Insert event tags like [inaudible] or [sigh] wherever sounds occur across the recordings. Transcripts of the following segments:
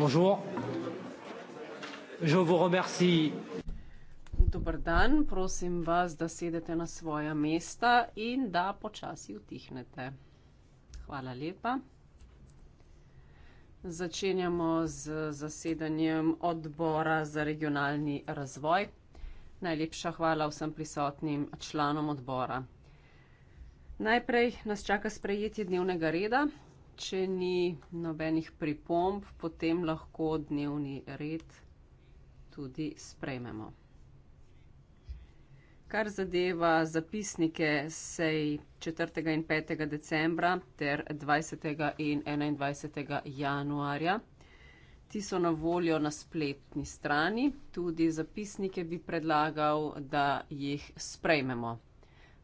Bonjour. Je vous remercie. Dober dan, prosim vas, da sedete na svoja mesta in da počasi utihnete. Hvala lepa. Začenjamo z zasedanjem odbora za regionalni razvoj. Najlepša hvala vsem prisotnim članom odbora. Najprej nas čaka sprejetje dnevnega reda, če ni nobenih pripomb, potem lahko dnevni red tudi sprejmemo. Kar zadeva zapisnike sej 4. in 5. decembra ter 20. in 21. januarja, ti so na voljo na spletni strani, tudi zapisnike bi predlagal, da jih sprejmemo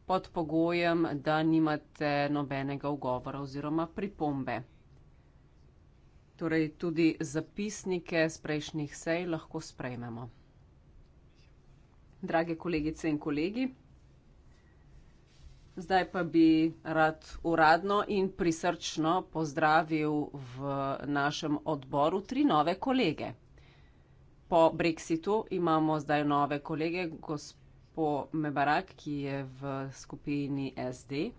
pod pogojem, da nimate nobenega ugovora oziroma pripombe. Torej tudi zapisnike z prejšnjih sej lahko sprejmemo. Drage kolegice in kolegi, zdaj pa bi rad uradno in prisrčno pozdravil v našem odboru tri nove kolege. Po brexitu imamo zdaj nove kolege, gospod gospod Mebarak, ki je v skupini SD,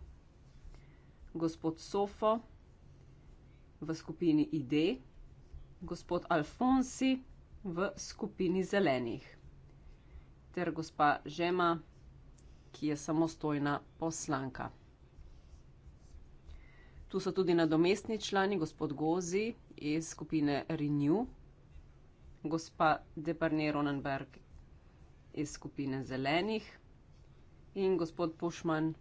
gospod Sofo v skupini ID, gospod Alfonsi v skupini zelenih ter gospa Žema, ki je samostojna poslanka. Tu so tudi nadomestni člani, gospod Gozi iz skupine Renew, gospa Deparnier-Ronenberg iz skupine zelenih in gospod Pušman.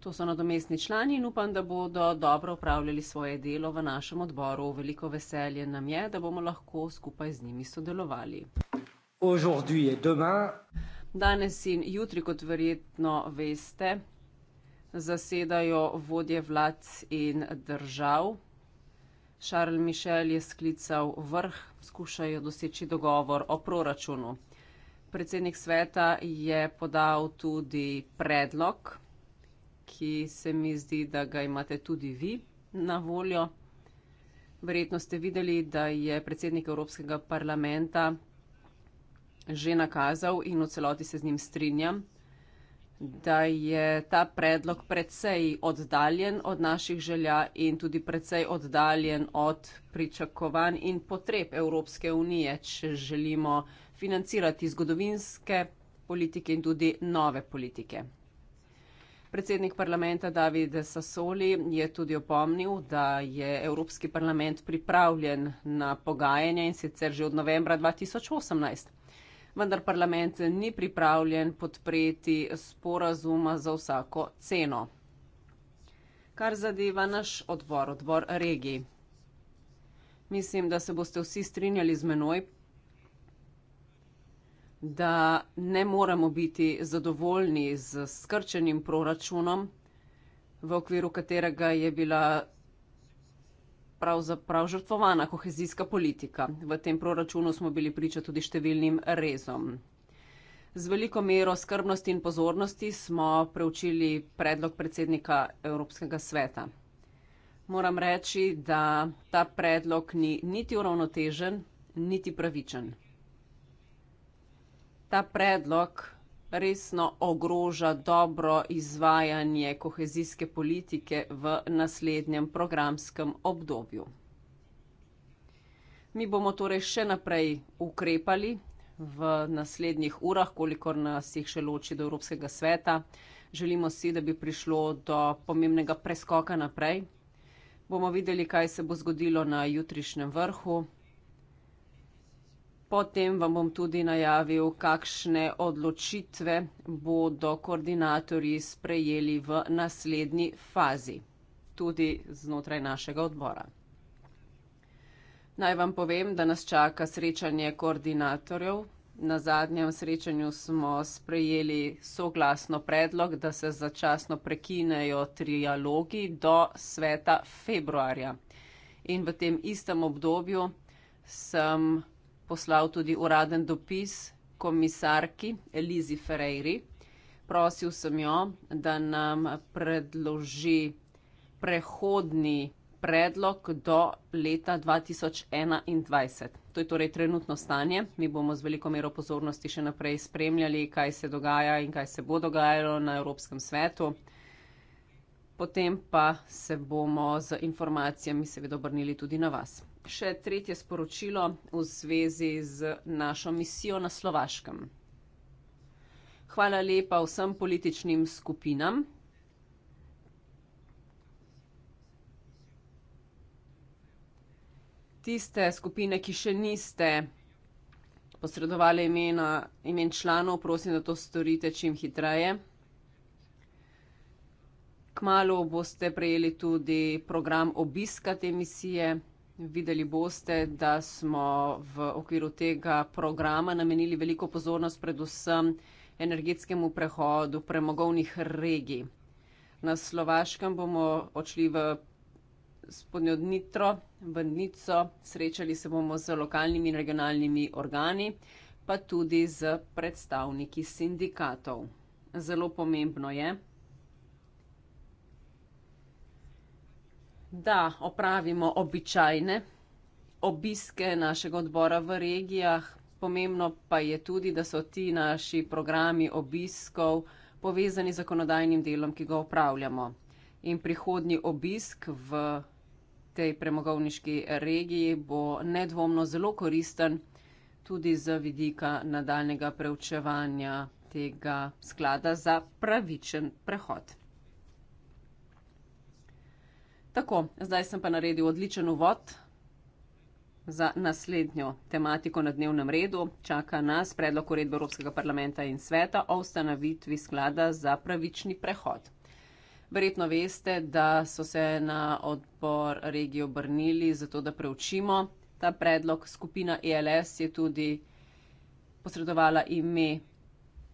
To so nadomestni člani in upam, da bodo dobro upravljali svoje delo v našem odboru. Veliko veselje nam je, da bomo lahko skupaj z njimi sodelovali. Danes in jutri, kot verjetno veste, zasedajo vodje vlad in držav. Charles Michel je sklical vrh, skušajo doseči dogovor o proračunu. Predsednik sveta je podal tudi predlog, ki se mi zdi, da ga imate tudi vi na voljo. Verjetno ste videli, da je predsednik Evropskega parlamenta že nakazal in v celoti se z njim strinjam da je ta predlog precej oddaljen od naših želja in tudi precej oddaljen od pričakovanj in potreb Evropske unije, če želimo financirati zgodovinske politike in tudi nove politike. Predsednik parlamenta David Sassoli je tudi opomnil, da je Evropski parlament pripravljen na pogajanja in sicer že od novembra 2018 vendar parlament ni pripravljen podpreti sporazuma za vsako ceno. Kar zadeva naš odbor, odbor regij. Mislim, da se boste vsi strinjali z menoj, da ne moramo biti zadovoljni z skrčenim proračunom, v okviru katerega je bila pravzaprav žrtvovana kohezijska politika. V tem proračunu smo bili priča tudi številnim rezom. Z veliko mero skrbnosti in pozornosti smo preučili predlog predsednika Evropskega sveta. Moram reči, da ta predlog ni niti uravnotežen, niti pravičen. Ta predlog resno ogroža dobro izvajanje kohezijske politike v naslednjem programskem obdobju. Mi bomo torej še naprej ukrepali v naslednjih urah, kolikor nas jih še loči do Evropskega sveta. Želimo si, da bi prišlo do pomembnega preskoka naprej. Bomo videli, kaj se bo zgodilo na jutrišnjem vrhu. Potem vam bom tudi najavil, kakšne odločitve bodo koordinatorji sprejeli v naslednji fazi, tudi znotraj našega odbora. Naj vam povem, da nas čaka srečanje koordinatorjev. Na zadnjem srečanju smo sprejeli soglasno predlog, da se začasno prekinejo trialogi do sveta februarja. In v tem istem obdobju sem poslal tudi uraden dopis komisarki Elizi Ferreiri. Prosil sem jo, da nam predloži prehodni predlog do leta 2021. To je torej trenutno stanje. Mi bomo z veliko mero pozornosti še naprej spremljali, kaj se dogaja in kaj se bo dogajalo na Evropskem svetu. Potem pa se bomo z informacijami seveda obrnili tudi na vas še tretje sporočilo v zvezi z našo misijo na Slovaškem. Hvala lepa vsem političnim skupinam. Tiste skupine, ki še niste posredovali imena, imen članov, prosim, da to storite čim hitreje. Kmalo boste prejeli tudi program obiska te misije. Videli boste, da smo v okviru tega programa namenili veliko pozornost predvsem energetskemu prehodu premogovnih regij. Na Slovaškem bomo odšli v spodnjo Dnitro, v Nico, srečali se bomo z lokalnimi in regionalnimi organi, pa tudi z predstavniki sindikatov. Zelo pomembno je, da opravimo običajne obiske našega odbora v regijah. Pomembno pa je tudi, da so ti naši programi obiskov povezani z zakonodajnim delom, ki ga upravljamo. In prihodnji obisk v tej premogovniški regiji bo nedvomno zelo koristen tudi za vidika nadaljnega preučevanja tega sklada za pravičen prehod. Tako, zdaj sem pa naredil odličen uvod za naslednjo tematiko na dnevnem redu. Čaka nas predlog uredbe Evropskega parlamenta in sveta o ustanovitvi sklada za pravični prehod. Verjetno veste, da so se na odbor regijo obrnili zato, da preučimo ta predlog. Skupina ELS je tudi posredovala ime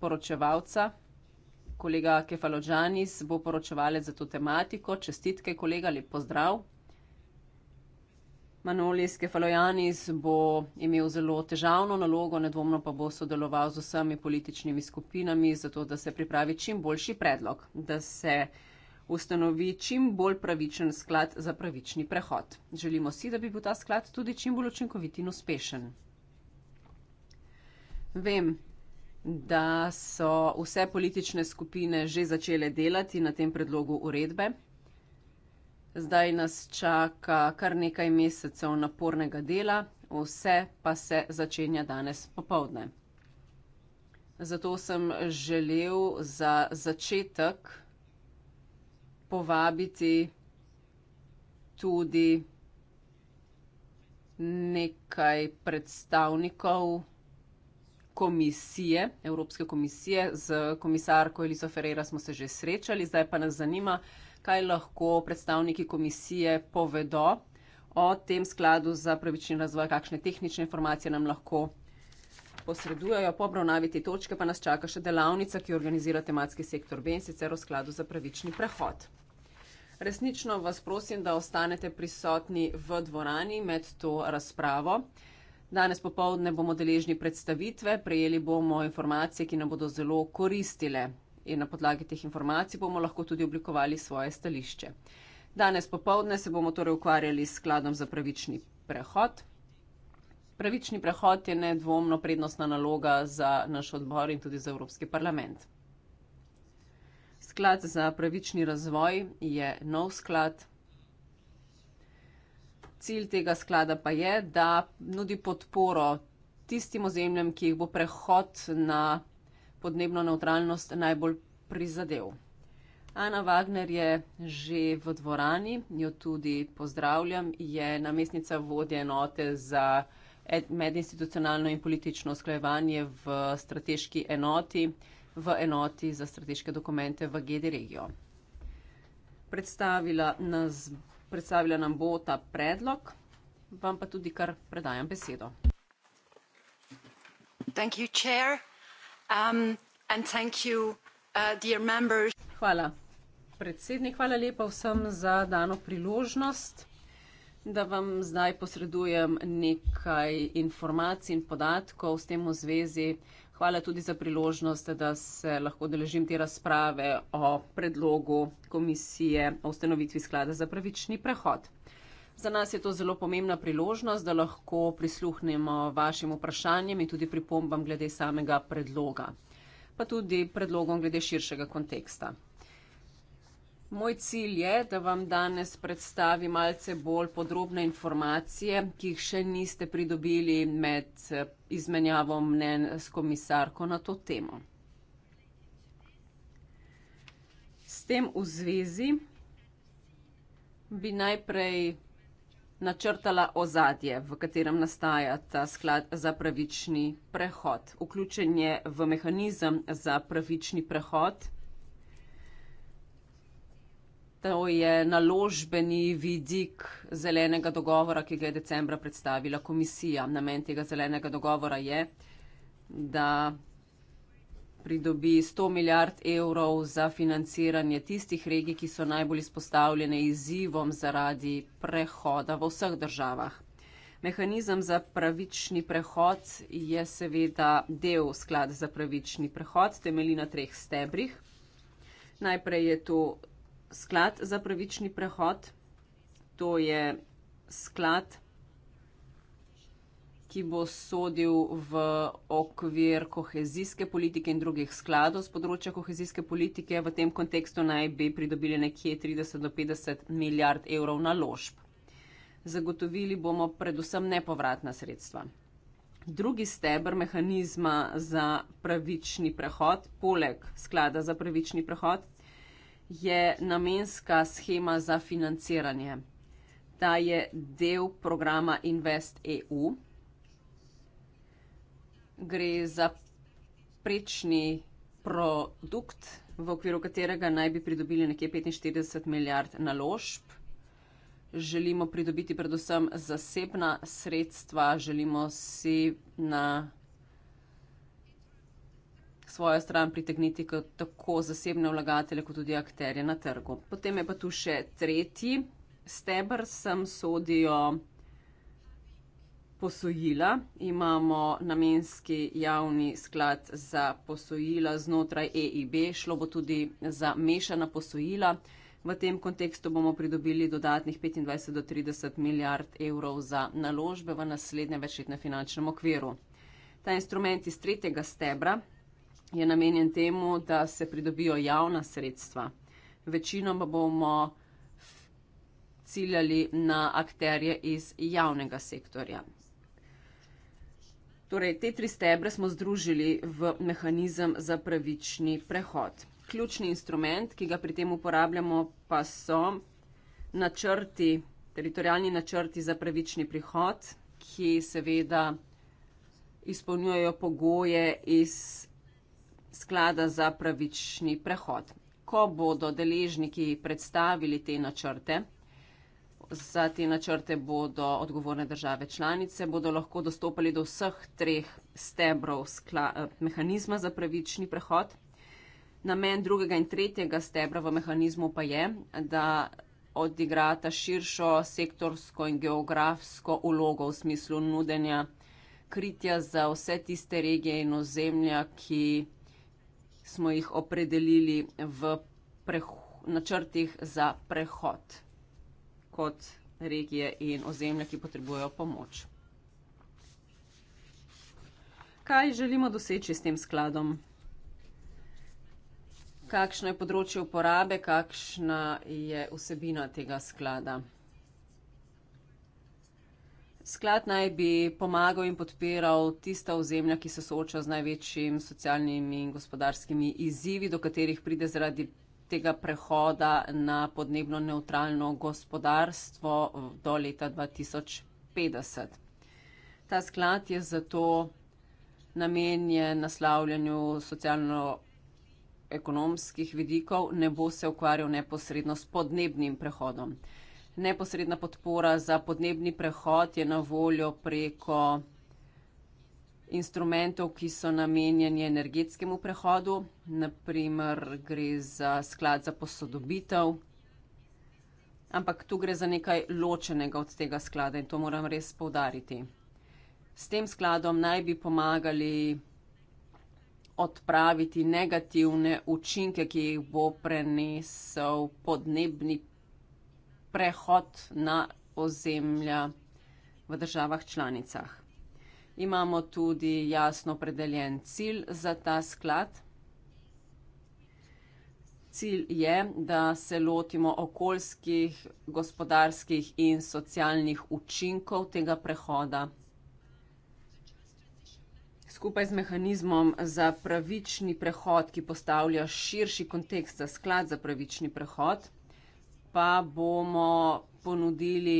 poročevalca kolega Kefalođanis bo poročevalec za to tematiko. Čestitke, kolega, lep pozdrav. Manolis Kefalojanis bo imel zelo težavno nalogo, nedvomno pa bo sodeloval z vsemi političnimi skupinami, zato da se pripravi čim boljši predlog, da se ustanovi čim bolj pravičen sklad za pravični prehod. Želimo si, da bi bil ta sklad tudi čim bolj učinkovit in uspešen. Vem, da so vse politične skupine že začele delati na tem predlogu uredbe. Zdaj nas čaka kar nekaj mesecev napornega dela, vse pa se začenja danes popovdne. Zato sem želel za začetek povabiti tudi nekaj predstavnikov komisije, Evropske komisije, z komisarko Elizo Ferreira smo se že srečali, zdaj pa nas zanima, kaj lahko predstavniki komisije povedo o tem skladu za pravični razvoj, kakšne tehnične informacije nam lahko posredujejo. Po obravnavi te točke pa nas čaka še delavnica, ki organizira tematski sektor B in sicer o skladu za pravični prehod. Resnično vas prosim, da ostanete prisotni v dvorani med to razpravo. Danes popovdne bomo deležni predstavitve, prejeli bomo informacije, ki nam bodo zelo koristile in na podlagi teh informacij bomo lahko tudi oblikovali svoje stališče. Danes popovdne se bomo torej ukvarjali s skladom za pravični prehod. Pravični prehod je nedvomno prednostna naloga za naš odbor in tudi za Evropski parlament. Sklad za pravični razvoj je nov sklad. Cilj tega sklada pa je, da nudi podporo tistim ozemljem, ki jih bo prehod na podnebno neutralnost najbolj prizadel. Ana Wagner je že v dvorani, jo tudi pozdravljam, je namestnica vodje enote za medinstitucionalno in politično usklajevanje v strateški enoti, v enoti za strateške dokumente v GD regijo. Predstavila nas predstavila nam bo ta predlog, vam pa tudi kar predajam besedo. Um, uh, hvala, predsednik, hvala lepa vsem za dano priložnost, da vam zdaj posredujem nekaj informacij in podatkov s tem v zvezi, Hvala tudi za priložnost, da se lahko deležim te razprave o predlogu komisije o ustanovitvi sklada za pravični prehod. Za nas je to zelo pomembna priložnost, da lahko prisluhnemo vašim vprašanjem in tudi pripombam glede samega predloga, pa tudi predlogom glede širšega konteksta. Moj cilj je, da vam danes predstavim malce bolj podrobne informacije, ki jih še niste pridobili med eh, izmenjavom mnen s komisarko na to temo. S tem v zvezi bi najprej načrtala ozadje, v katerem nastaja ta sklad za pravični prehod. Vključen je v mehanizem za pravični prehod to je naložbeni vidik zelenega dogovora, ki ga je decembra predstavila komisija. Namen tega zelenega dogovora je, da pridobi 100 milijard evrov za financiranje tistih regij, ki so najbolj izpostavljene izzivom zaradi prehoda v vseh državah. Mehanizem za pravični prehod je seveda del sklada za pravični prehod, temelji na treh stebrih. Najprej je to sklad za pravični prehod, to je sklad, ki bo sodil v okvir kohezijske politike in drugih skladov z področja kohezijske politike. V tem kontekstu naj bi pridobili nekje 30 do 50 milijard evrov naložb. Zagotovili bomo predvsem nepovratna sredstva. Drugi stebr mehanizma za pravični prehod, poleg sklada za pravični prehod, je namenska schema za financiranje. Ta je del programa Invest EU. Gre za prečni produkt, v okviru katerega naj bi pridobili nekje 45 milijard naložb. Želimo pridobiti predvsem zasebna sredstva, želimo si na svojo stran pritegniti kot tako zasebne vlagatelje, kot tudi akterje na trgu. Potem je pa tu še tretji stebr, sem sodijo posojila. Imamo namenski javni sklad za posojila znotraj EIB, šlo bo tudi za mešana posojila. V tem kontekstu bomo pridobili dodatnih 25 do 30 milijard evrov za naložbe v naslednjem večletnem finančnem okviru. Ta instrument iz tretjega stebra je namenjen temu, da se pridobijo javna sredstva. Večinoma bomo ciljali na akterje iz javnega sektorja. Torej, te tri stebre smo združili v mehanizem za pravični prehod. Ključni instrument, ki ga pri tem uporabljamo, pa so načrti, teritorijalni načrti za pravični prihod, ki seveda izpolnjujejo pogoje iz sklada za pravični prehod. Ko bodo deležniki predstavili te načrte, za te načrte bodo odgovorne države članice, bodo lahko dostopali do vseh treh stebrov eh, mehanizma za pravični prehod. Namen drugega in tretjega stebra v mehanizmu pa je, da odigrata širšo sektorsko in geografsko ulogo v smislu nudenja kritja za vse tiste regije in ozemlja, ki smo jih opredelili v načrtih za prehod kot regije in ozemlja, ki potrebujejo pomoč. Kaj želimo doseči s tem skladom? Kakšno je področje uporabe, kakšna je vsebina tega sklada? Sklad naj bi pomagal in podpiral tista ozemlja, ki se soočajo z največjimi socialnimi in gospodarskimi izzivi, do katerih pride zaradi tega prehoda na podnebno neutralno gospodarstvo do leta 2050. Ta sklad je zato namenjen naslavljanju socialno-ekonomskih vidikov, ne bo se ukvarjal neposredno s podnebnim prehodom. Neposredna podpora za podnebni prehod je na voljo preko instrumentov, ki so namenjeni energetskemu prehodu. Naprimer gre za sklad za posodobitev, ampak tu gre za nekaj ločenega od tega sklada in to moram res povdariti. S tem skladom naj bi pomagali odpraviti negativne učinke, ki jih bo prenesel podnebni prehod prehod na ozemlja v državah članicah. Imamo tudi jasno opredeljen cilj za ta sklad. Cilj je, da se lotimo okoljskih, gospodarskih in socialnih učinkov tega prehoda. Skupaj z mehanizmom za pravični prehod, ki postavlja širši kontekst za sklad za pravični prehod, pa bomo ponudili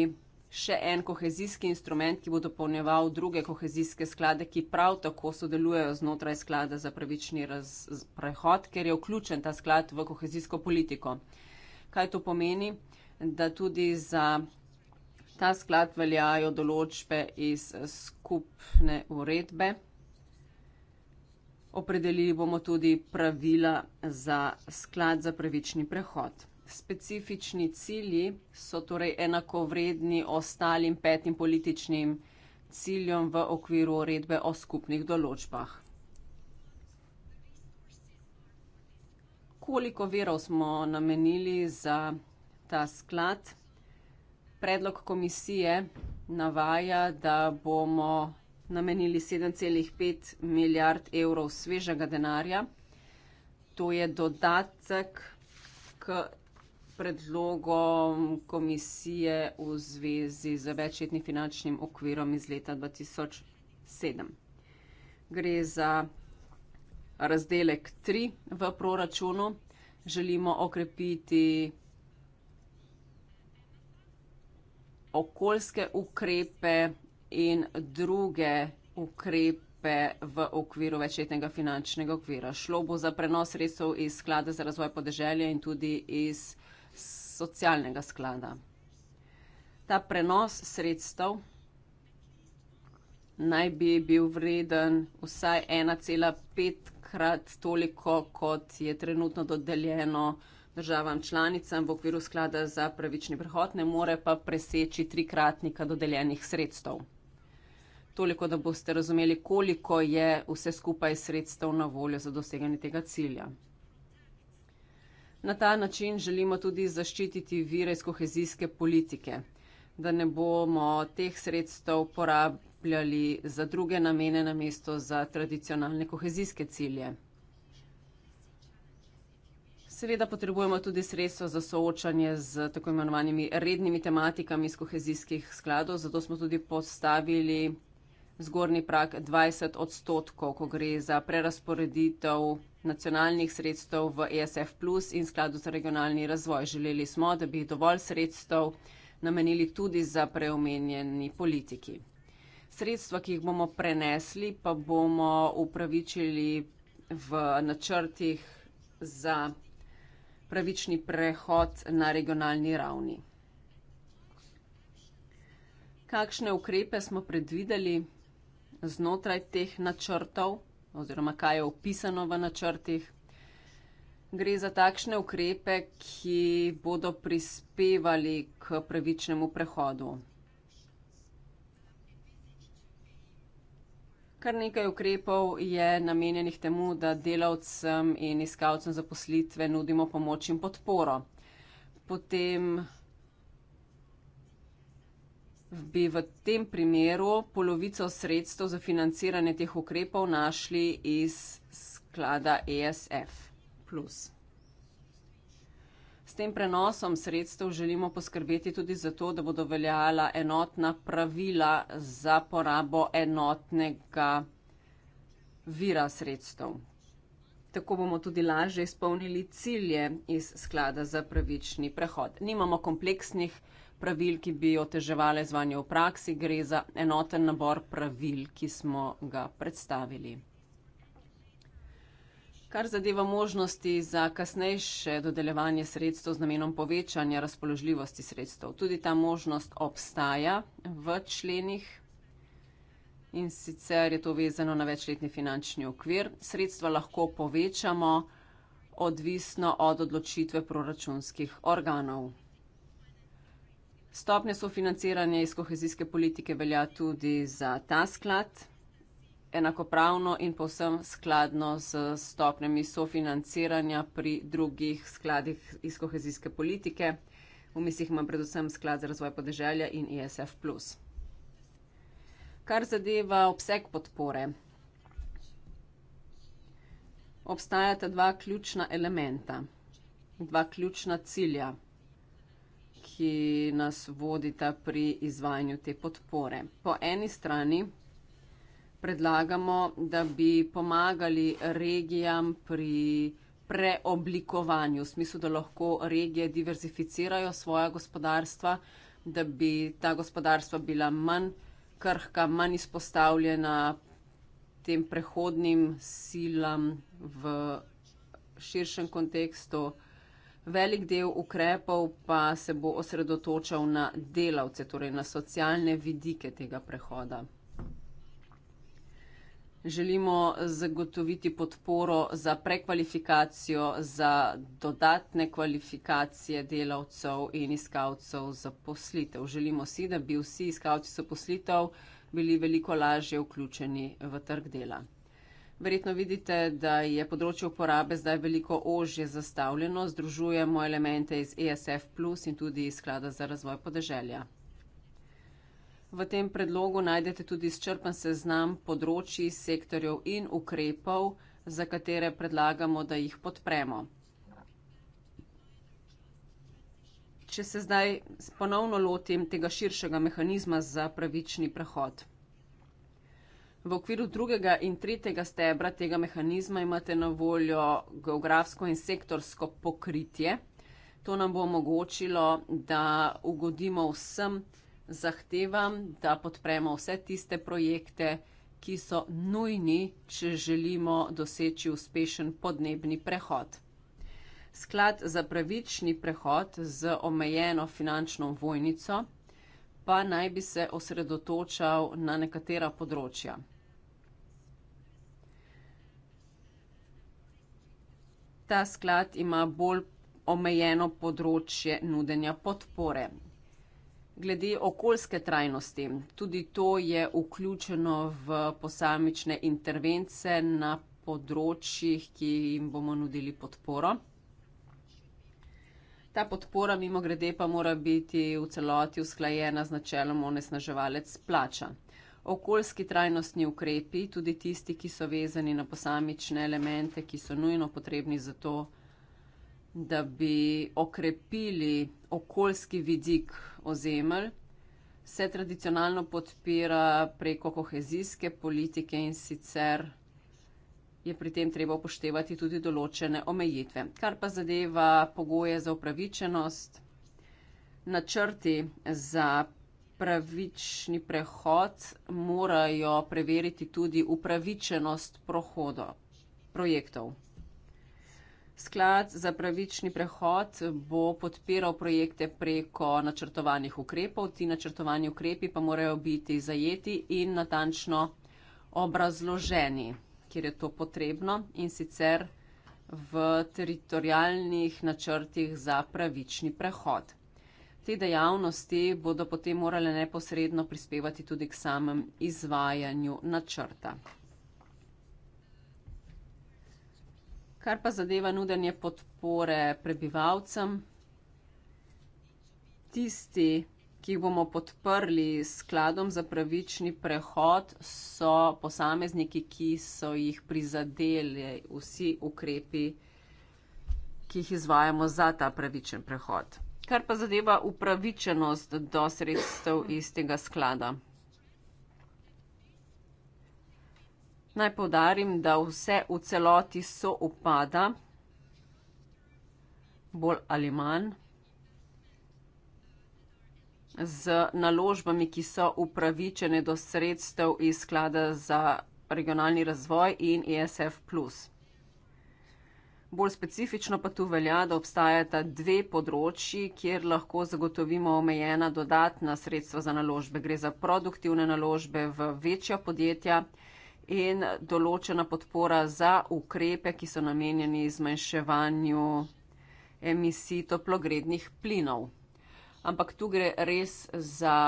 še en kohezijski instrument, ki bo dopolnjeval druge kohezijske sklade, ki prav tako sodelujejo znotraj sklada za pravični prehod, ker je vključen ta sklad v kohezijsko politiko. Kaj to pomeni? Da tudi za ta sklad veljajo določbe iz skupne uredbe. Opredelili bomo tudi pravila za sklad za pravični prehod specifični cilji so torej enakovredni ostalim petim političnim ciljem v okviru uredbe o skupnih določbah. Koliko verov smo namenili za ta sklad? Predlog komisije navaja, da bomo namenili 7,5 milijard evrov svežega denarja. To je dodatek k predlogom komisije v zvezi z večletnim finančnim okvirom iz leta 2007. Gre za razdelek 3 v proračunu. Želimo okrepiti okoljske ukrepe in druge ukrepe v okviru večletnega finančnega okvira. Šlo bo za prenos sredstev iz sklada za razvoj podeželja in tudi iz socialnega sklada. Ta prenos sredstev naj bi bil vreden vsaj 1,5 krat toliko, kot je trenutno dodeljeno državam članicam v okviru sklada za pravični prehod, ne more pa preseči trikratnika dodeljenih sredstev. Toliko, da boste razumeli, koliko je vse skupaj sredstev na voljo za doseganje tega cilja. Na ta način želimo tudi zaščititi vire iz kohezijske politike, da ne bomo teh sredstev porabljali za druge namene na mesto za tradicionalne kohezijske cilje. Seveda potrebujemo tudi sredstva za soočanje z tako imenovanimi rednimi tematikami iz kohezijskih skladov, zato smo tudi postavili zgornji prak 20 odstotkov, ko gre za prerasporeditev nacionalnih sredstev v ESF plus in skladu za regionalni razvoj. Želeli smo, da bi dovolj sredstev namenili tudi za preomenjeni politiki. Sredstva, ki jih bomo prenesli, pa bomo upravičili v načrtih za pravični prehod na regionalni ravni. Kakšne ukrepe smo predvideli? znotraj teh načrtov, oziroma kaj je opisano v načrtih. Gre za takšne ukrepe, ki bodo prispevali k pravičnemu prehodu. Kar nekaj ukrepov je namenjenih temu, da delavcem in iskalcem zaposlitve nudimo pomoč in podporo. Potem bi v tem primeru polovico sredstev za financiranje teh ukrepov našli iz sklada ESF. S tem prenosom sredstev želimo poskrbeti tudi za to, da bodo veljala enotna pravila za porabo enotnega vira sredstev. Tako bomo tudi lažje izpolnili cilje iz sklada za pravični prehod. Nimamo kompleksnih pravil, ki bi oteževale zvanje v praksi, gre za enoten nabor pravil, ki smo ga predstavili. Kar zadeva možnosti za kasnejše dodeljevanje sredstev z namenom povečanja razpoložljivosti sredstev. Tudi ta možnost obstaja v členih in sicer je to vezano na večletni finančni okvir. Sredstva lahko povečamo odvisno od odločitve proračunskih organov. Stopnje sofinanciranja iz kohezijske politike velja tudi za ta sklad, enakopravno in povsem skladno z stopnjami sofinanciranja pri drugih skladih iz kohezijske politike. V mislih imam predvsem sklad za razvoj podeželja in ISF. E Kar zadeva obseg podpore, obstajata dva ključna elementa, dva ključna cilja ki nas vodita pri izvajanju te podpore. Po eni strani predlagamo, da bi pomagali regijam pri preoblikovanju, v smislu, da lahko regije diverzificirajo svoja gospodarstva, da bi ta gospodarstva bila manj krhka, manj izpostavljena tem prehodnim silam v širšem kontekstu. Velik del ukrepov pa se bo osredotočal na delavce, torej na socialne vidike tega prehoda. Želimo zagotoviti podporo za prekvalifikacijo, za dodatne kvalifikacije delavcev in iskalcev zaposlitev. Želimo si, da bi vsi iskalci zaposlitev bili veliko lažje vključeni v trg dela. Verjetno vidite, da je področje uporabe zdaj veliko ožje zastavljeno, združujemo elemente iz ESF plus in tudi iz sklada za razvoj podeželja. V tem predlogu najdete tudi izčrpen seznam področji, sektorjev in ukrepov, za katere predlagamo, da jih podpremo. Če se zdaj ponovno lotim tega širšega mehanizma za pravični prehod. V okviru drugega in tretjega stebra tega mehanizma imate na voljo geografsko in sektorsko pokritje. To nam bo omogočilo, da ugodimo vsem zahtevam, da podpremo vse tiste projekte, ki so nujni, če želimo doseči uspešen podnebni prehod. Sklad za pravični prehod z omejeno finančno vojnico pa naj bi se osredotočal na nekatera področja. ta sklad ima bolj omejeno področje nudenja podpore. Glede okoljske trajnosti, tudi to je vključeno v posamične intervence na področjih, ki jim bomo nudili podporo. Ta podpora, mimo grede, pa mora biti v celoti usklajena z načelom onesnaževalec plača okoljski trajnostni ukrepi, tudi tisti, ki so vezani na posamične elemente, ki so nujno potrebni za to, da bi okrepili okoljski vidik ozemelj, se tradicionalno podpira preko kohezijske politike in sicer je pri tem treba upoštevati tudi določene omejitve. Kar pa zadeva pogoje za upravičenost, načrti za pravični prehod, morajo preveriti tudi upravičenost prohodo projektov. Sklad za pravični prehod bo podpiral projekte preko načrtovanih ukrepov, ti načrtovani ukrepi pa morajo biti zajeti in natančno obrazloženi, kjer je to potrebno in sicer v teritorijalnih načrtih za pravični prehod te dejavnosti bodo potem morale neposredno prispevati tudi k samem izvajanju načrta. Kar pa zadeva nudenje podpore prebivalcem, tisti, ki jih bomo podprli s skladom za pravični prehod, so posamezniki, ki so jih prizadeli vsi ukrepi, ki jih izvajamo za ta pravičen prehod. Kar pa zadeva upravičenost do sredstev iz tega sklada. Naj povdarim, da vse v celoti so upada, bolj ali manj, z naložbami, ki so upravičene do sredstev iz sklada za regionalni razvoj in ESF. Bolj specifično pa tu velja, da obstajata dve področji, kjer lahko zagotovimo omejena dodatna sredstva za naložbe. Gre za produktivne naložbe v večja podjetja in določena podpora za ukrepe, ki so namenjeni zmanjševanju emisij toplogrednih plinov. Ampak tu gre res za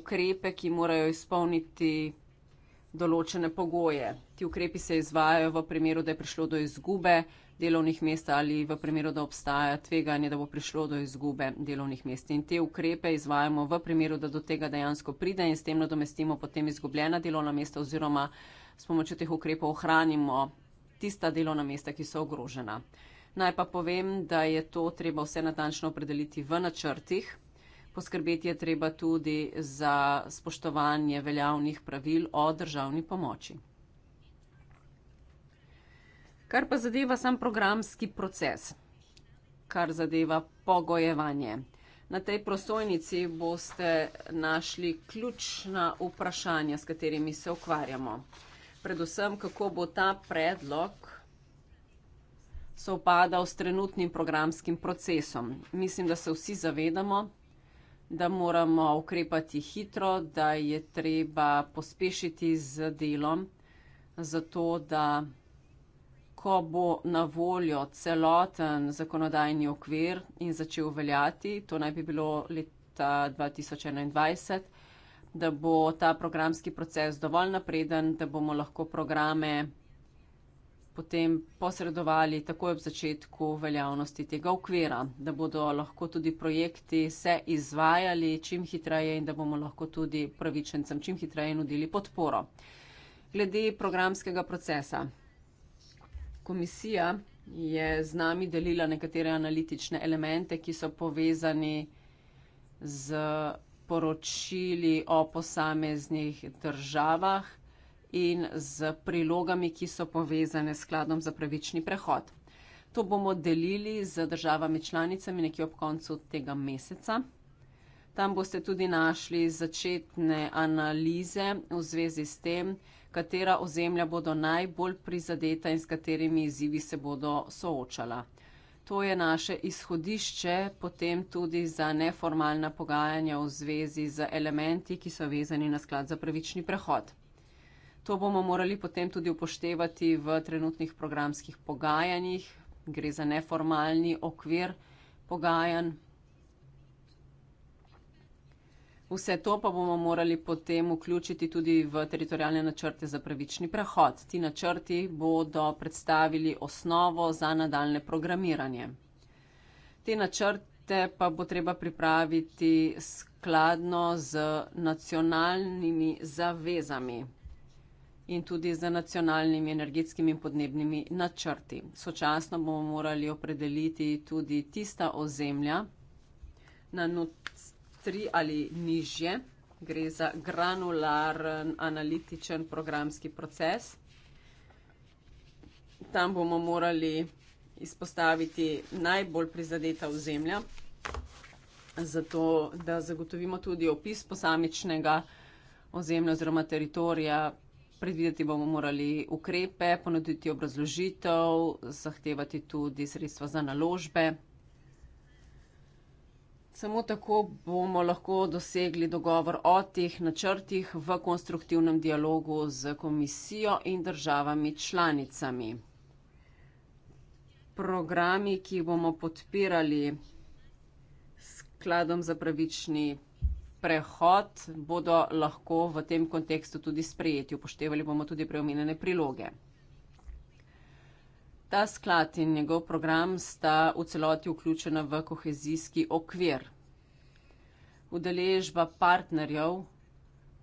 ukrepe, ki morajo izpolniti določene pogoje. Ti ukrepi se izvajajo v primeru, da je prišlo do izgube delovnih mest ali v primeru, da obstaja tveganje, da bo prišlo do izgube delovnih mest. In te ukrepe izvajamo v primeru, da do tega dejansko pride in s tem nadomestimo potem izgubljena delovna mesta oziroma s pomočjo teh ukrepov ohranimo tista delovna mesta, ki so ogrožena. Naj pa povem, da je to treba vse natančno opredeliti v načrtih poskrbeti je treba tudi za spoštovanje veljavnih pravil o državni pomoči. Kar pa zadeva sam programski proces, kar zadeva pogojevanje. Na tej prosojnici boste našli ključna vprašanja, s katerimi se ukvarjamo. Predvsem, kako bo ta predlog sovpadal s trenutnim programskim procesom. Mislim, da se vsi zavedamo, da moramo ukrepati hitro, da je treba pospešiti z delom, zato da, ko bo na voljo celoten zakonodajni okvir in začel veljati, to naj bi bilo leta 2021, da bo ta programski proces dovolj napreden, da bomo lahko programe potem posredovali takoj ob začetku veljavnosti tega okvira, da bodo lahko tudi projekti se izvajali čim hitreje in da bomo lahko tudi pravičencem čim hitreje nudili podporo. Glede programskega procesa. Komisija je z nami delila nekatere analitične elemente, ki so povezani z poročili o posameznih državah in z prilogami, ki so povezane s skladom za pravični prehod. To bomo delili z državami članicami nekje ob koncu tega meseca. Tam boste tudi našli začetne analize v zvezi s tem, katera ozemlja bodo najbolj prizadeta in s katerimi izzivi se bodo soočala. To je naše izhodišče potem tudi za neformalna pogajanja v zvezi z elementi, ki so vezani na sklad za pravični prehod. To bomo morali potem tudi upoštevati v trenutnih programskih pogajanjih. Gre za neformalni okvir pogajanj. Vse to pa bomo morali potem vključiti tudi v teritorijalne načrte za pravični prehod. Ti načrti bodo predstavili osnovo za nadaljne programiranje. Te načrte pa bo treba pripraviti skladno z nacionalnimi zavezami, in tudi z nacionalnimi energetskimi in podnebnimi načrti. Sočasno bomo morali opredeliti tudi tista ozemlja na NUC 3 ali nižje. Gre za granularen analitičen programski proces. Tam bomo morali izpostaviti najbolj prizadeta ozemlja, zato da zagotovimo tudi opis posamičnega ozemlja oziroma teritorija Predvideti bomo morali ukrepe, ponuditi obrazložitev, zahtevati tudi sredstva za naložbe. Samo tako bomo lahko dosegli dogovor o teh načrtih v konstruktivnem dialogu z komisijo in državami članicami. Programi, ki jih bomo podpirali skladom za pravični prehod bodo lahko v tem kontekstu tudi sprejeti. Upoštevali bomo tudi preomenjene priloge. Ta sklad in njegov program sta v celoti vključena v kohezijski okvir. Udeležba partnerjev,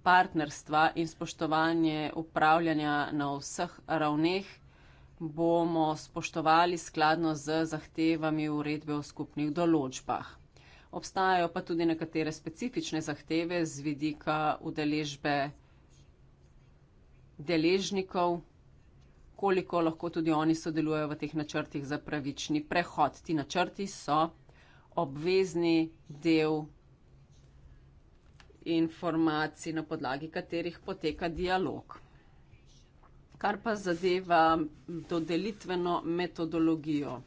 partnerstva in spoštovanje upravljanja na vseh ravneh bomo spoštovali skladno z zahtevami uredbe o skupnih določbah obstajajo pa tudi nekatere specifične zahteve z vidika udeležbe deležnikov, koliko lahko tudi oni sodelujejo v teh načrtih za pravični prehod. Ti načrti so obvezni del informacij, na podlagi katerih poteka dialog. Kar pa zadeva dodelitveno metodologijo.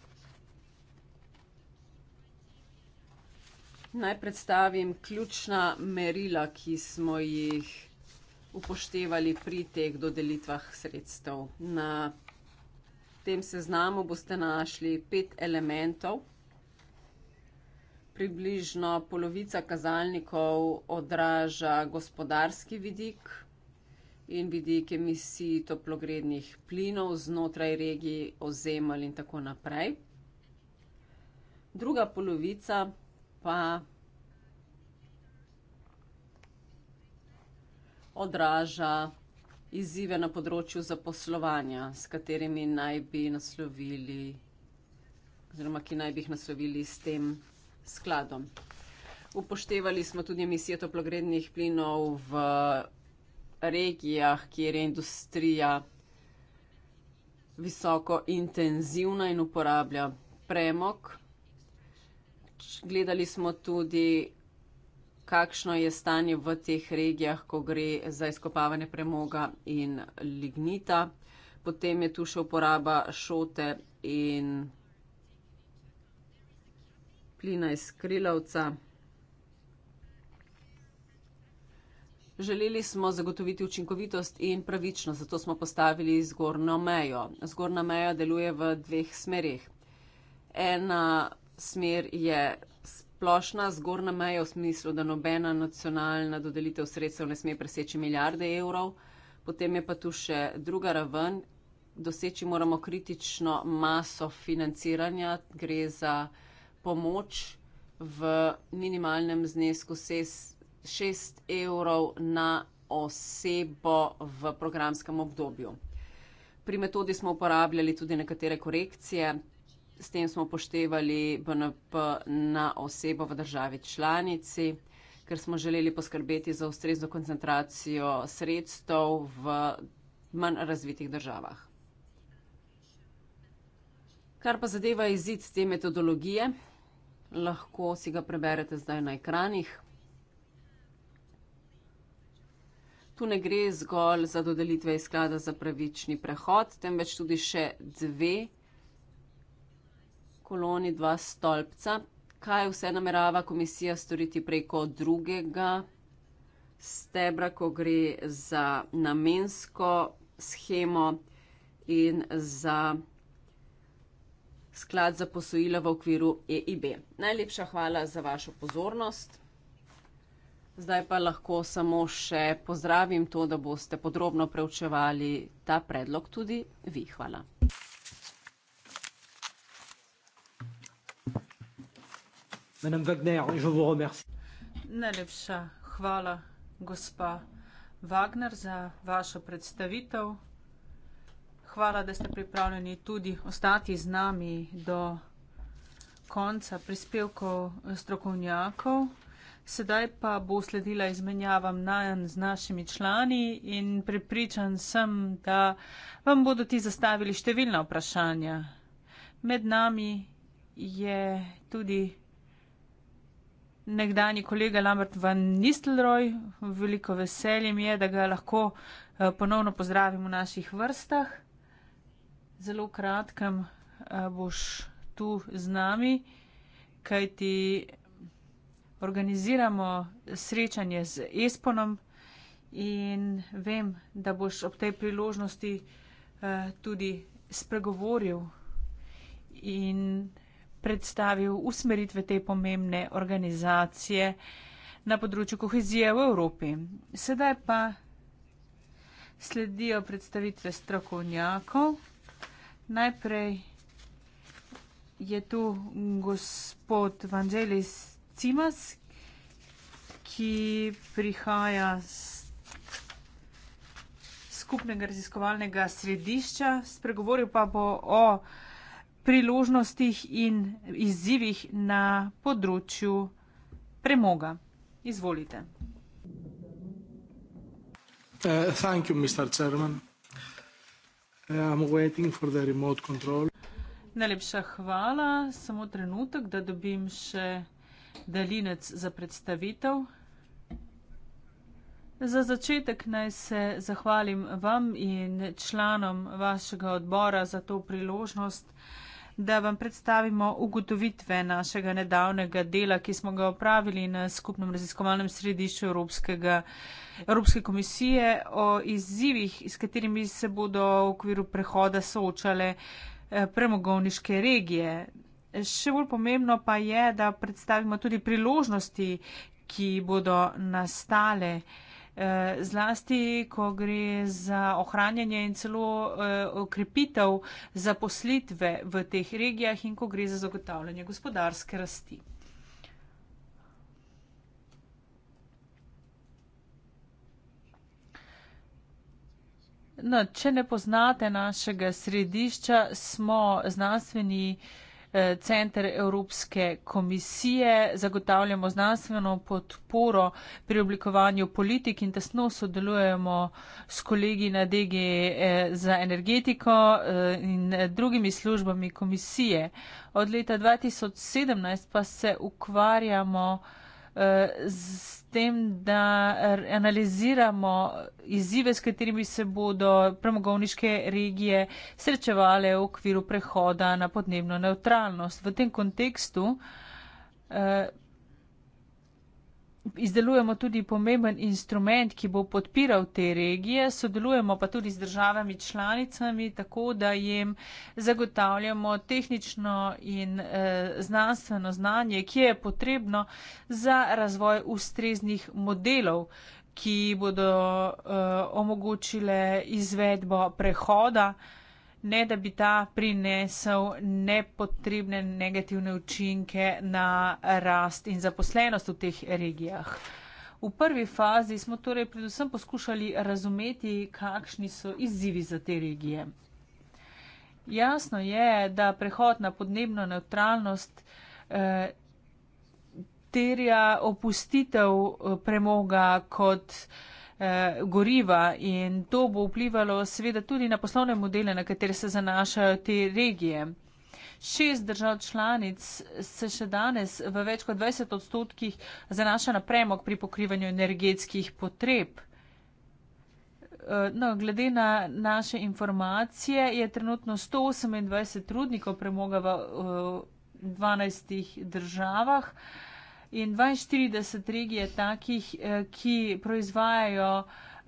naj predstavim ključna merila, ki smo jih upoštevali pri teh dodelitvah sredstev. Na tem seznamu boste našli pet elementov. Približno polovica kazalnikov odraža gospodarski vidik in vidik emisij toplogrednih plinov znotraj regij, ozemelj in tako naprej. Druga polovica pa odraža izzive na področju zaposlovanja, s katerimi naj bi naslovili oziroma ki naj bi jih naslovili s tem skladom. Upoštevali smo tudi emisije toplogrednih plinov v regijah, kjer je industrija visoko intenzivna in uporablja premog. Gledali smo tudi, kakšno je stanje v teh regijah, ko gre za izkopavanje premoga in lignita. Potem je tu še uporaba šote in plina iz krilovca. Želeli smo zagotoviti učinkovitost in pravično, zato smo postavili zgornjo mejo. Zgornja meja deluje v dveh smerih. Ena smer je splošna zgornja meja v smislu, da nobena nacionalna dodelitev sredstev ne sme preseči milijarde evrov. Potem je pa tu še druga raven. Doseči moramo kritično maso financiranja, gre za pomoč v minimalnem znesku 6 evrov na osebo v programskem obdobju. Pri metodi smo uporabljali tudi nekatere korekcije, S tem smo upoštevali BNP na osebo v državi članici, ker smo želeli poskrbeti za ustrezno koncentracijo sredstev v manj razvitih državah. Kar pa zadeva izid te metodologije, lahko si ga preberete zdaj na ekranih. Tu ne gre zgolj za dodelitve iz sklada za pravični prehod, temveč tudi še dve koloni dva stolpca. Kaj vse namerava komisija storiti preko drugega stebra, ko gre za namensko schemo in za sklad za posojila v okviru EIB. Najlepša hvala za vašo pozornost. Zdaj pa lahko samo še pozdravim to, da boste podrobno preučevali ta predlog tudi vi. Hvala. Madame Wagner, je vous remercie. Najlepša hvala, gospa Wagner, za vašo predstavitev. Hvala, da ste pripravljeni tudi ostati z nami do konca prispevkov strokovnjakov. Sedaj pa bo sledila izmenjava mnajan z našimi člani in prepričan sem, da vam bodo ti zastavili številna vprašanja. Med nami je tudi nekdani kolega Lambert van Nistelrooy. Veliko veselje mi je, da ga lahko eh, ponovno pozdravim v naših vrstah. Zelo kratkem eh, boš tu z nami, kaj ti organiziramo srečanje z Esponom in vem, da boš ob tej priložnosti eh, tudi spregovoril in predstavil usmeritve te pomembne organizacije na področju kohezije v Evropi. Sedaj pa sledijo predstavitve strokovnjakov. Najprej je tu gospod Vangelis Cimas, ki prihaja s skupnega raziskovalnega središča, spregovoril pa bo o priložnostih in izzivih na področju premoga. Izvolite. Uh, thank you, Mr. Chairman. Uh, I'm waiting for the remote control. Najlepša hvala. Samo trenutek, da dobim še delinec za predstavitev. Za začetek naj se zahvalim vam in članom vašega odbora za to priložnost da vam predstavimo ugotovitve našega nedavnega dela, ki smo ga opravili na skupnem raziskovalnem središču Evropskega, Evropske komisije o izzivih, s katerimi se bodo v okviru prehoda soočale eh, premogovniške regije. Še bolj pomembno pa je, da predstavimo tudi priložnosti, ki bodo nastale zlasti, ko gre za ohranjanje in celo eh, okrepitev zaposlitve v teh regijah in ko gre za zagotavljanje gospodarske rasti. No, če ne poznate našega središča, smo znanstveni eh, center Evropske komisije. Zagotavljamo znanstveno podporo pri oblikovanju politik in tesno sodelujemo s kolegi na DG e za energetiko eh, in drugimi službami komisije. Od leta 2017 pa se ukvarjamo eh, z tem, da analiziramo izzive, s katerimi se bodo premogovniške regije srečevale v okviru prehoda na podnebno neutralnost. V tem kontekstu eh, izdelujemo tudi pomemben instrument, ki bo podpiral te regije, sodelujemo pa tudi z državami članicami, tako da jim zagotavljamo tehnično in eh, znanstveno znanje, ki je potrebno za razvoj ustreznih modelov, ki bodo eh, omogočile izvedbo prehoda eh, ne da bi ta prinesel nepotrebne negativne učinke na rast in zaposlenost v teh regijah. V prvi fazi smo torej predvsem poskušali razumeti, kakšni so izzivi za te regije. Jasno je, da prehod na podnebno neutralnost eh, terja opustitev eh, premoga kot eh, Eh, goriva in to bo vplivalo seveda tudi na poslovne modele, na katere se zanašajo te regije. Šest držav članic se še danes v več kot 20 odstotkih zanaša na premog pri pokrivanju energetskih potreb. Eh, no, glede na naše informacije je trenutno 128 rudnikov premoga v 12 eh, državah in 42 regij je takih, eh, ki proizvajajo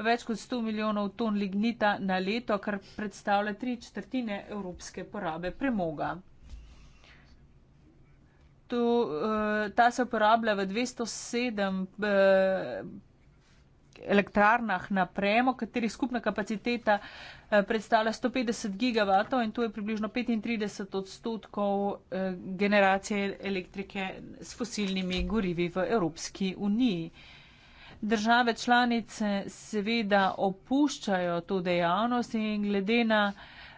več kot 100 milijonov ton lignita na leto, kar predstavlja tri četrtine evropske porabe premoga. To, eh, ta se uporablja v 207 elektrarnah na premo, katerih skupna kapaciteta eh, predstavlja 150 gigavatov in to je približno 35 odstotkov eh, generacije elektrike s fosilnimi gorivi v Evropski uniji. Države članice seveda opuščajo to dejavnost in glede na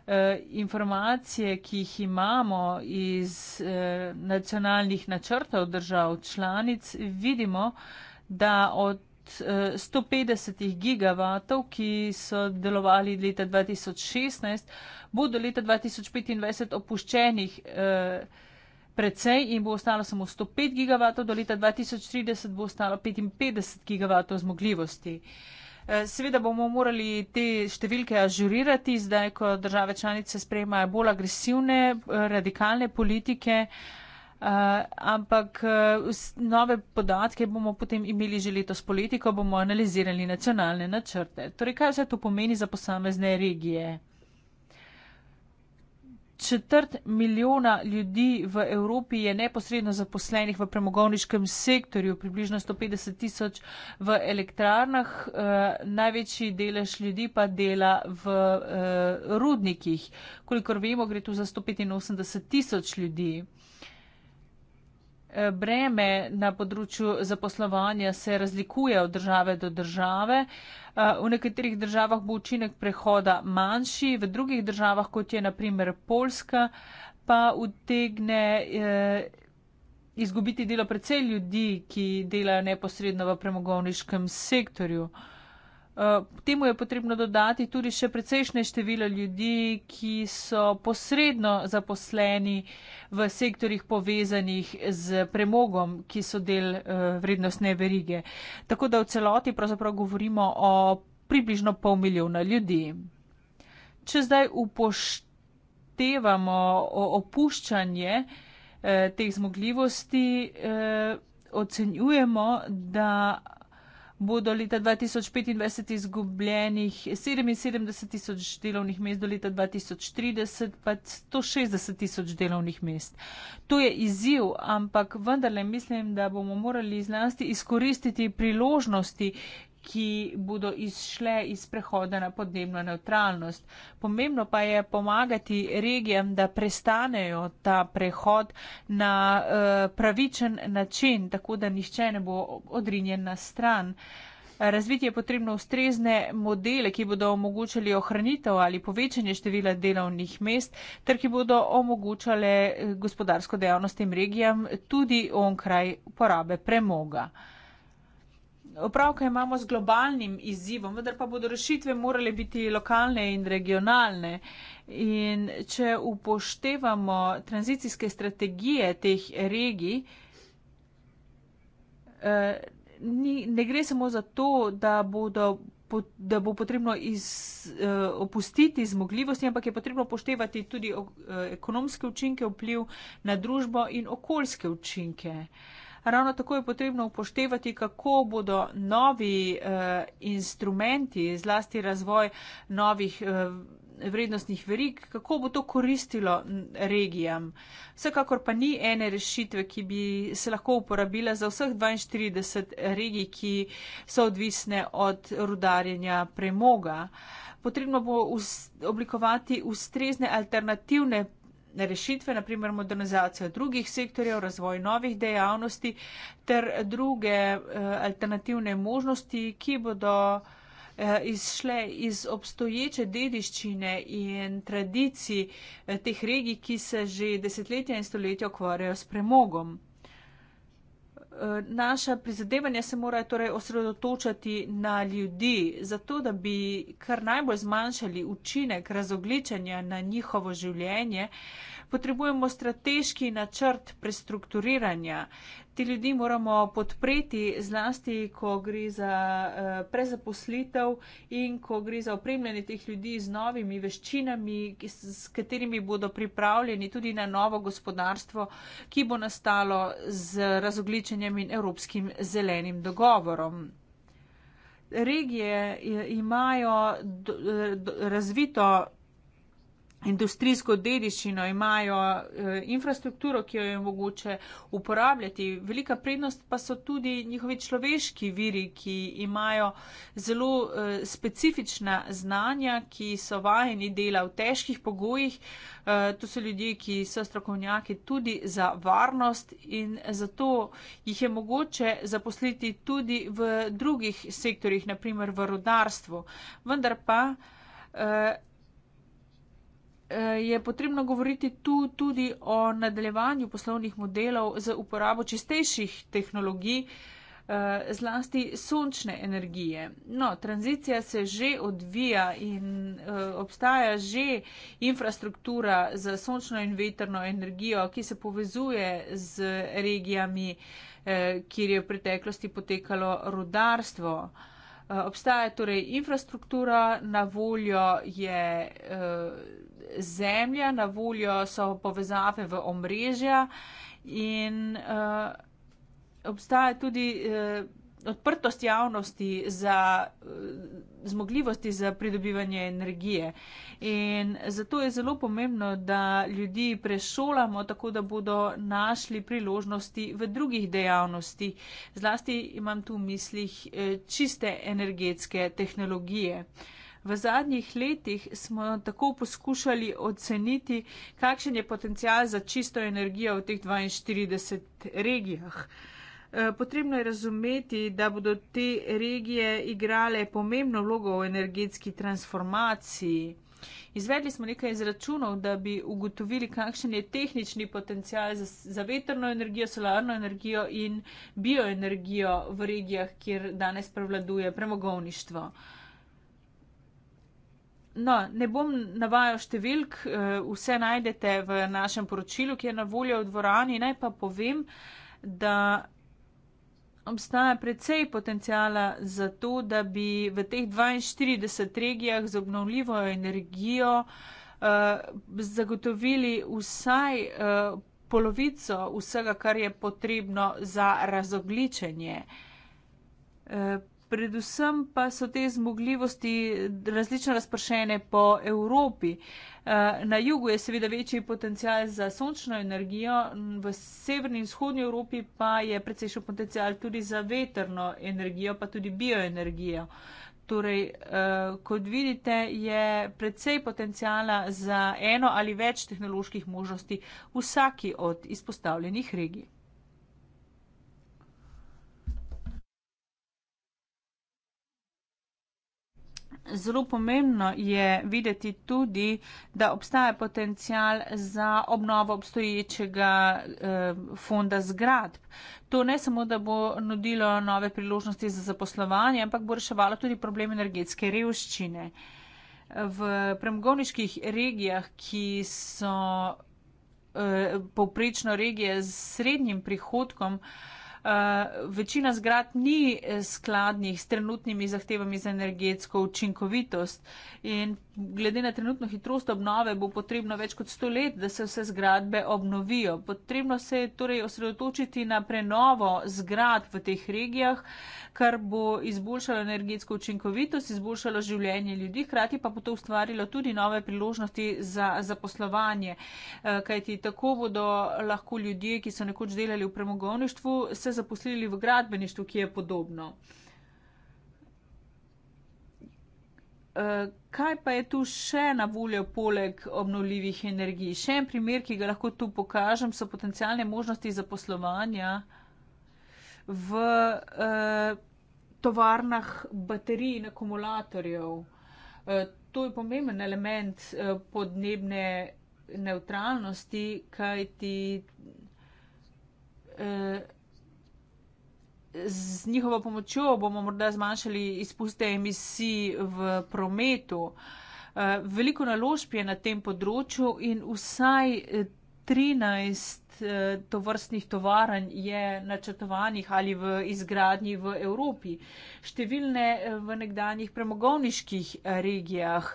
eh, informacije, ki jih imamo iz nacionalnih načrtov držav članic, vidimo, da od 150 eh, gigavatov, ki so delovali leta 2016, bo do leta 2025 opuščenih eh, precej in bo ostalo samo 105 gigavatov, do leta 2030 bo ostalo 55 gigavatov zmogljivosti. Eh, seveda bomo morali te številke ažurirati, zdaj ko države članice sprejmajo bolj agresivne, radikalne politike. Eh, ampak eh, nove podatke bomo potem imeli že letos poleti, ko bomo analizirali nacionalne načrte. Torej, kaj vse to pomeni za posamezne regije? Četrt milijona ljudi v Evropi je neposredno zaposlenih v premogovniškem sektorju, približno 150 tisoč v elektrarnah, eh, največji delež ljudi pa dela v eh, rudnikih. Kolikor vemo, gre tu za 185 tisoč ljudi. Eh, breme na področju zaposlovanja se razlikuje od države do države. Eh, v nekaterih državah bo učinek prehoda manjši, v drugih državah, kot je naprimer Poljska, pa utegne eh, izgubiti delo precej ljudi, ki delajo neposredno v premogovniškem sektorju. Uh, temu je potrebno dodati tudi še precejšnje število ljudi, ki so posredno zaposleni v sektorjih povezanih z premogom, ki so del uh, vrednostne verige. Tako da v celoti pravzaprav govorimo o približno pol milijona ljudi. Če zdaj upoštevamo opuščanje uh, teh zmogljivosti, uh, ocenjujemo, da bodo leta 2025 izgubljenih 77 tisoč delovnih mest, do leta 2030 pa 160 tisoč delovnih mest. To je izziv, ampak vendarle mislim, da bomo morali znanosti izkoristiti priložnosti, ki bodo izšle iz prehoda na podnebno neutralnost. Pomembno pa je pomagati regijam, da prestanejo ta prehod na eh, pravičen način, tako da nišče ne bo odrinjen na stran. Razviti je potrebno ustrezne modele, ki bodo omogočali ohranitev ali povečanje števila delovnih mest, ter ki bodo omogočale eh, gospodarsko dejavnost tem regijam tudi onkraj porabe premoga opravka imamo z globalnim izzivom, vendar pa bodo rešitve morale biti lokalne in regionalne. In če upoštevamo tranzicijske strategije teh regij, eh, ne gre samo za to, da, bodo, da bo potrebno iz, eh, opustiti zmogljivosti, ampak je potrebno upoštevati tudi eh, ekonomske učinke, vpliv na družbo in okoljske učinke. Ravno tako je potrebno upoštevati, kako bodo novi eh, instrumenti, zlasti razvoj novih. Eh, vrednostnih verig, kako bo to koristilo regijam. Vsekakor pa ni ene rešitve, ki bi se lahko uporabila za vseh 42 regij, ki so odvisne od rudarjenja premoga. Potrebno bo oblikovati ustrezne alternativne rešitve, naprimer modernizacijo drugih sektorjev, razvoj novih dejavnosti ter druge eh, alternativne možnosti, ki bodo eh, izšle iz obstoječe dediščine in tradicij eh, teh regij, ki se že desetletja in stoletja ukvarjajo s premogom. Eh, naša prizadevanja se morajo torej osredotočati na ljudi, zato da bi kar najbolj zmanjšali učinek razogličenja na njihovo življenje, potrebujemo strateški načrt prestrukturiranja, Te ljudi moramo podpreti, zlasti, ko gre za eh, prezaposlitev in ko gre za opremljanje teh ljudi z novimi veščinami, s katerimi bodo pripravljeni tudi na novo gospodarstvo, ki bo nastalo z razogličenjem in evropskim zelenim dogovorom. Regije eh, imajo do, eh, do, razvito industrijsko dediščino, imajo eh, infrastrukturo, ki jo je mogoče uporabljati. Velika prednost pa so tudi njihovi človeški viri, ki imajo zelo eh, specifična znanja, ki so vajeni dela v težkih pogojih. Eh, to so ljudje, ki so strokovnjaki tudi za varnost in zato jih je mogoče zaposliti tudi v drugih sektorjih, naprimer v rodarstvu. Vendar pa Eh, je potrebno govoriti tu tudi o nadaljevanju poslovnih modelov z uporabo čistejših tehnologij, eh, zlasti sončne energije. No, tranzicija se že odvija in eh, obstaja že infrastruktura za sončno in veterno energijo, ki se povezuje z regijami, kjer je v preteklosti potekalo rudarstvo. Eh, obstaja torej infrastruktura, na voljo je uh, zemlja, na voljo so povezave v omrežja in uh, obstaja tudi. Uh, odprtost javnosti za eh, zmogljivosti za pridobivanje energije. In zato je zelo pomembno, da ljudi prešolamo tako, da bodo našli priložnosti v drugih dejavnosti. Zlasti imam tu v mislih eh, čiste energetske tehnologije. V zadnjih letih smo tako poskušali oceniti, kakšen je potencial za čisto energijo v teh 42 regijah. Eh, potrebno je razumeti, da bodo te regije igrale pomembno vlogo v energetski transformaciji. Izvedli smo nekaj izračunov, da bi ugotovili, kakšen je tehnični potencial za, za veterno energijo, solarno energijo in bioenergijo v regijah, kjer danes prevladuje premogovništvo. No, ne bom navajal številk, eh, vse najdete v našem poročilu, ki je na voljo v dvorani. Naj pa povem, da obstaja precej potencijala za to, da bi v teh 42 regijah z obnovljivo energijo uh, zagotovili vsaj uh, polovico vsega, kar je potrebno za razogličenje. Eh, predvsem pa so te zmogljivosti različno razpršene po Evropi. Uh, Eh, na jugu je seveda večji potencial za sončno energijo, v severni in vzhodnji Evropi pa je precejšen potencial tudi za veterno energijo, pa tudi bioenergijo. Torej, eh, kot vidite, je precej potencijala za eno ali več tehnoloških možnosti v vsaki od izpostavljenih regij. Zelo pomembno je videti tudi, da obstaja potencial za obnovo obstoječega eh, fonda zgradb. To ne samo, da bo nudilo nove priložnosti za zaposlovanje, ampak bo reševalo tudi problem energetske revščine. V premogovniških regijah, ki so eh, povprečno regije s srednjim prihodkom, eh, Eh, večina zgrad ni eh, skladnih s trenutnimi zahtevami za energetsko učinkovitost in glede na trenutno hitrost obnove bo potrebno več kot sto let, da se vse zgradbe obnovijo. Potrebno se je torej osredotočiti na prenovo zgrad v teh regijah, kar bo izboljšalo energetsko učinkovitost, izboljšalo življenje ljudi, hkrati pa bo to ustvarilo tudi nove priložnosti za zaposlovanje, eh, kajti tako bodo lahko ljudje, ki so nekoč delali v premogovništvu, se se zaposlili v gradbeništvu, ki je podobno. Eh, kaj pa je tu še na voljo poleg obnovljivih energij? Še en primer, ki ga lahko tu pokažem, so potencijalne možnosti zaposlovanja v eh, tovarnah baterij in akumulatorjev. Eh, to je pomemben element podnebne neutralnosti, kaj ti z njihovo pomočjo bomo morda zmanjšali izpuste emisij v prometu. Eh, veliko naložb je na tem področju in vsaj 13 eh, tovrstnih tovaranj je načrtovanih ali v izgradnji v Evropi, številne eh, v nekdanjih premogovniških regijah.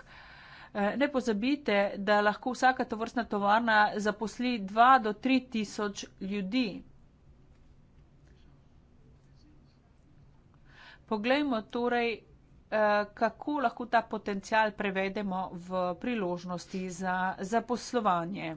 Ne pozabite, da lahko vsaka tovrstna tovarna zaposli 2 do 3 tisoč ljudi. Poglejmo torej, eh, kako lahko ta potencial prevedemo v priložnosti za zaposlovanje.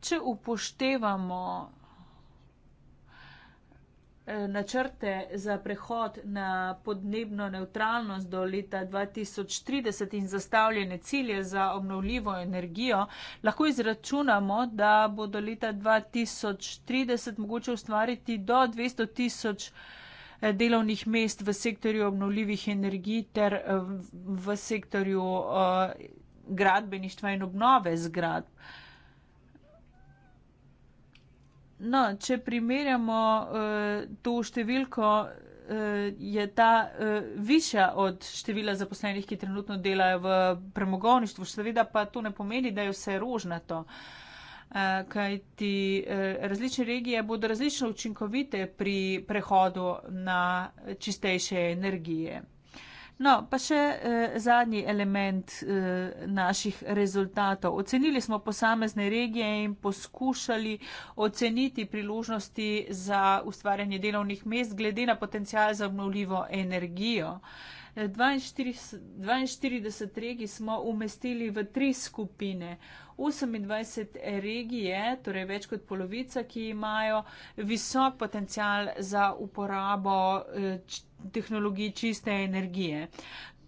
Če upoštevamo eh, načrte za prehod na podnebno neutralnost do leta 2030 in zastavljene cilje za obnovljivo energijo, lahko izračunamo, da bo do leta 2030 mogoče ustvariti do 200 tisoč delovnih mest v sektorju obnovljivih energij ter eh, v sektorju eh, gradbeništva in obnove zgrad. No, če primerjamo eh, to številko, je ta višja od števila zaposlenih, ki trenutno delajo v premogovništvu. Seveda pa to ne pomeni, da je vse rožnato. Eh, kaj ti eh, različne regije bodo različno učinkovite pri prehodu na čistejše energije. No, pa še eh, zadnji element eh, naših rezultatov. Ocenili smo posamezne regije in poskušali oceniti priložnosti za ustvarjanje delovnih mest glede na potencial za obnovljivo energijo. Eh, 42 regij smo umestili v tri skupine. 28 regij je, torej več kot polovica, ki imajo visok potencial za uporabo eh, tehnologij čiste energije.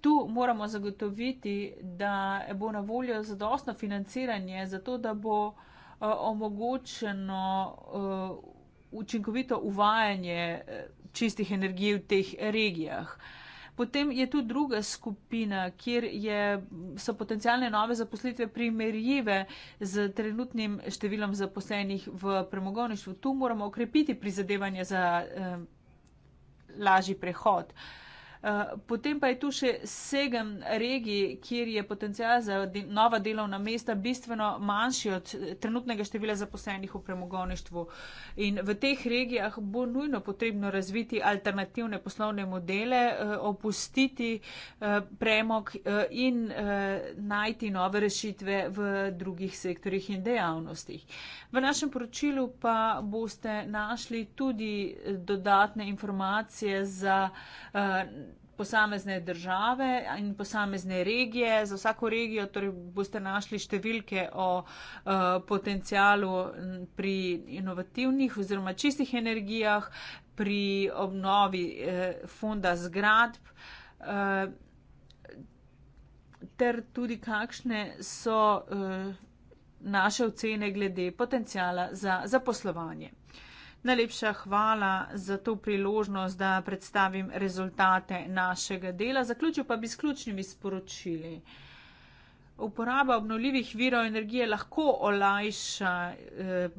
Tu moramo zagotoviti, da bo na voljo zadostno financiranje, zato da bo eh, omogočeno eh, učinkovito uvajanje čistih energij v teh regijah. Potem je tu druga skupina, kjer je, so potencijalne nove zaposlitve primerjive z trenutnim številom zaposlenih v premogovništvu. Tu moramo okrepiti prizadevanje za eh, lažji prehod. Eh, Eh, potem pa je tu še sedem regij, kjer je potencial za nova delovna mesta bistveno manjši od trenutnega števila zaposlenih v premogovništvu. In v teh regijah bo nujno potrebno razviti alternativne poslovne modele, eh, opustiti eh, premog in najti nove rešitve v drugih sektorjih in dejavnostih. V našem poročilu pa boste našli tudi dodatne informacije za posamezne države in posamezne regije. Za vsako regijo torej boste našli številke o uh, eh, potencijalu pri inovativnih oziroma čistih energijah, pri obnovi uh, eh, funda zgradb, uh, ter tudi kakšne so uh, naše ocene glede potencijala za zaposlovanje. Najlepša hvala za to priložnost, da predstavim rezultate našega dela. Zaključil pa bi s ključnimi sporočili. Uporaba obnovljivih virov energije lahko olajša eh,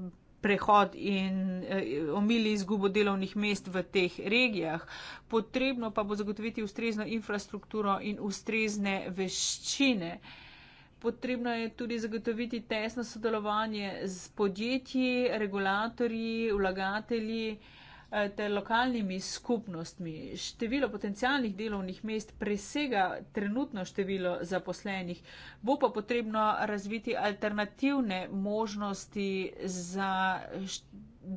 prehod in eh, omili izgubo delovnih mest v teh regijah. Potrebno pa bo zagotoviti ustrezno infrastrukturo in ustrezne veščine potrebno je tudi zagotoviti tesno sodelovanje z podjetji, regulatorji, vlagatelji eh, ter lokalnimi skupnostmi. Število potencijalnih delovnih mest presega trenutno število zaposlenih. Bo pa potrebno razviti alternativne možnosti za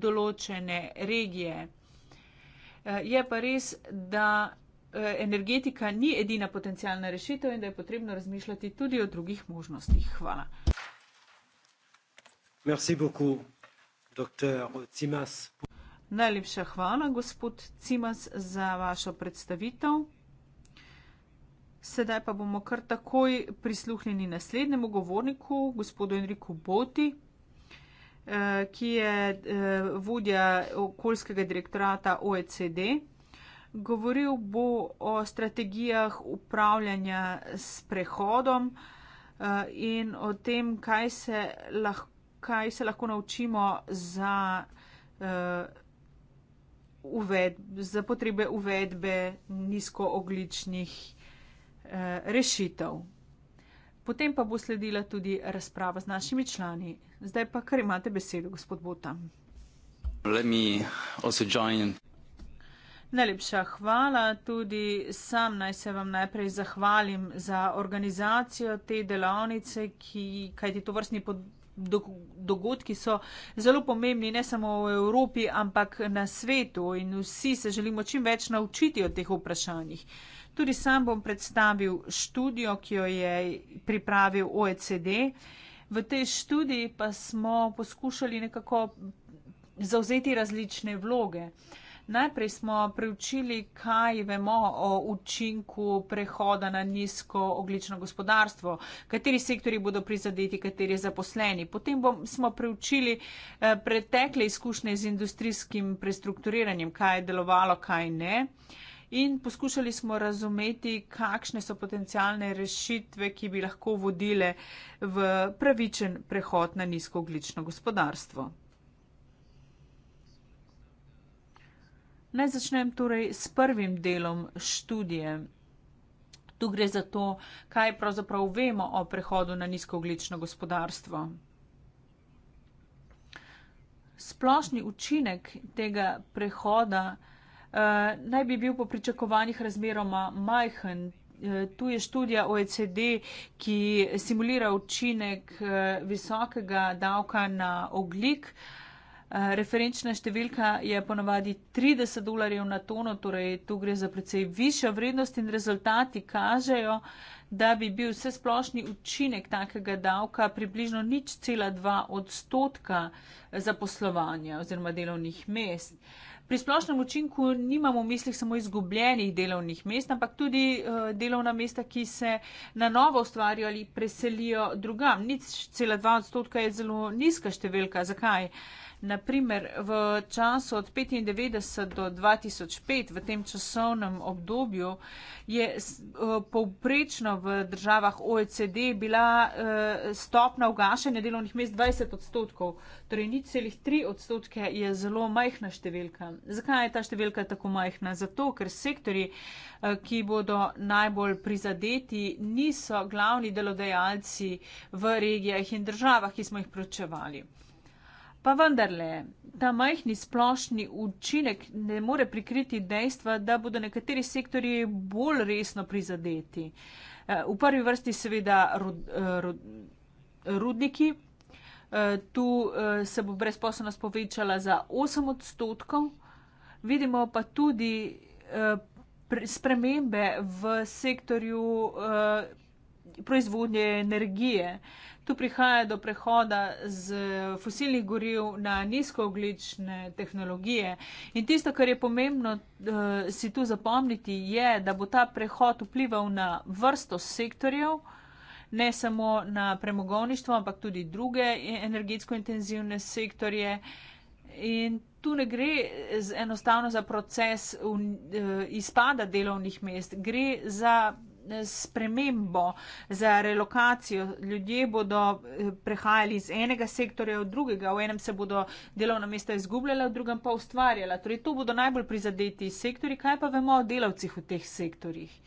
določene regije. Eh, je pa res, da Eh, energetika ni edina potencijalna rešitev in da je potrebno razmišljati tudi o drugih možnostih. Hvala. Merci beaucoup, dr. Cimas. Najlepša hvala, gospod Cimas, za vašo predstavitev. Sedaj pa bomo kar takoj prisluhnili naslednjemu govorniku, gospodu Enriku Boti, eh, ki je eh, vodja okoljskega direktorata OECD. Govoril bo o strategijah upravljanja s prehodom eh, in o tem, kaj se lahko, kaj se lahko naučimo za, eh, uved, za potrebe uvedbe nizkoogličnih eh, rešitev. Potem pa bo sledila tudi razprava z našimi člani. Zdaj pa, ker imate besedo, gospod Bota. Let me also join in. Najlepša hvala. Tudi sam naj se vam najprej zahvalim za organizacijo te delavnice, ki, kajti to vrstni dogodki so zelo pomembni ne samo v Evropi, ampak na svetu in vsi se želimo čim več naučiti o teh vprašanjih. Tudi sam bom predstavil študijo, ki jo je pripravil OECD. V tej študiji pa smo poskušali nekako zauzeti različne vloge. Najprej smo preučili, kaj vemo o učinku prehoda na nizko oglično gospodarstvo, kateri sektori bodo prizadeti, kateri zaposleni. Potem bom, smo preučili eh, pretekle izkušnje z industrijskim prestrukturiranjem, kaj je delovalo, kaj ne. In poskušali smo razumeti, kakšne so potencialne rešitve, ki bi lahko vodile v pravičen prehod na nizko oglično gospodarstvo. Naj začnem torej s prvim delom študije. Tu gre za to, kaj pravzaprav vemo o prehodu na nizkooglično gospodarstvo. Splošni učinek tega prehoda eh, naj bi bil po pričakovanjih razmeroma majhen. Eh, tu je študija OECD, ki simulira učinek eh, visokega davka na oglik eh, Eh, referenčna številka je ponavadi 30 dolarjev na tono, torej tu gre za precej višjo vrednost in rezultati kažejo, da bi bil vse splošni učinek takega davka približno nič cela dva odstotka eh, zaposlovanja oziroma delovnih mest. Pri splošnem učinku nimamo v mislih samo izgubljenih delovnih mest, ampak tudi eh, delovna mesta, ki se na novo ustvarijo ali preselijo drugam. Nič cela dva odstotka je zelo nizka številka. Zakaj? naprimer v času od 95 do 2005, v tem časovnem obdobju, je eh, povprečno v državah OECD bila eh, stopna ugašanja delovnih mest 20 odstotkov, torej nič celih 3 odstotke je zelo majhna številka. Zakaj je ta številka tako majhna? Zato, ker sektori, eh, ki bodo najbolj prizadeti, niso glavni delodajalci v regijah in državah, ki smo jih pročevali. Pa vendarle, ta majhni splošni učinek ne more prikriti dejstva, da bodo nekateri sektori bolj resno prizadeti. Eh, v prvi vrsti seveda rud, eh, rud, rudniki. Eh, tu se bo brezposobnost povečala za 8 odstotkov. Vidimo pa tudi spremembe v sektorju proizvodnje energije. Tu prihaja do prehoda z fosilnih goril na nizkooglične tehnologije. In tisto, kar je pomembno uh, si tu zapomniti, je, da bo ta prehod vplival na vrsto sektorjev, ne samo na premogovništvo, ampak tudi druge energetsko intenzivne sektorje. In tu ne gre enostavno za proces eh, izpada delovnih mest, gre za spremembo, za relokacijo. Ljudje bodo eh, prehajali iz enega sektorja v drugega, v enem se bodo delovna mesta izgubljala, v drugem pa ustvarjala. Torej, to bodo najbolj prizadeti sektori. Kaj pa vemo o delavcih v teh sektorjih?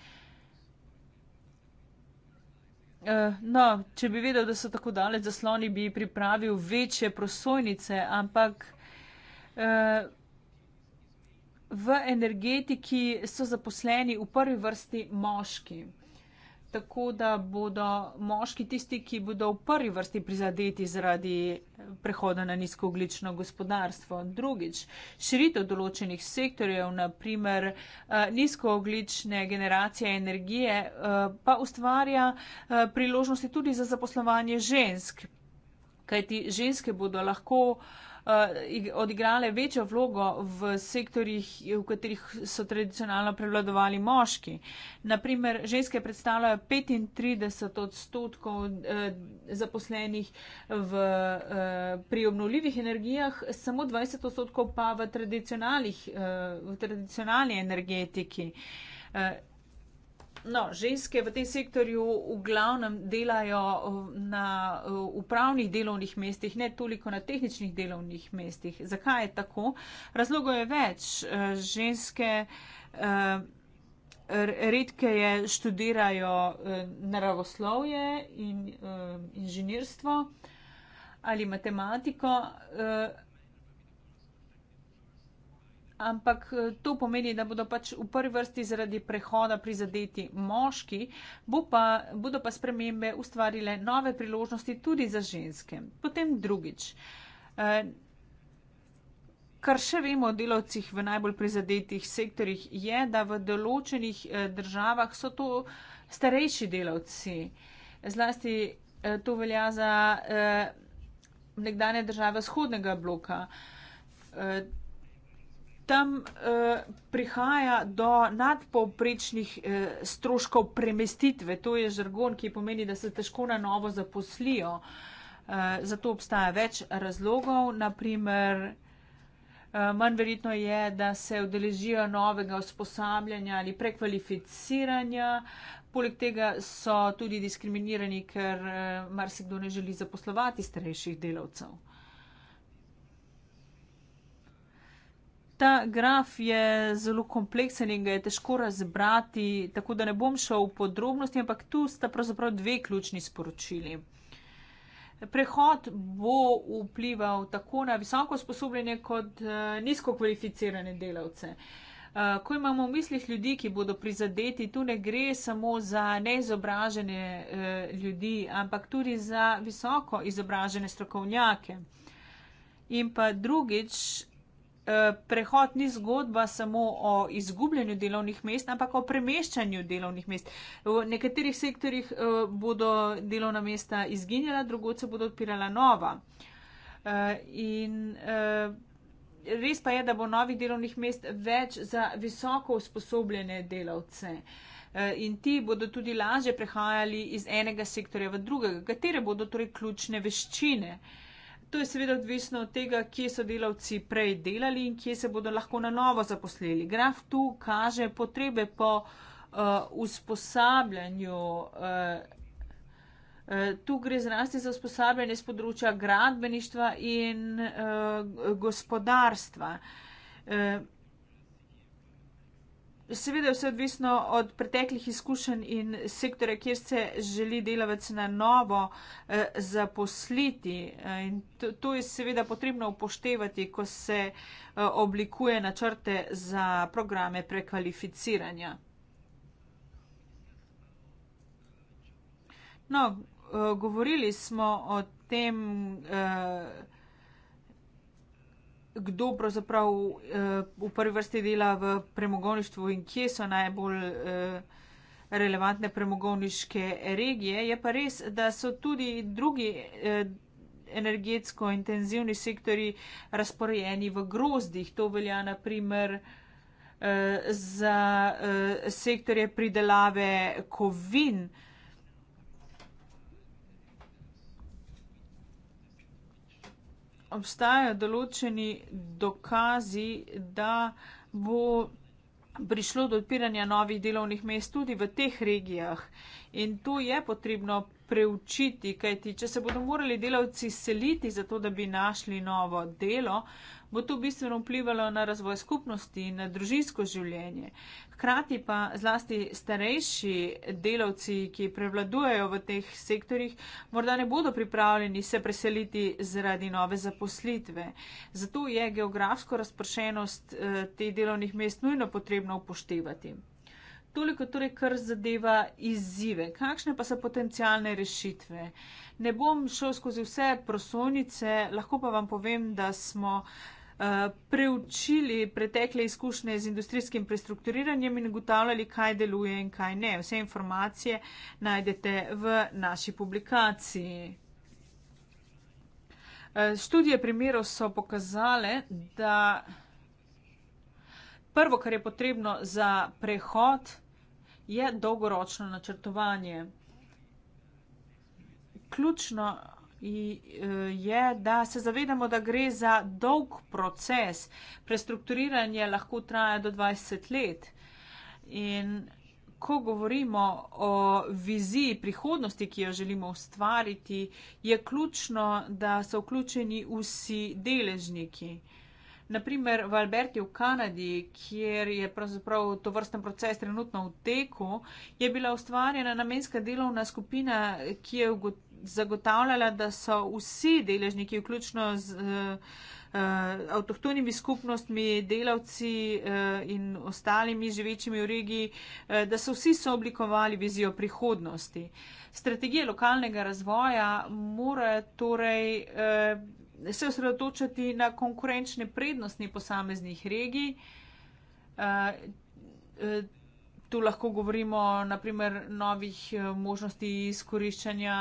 Eh, no, če bi vedel, da so tako daleč zasloni, bi pripravil večje prosojnice, ampak. Eh, v energetiki so zaposleni v prvi vrsti moški. Tako da bodo moški tisti, ki bodo v prvi vrsti prizadeti zaradi prehoda na nizkooglično gospodarstvo. Drugič, širitev določenih sektorjev, naprimer eh, nizkooglične generacije energije, eh, pa ustvarja eh, priložnosti tudi za zaposlovanje žensk, kajti ženske bodo lahko uh, Eh, odigrale večjo vlogo v sektorjih, v katerih so tradicionalno prevladovali moški. Naprimer, ženske predstavljajo 35 odstotkov eh, zaposlenih v, eh, pri obnovljivih energijah, samo 20 odstotkov pa v, v tradicionalni energetiki. No, ženske v tem sektorju v glavnem delajo eh, na eh, upravnih delovnih mestih, ne toliko na tehničnih delovnih mestih. Zakaj je tako? Razlogov je več. Eh, ženske redke je študirajo naravoslovje in inženirstvo ali matematiko ampak eh, to pomeni, da bodo pač v prvi vrsti zaradi prehoda prizadeti moški, bo pa, bodo pa spremembe ustvarile nove priložnosti tudi za ženske. Potem drugič. Eh, kar še vemo o delovcih v najbolj prizadetih sektorjih je, da v določenih eh, državah so to starejši delavci. Zlasti to velja za nekdane države vzhodnega bloka tam eh, prihaja do nadpovprečnih eh, stroškov premestitve. To je žargon, ki pomeni, da se težko na novo zaposlijo. Eh, zato obstaja več razlogov. Naprimer, eh, manj verjetno je, da se udeležijo novega usposabljanja ali prekvalificiranja. Poleg tega so tudi diskriminirani, ker eh, marsikdo ne želi zaposlovati starejših delavcev. ta graf je zelo kompleksen in ga je težko razbrati, tako da ne bom šel v podrobnosti, ampak tu sta pravzaprav dve ključni sporočili. Prehod bo vplival tako na visoko sposobljene kot eh, nizko kvalificirane delavce. Eh, ko imamo v mislih ljudi, ki bodo prizadeti, tu ne gre samo za neizobražene eh, ljudi, ampak tudi za visoko izobražene strokovnjake. In pa drugič, Eh, prehod ni zgodba samo o izgubljanju delovnih mest, ampak o premeščanju delovnih mest. V nekaterih sektorjih eh, bodo delovna mesta izginjala, drugod se bodo odpirala nova. Eh, in res pa je, da bo novih delovnih mest več za visoko usposobljene delavce. In ti bodo tudi lažje prehajali iz enega sektorja v drugega. Katere bodo torej ključne veščine? Uh, To je seveda odvisno od tega, kje so delavci prej delali in kje se bodo lahko na novo zaposlili. Graf tu kaže potrebe po uh, usposabljanju. Uh, uh, tu gre zlasti za usposabljanje z področja gradbeništva in uh, gospodarstva. Uh, Seveda je vse odvisno od preteklih izkušenj in sektora, kjer se želi delavec na novo eh, zaposliti. Eh, in to, to je seveda potrebno upoštevati, ko se eh, oblikuje načrte za programe prekvalificiranja. No, eh, govorili smo o tem. Eh, kdo pravzaprav eh, v prvi vrsti dela v premogovništvu in kje so najbolj eh, relevantne premogovniške regije. Je pa res, da so tudi drugi. Eh, energetsko intenzivni sektori razporejeni v grozdih. To velja naprimer eh, za eh, sektorje pridelave kovin, eh, obstajajo določeni dokazi, da bo prišlo do odpiranja novih delovnih mest tudi v teh regijah. In to je potrebno preučiti, kajti če se bodo morali delavci seliti, zato da bi našli novo delo, bo to bistveno vplivalo na razvoj skupnosti in na družinsko življenje. Hkrati pa zlasti starejši delavci, ki prevladujejo v teh sektorjih, morda ne bodo pripravljeni se preseliti zaradi nove zaposlitve. Zato je geografsko razpršenost eh, teh delovnih mest nujno potrebno upoštevati. Toliko torej, kar zadeva izzive. Kakšne pa so potencijalne rešitve? Ne bom šel skozi vse prosovnice, lahko pa vam povem, da smo Eh, preučili pretekle izkušnje z industrijskim prestrukturiranjem in ugotavljali, kaj deluje in kaj ne. Vse informacije najdete v naši publikaciji. Eh, študije primerov so pokazale, da prvo, kar je potrebno za prehod, je dolgoročno načrtovanje. Ključno E, je, da se zavedamo, da gre za dolg proces. Prestrukturiranje lahko traja do 20 let. In ko govorimo o viziji prihodnosti, ki jo želimo ustvariti, je ključno, da so vključeni vsi deležniki. Naprimer v Alberti v Kanadi, kjer je pravzaprav to vrsten proces trenutno v teku, je bila ustvarjena namenska delovna skupina, ki je zagotavljala, da so vsi deležniki, vključno z eh, avtohtonimi skupnostmi, delavci eh, in ostalimi živečimi v regiji, eh, da so vsi sooblikovali vizijo prihodnosti. Strategije lokalnega razvoja morajo torej se osredotočati na konkurenčne prednosti posameznih regij. Eh, eh, tu lahko govorimo naprimer novih eh, možnosti izkoriščanja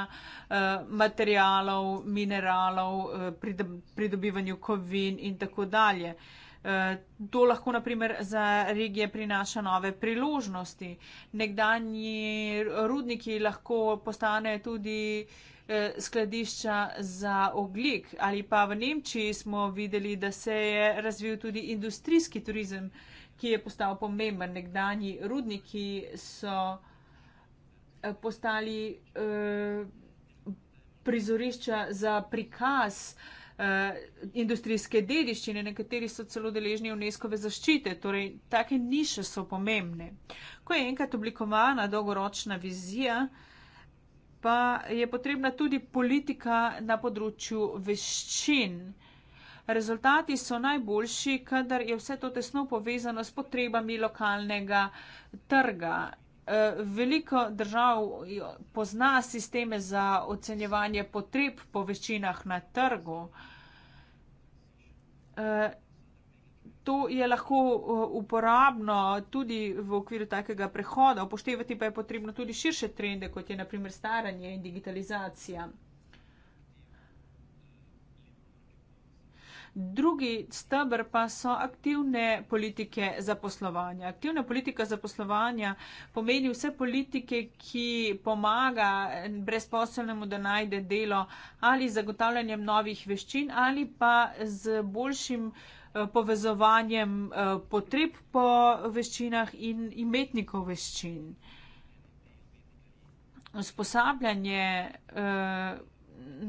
materialov, mineralov, pridobivanju kovin in tako dalje. To lahko naprimer za regije prinaša nove priložnosti. Nekdanji rudniki lahko postanejo tudi uh, Eh, skladišča za oglik. Ali pa v Nemčiji smo videli, da se je razvil tudi industrijski turizem, ki je postal pomemben. Nekdani rudniki so eh, postali eh, prizorišča za prikaz. Uh, industrijske dediščine, nekateri so celo deležni UNESCO-ve zaščite, torej take niše so pomembne. Ko je enkrat oblikovana dolgoročna vizija, uh, pa je potrebna tudi politika na področju veščin. Rezultati so najboljši, kadar je vse to tesno povezano s potrebami lokalnega trga. E, veliko držav pozna sisteme za ocenjevanje potreb po veščinah na trgu. E, To je lahko uporabno tudi v okviru takega prehoda, upoštevati pa je potrebno tudi širše trende, kot je naprimer staranje in digitalizacija. Drugi stebr pa so aktivne politike zaposlovanja. Aktivna politika zaposlovanja pomeni vse politike, ki pomaga brezposelnemu, da najde delo ali zagotavljanjem novih veščin ali pa z boljšim uh, Eh, povezovanjem eh, potreb po veščinah in imetnikov veščin. Usposabljanje eh,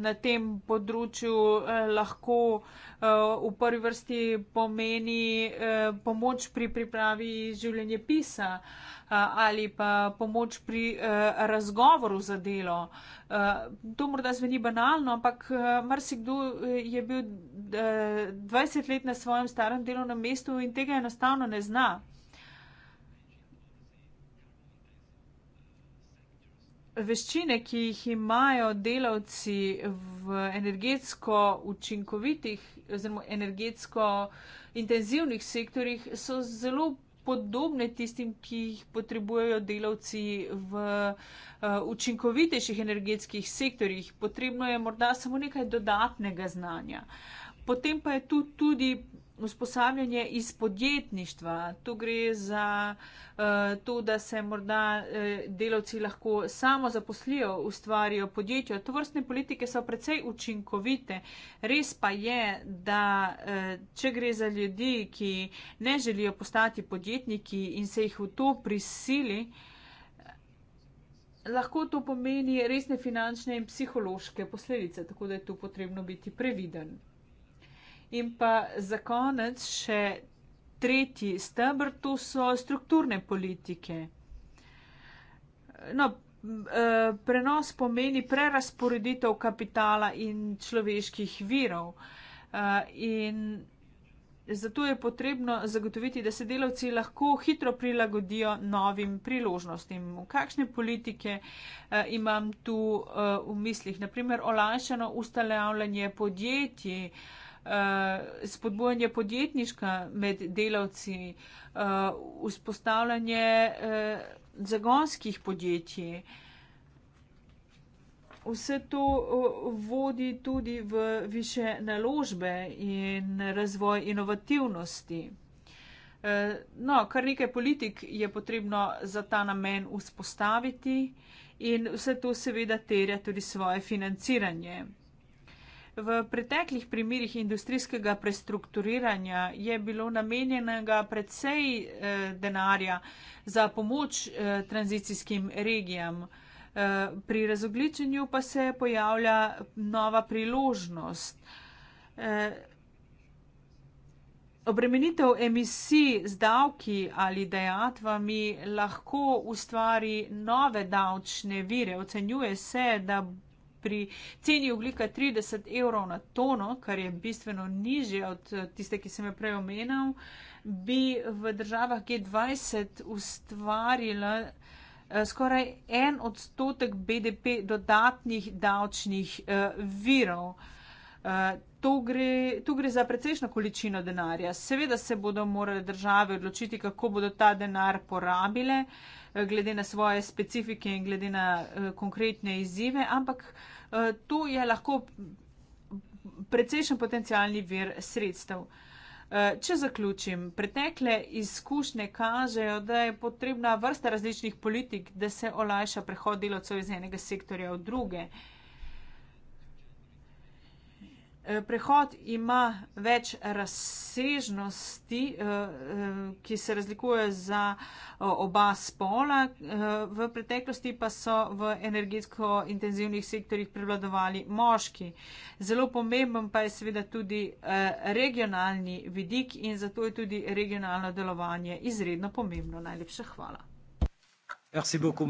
na tem področju eh, lahko eh, v prvi vrsti pomeni eh, pomoč pri pripravi življenje pisa eh, ali pa pomoč pri eh, razgovoru za delo. Eh, to morda zveni banalno, ampak eh, marsikdo eh, je bil eh, 20 let na svojem starem delovnem mestu in tega enostavno ne zna. veščine, ki jih imajo delavci v energetsko učinkovitih oziroma energetsko intenzivnih sektorjih, so zelo podobne tistim, ki jih potrebujejo delavci v eh, učinkovitejših energetskih sektorjih. Potrebno je morda samo nekaj dodatnega znanja. Potem pa je tu tudi usposabljanje iz podjetništva. Tu gre za uh, to, da se morda uh, delavci lahko samo zaposlijo, ustvarijo podjetje. To vrstne politike so precej učinkovite. Res pa je, da uh, če gre za ljudi, ki ne želijo postati podjetniki in se jih v to prisili, lahko to pomeni resne finančne in psihološke posledice, tako da je tu potrebno biti previden. In pa za konec še tretji stebr, to so strukturne politike. No, e, prenos pomeni prerasporeditev kapitala in človeških virov. E, in zato je potrebno zagotoviti, da se delavci lahko hitro prilagodijo novim priložnostim. Kakšne politike e, imam tu v mislih? Naprimer, olajšano ustalevanje podjetij. Eh, spodbojanje podjetniška med delavci, eh, vzpostavljanje eh, zagonskih podjetij. Vse to vodi tudi v više naložbe in razvoj inovativnosti. No, kar nekaj politik je potrebno za ta namen vzpostaviti in vse to seveda terja tudi svoje financiranje. V preteklih primerjih industrijskega prestrukturiranja je bilo namenjenega predvsej eh, denarja za pomoč eh, tranzicijskim regijam. Eh, pri razogličenju pa se pojavlja nova priložnost. Obremenitev emisij z davki ali dejatvami lahko ustvari nove davčne vire. Ocenjuje se, da pri ceni oglika 30 evrov na tono, kar je bistveno nižje od eh, tiste, ki sem jo prej omenil, bi v državah G20 ustvarila eh, skoraj en odstotek BDP dodatnih davčnih eh, virov tu gre, tu gre za precejšno količino denarja. Seveda se bodo morale države odločiti, kako bodo ta denar porabile, eh, glede na svoje specifike in glede na uh, konkretne izzive, ampak uh, eh, tu je lahko precejšen potencijalni vir sredstev. Če zaključim, pretekle izkušnje kažejo, da je potrebna vrsta različnih politik, da se olajša prehod delavcev iz enega sektorja v drugega. Eh, prehod ima več razsežnosti, eh, eh, ki se razlikuje za oba spola. V preteklosti pa so v energetsko intenzivnih sektorjih prevladovali moški. Zelo pomemben pa je seveda tudi regionalni vidik in zato je tudi regionalno delovanje izredno pomembno. Najlepša hvala. Merci beaucoup,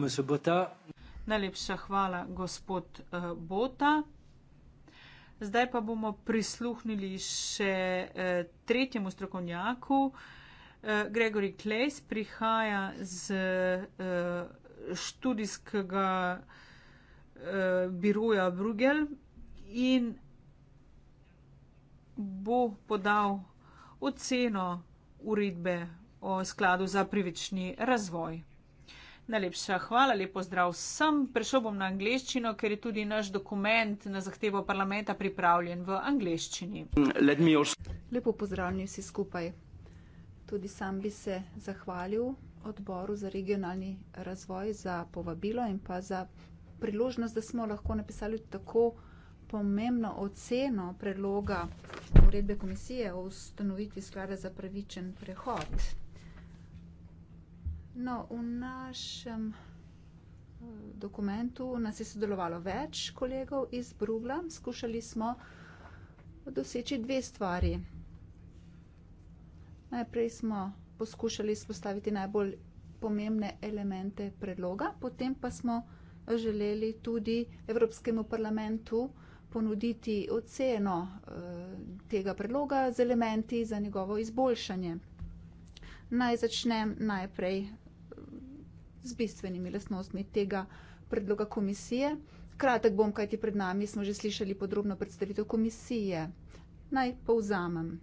Najlepša hvala, gospod Bota. Zdaj pa bomo prisluhnili še eh, tretjemu strokovnjaku. Eh, Gregory Klejs prihaja z eh, študijskega eh, biroja Bruegel in bo podal oceno uredbe o skladu za privični razvoj. Najlepša hvala, lepo zdrav vsem. Prešel bom na angliščino, ker je tudi naš dokument na zahtevo parlamenta pripravljen v angliščini. Lepo pozdravljeni vsi skupaj. Tudi sam bi se zahvalil odboru za regionalni razvoj za povabilo in pa za priložnost, da smo lahko napisali tako pomembno oceno predloga uredbe komisije o ustanovitvi sklada za pravičen prehod. No, v našem eh, dokumentu nas je sodelovalo več kolegov iz Brugla. Skušali smo doseči dve stvari. Najprej smo poskušali spostaviti najbolj pomembne elemente predloga, potem pa smo želeli tudi Evropskemu parlamentu ponuditi oceno eh, tega predloga z elementi za njegovo izboljšanje. Naj začnem najprej z bistvenimi lastnostmi tega predloga komisije. Kratek bom, kajti pred nami smo že slišali podrobno predstavitev komisije. Naj povzamem.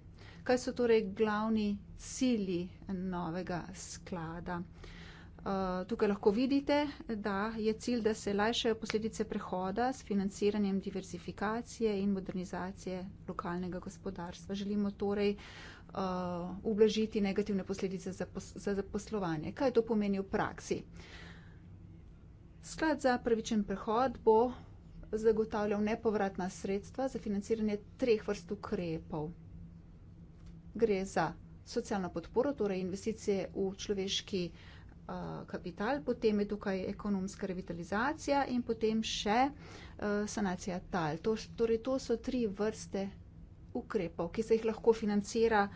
Kaj so torej glavni cilji novega sklada? Eh, tukaj lahko vidite, da je cilj, da se lajšajo posledice prehoda s financiranjem diversifikacije in modernizacije lokalnega gospodarstva. Želimo torej uh, uh, ublažiti negativne posledice za, pos, za zaposlovanje. Kaj to pomeni v praksi? Sklad za pravičen prehod bo zagotavljal nepovratna sredstva za financiranje treh vrst ukrepov. Gre za socialno podporo, torej investicije v človeški uh, kapital, potem je tukaj ekonomska revitalizacija in potem še uh, sanacija tal. To, torej to so tri vrste ukrepov, ki se jih lahko financira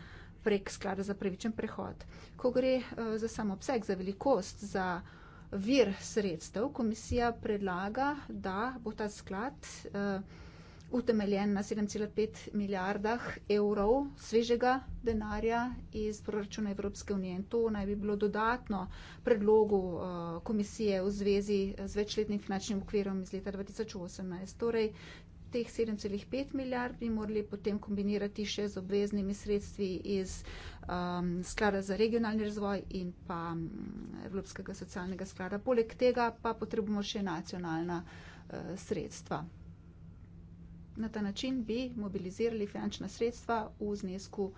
prek sklada za pravičen prehod. Ko gre eh, za samo obseg, za velikost, za vir sredstev, komisija predlaga, da bo ta sklad eh, utemeljen na 7,5 milijardah evrov svežega denarja iz proračuna Evropske unije. In to naj bi bilo dodatno predlogu eh, komisije v zvezi z večletnim finančnim okvirom iz leta 2018. Torej, teh 7,5 milijard bi morali potem kombinirati še z obveznimi sredstvi iz um, sklada za regionalni razvoj in pa um, Evropskega socialnega sklada. Poleg tega pa potrebujemo še nacionalna uh, sredstva. Na ta način bi mobilizirali finančna sredstva v znesku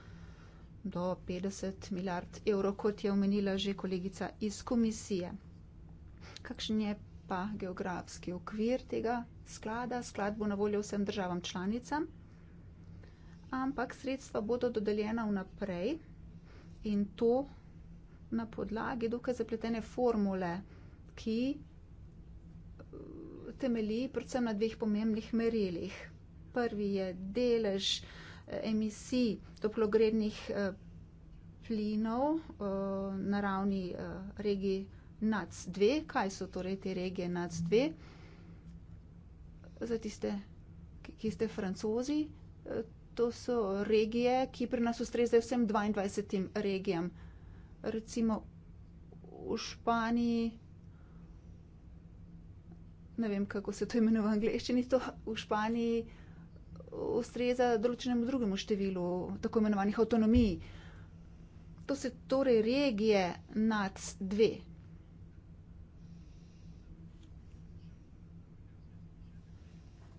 do 50 milijard evrov, kot je omenila že kolegica iz komisije. Kakšen je pa geografski okvir tega sklada. Sklad bo na voljo vsem državam članicam, ampak sredstva bodo dodeljena vnaprej in to na podlagi dokaj zapletene formule, ki eh, temelji predvsem na dveh pomembnih merilih. Prvi je delež eh, emisij toplogrednih eh, plinov na ravni regije NAC2, kaj so torej te regije NAC2, za tiste, ki ste francozi, eh, to so regije, ki pri nas ustrezajo vsem 22 regijam. Recimo v Španiji, ne vem, kako se to imenuje v angleščini, to v Španiji ustreza določenemu drugemu številu, tako imenovanih avtonomiji. To se torej regije NAC2.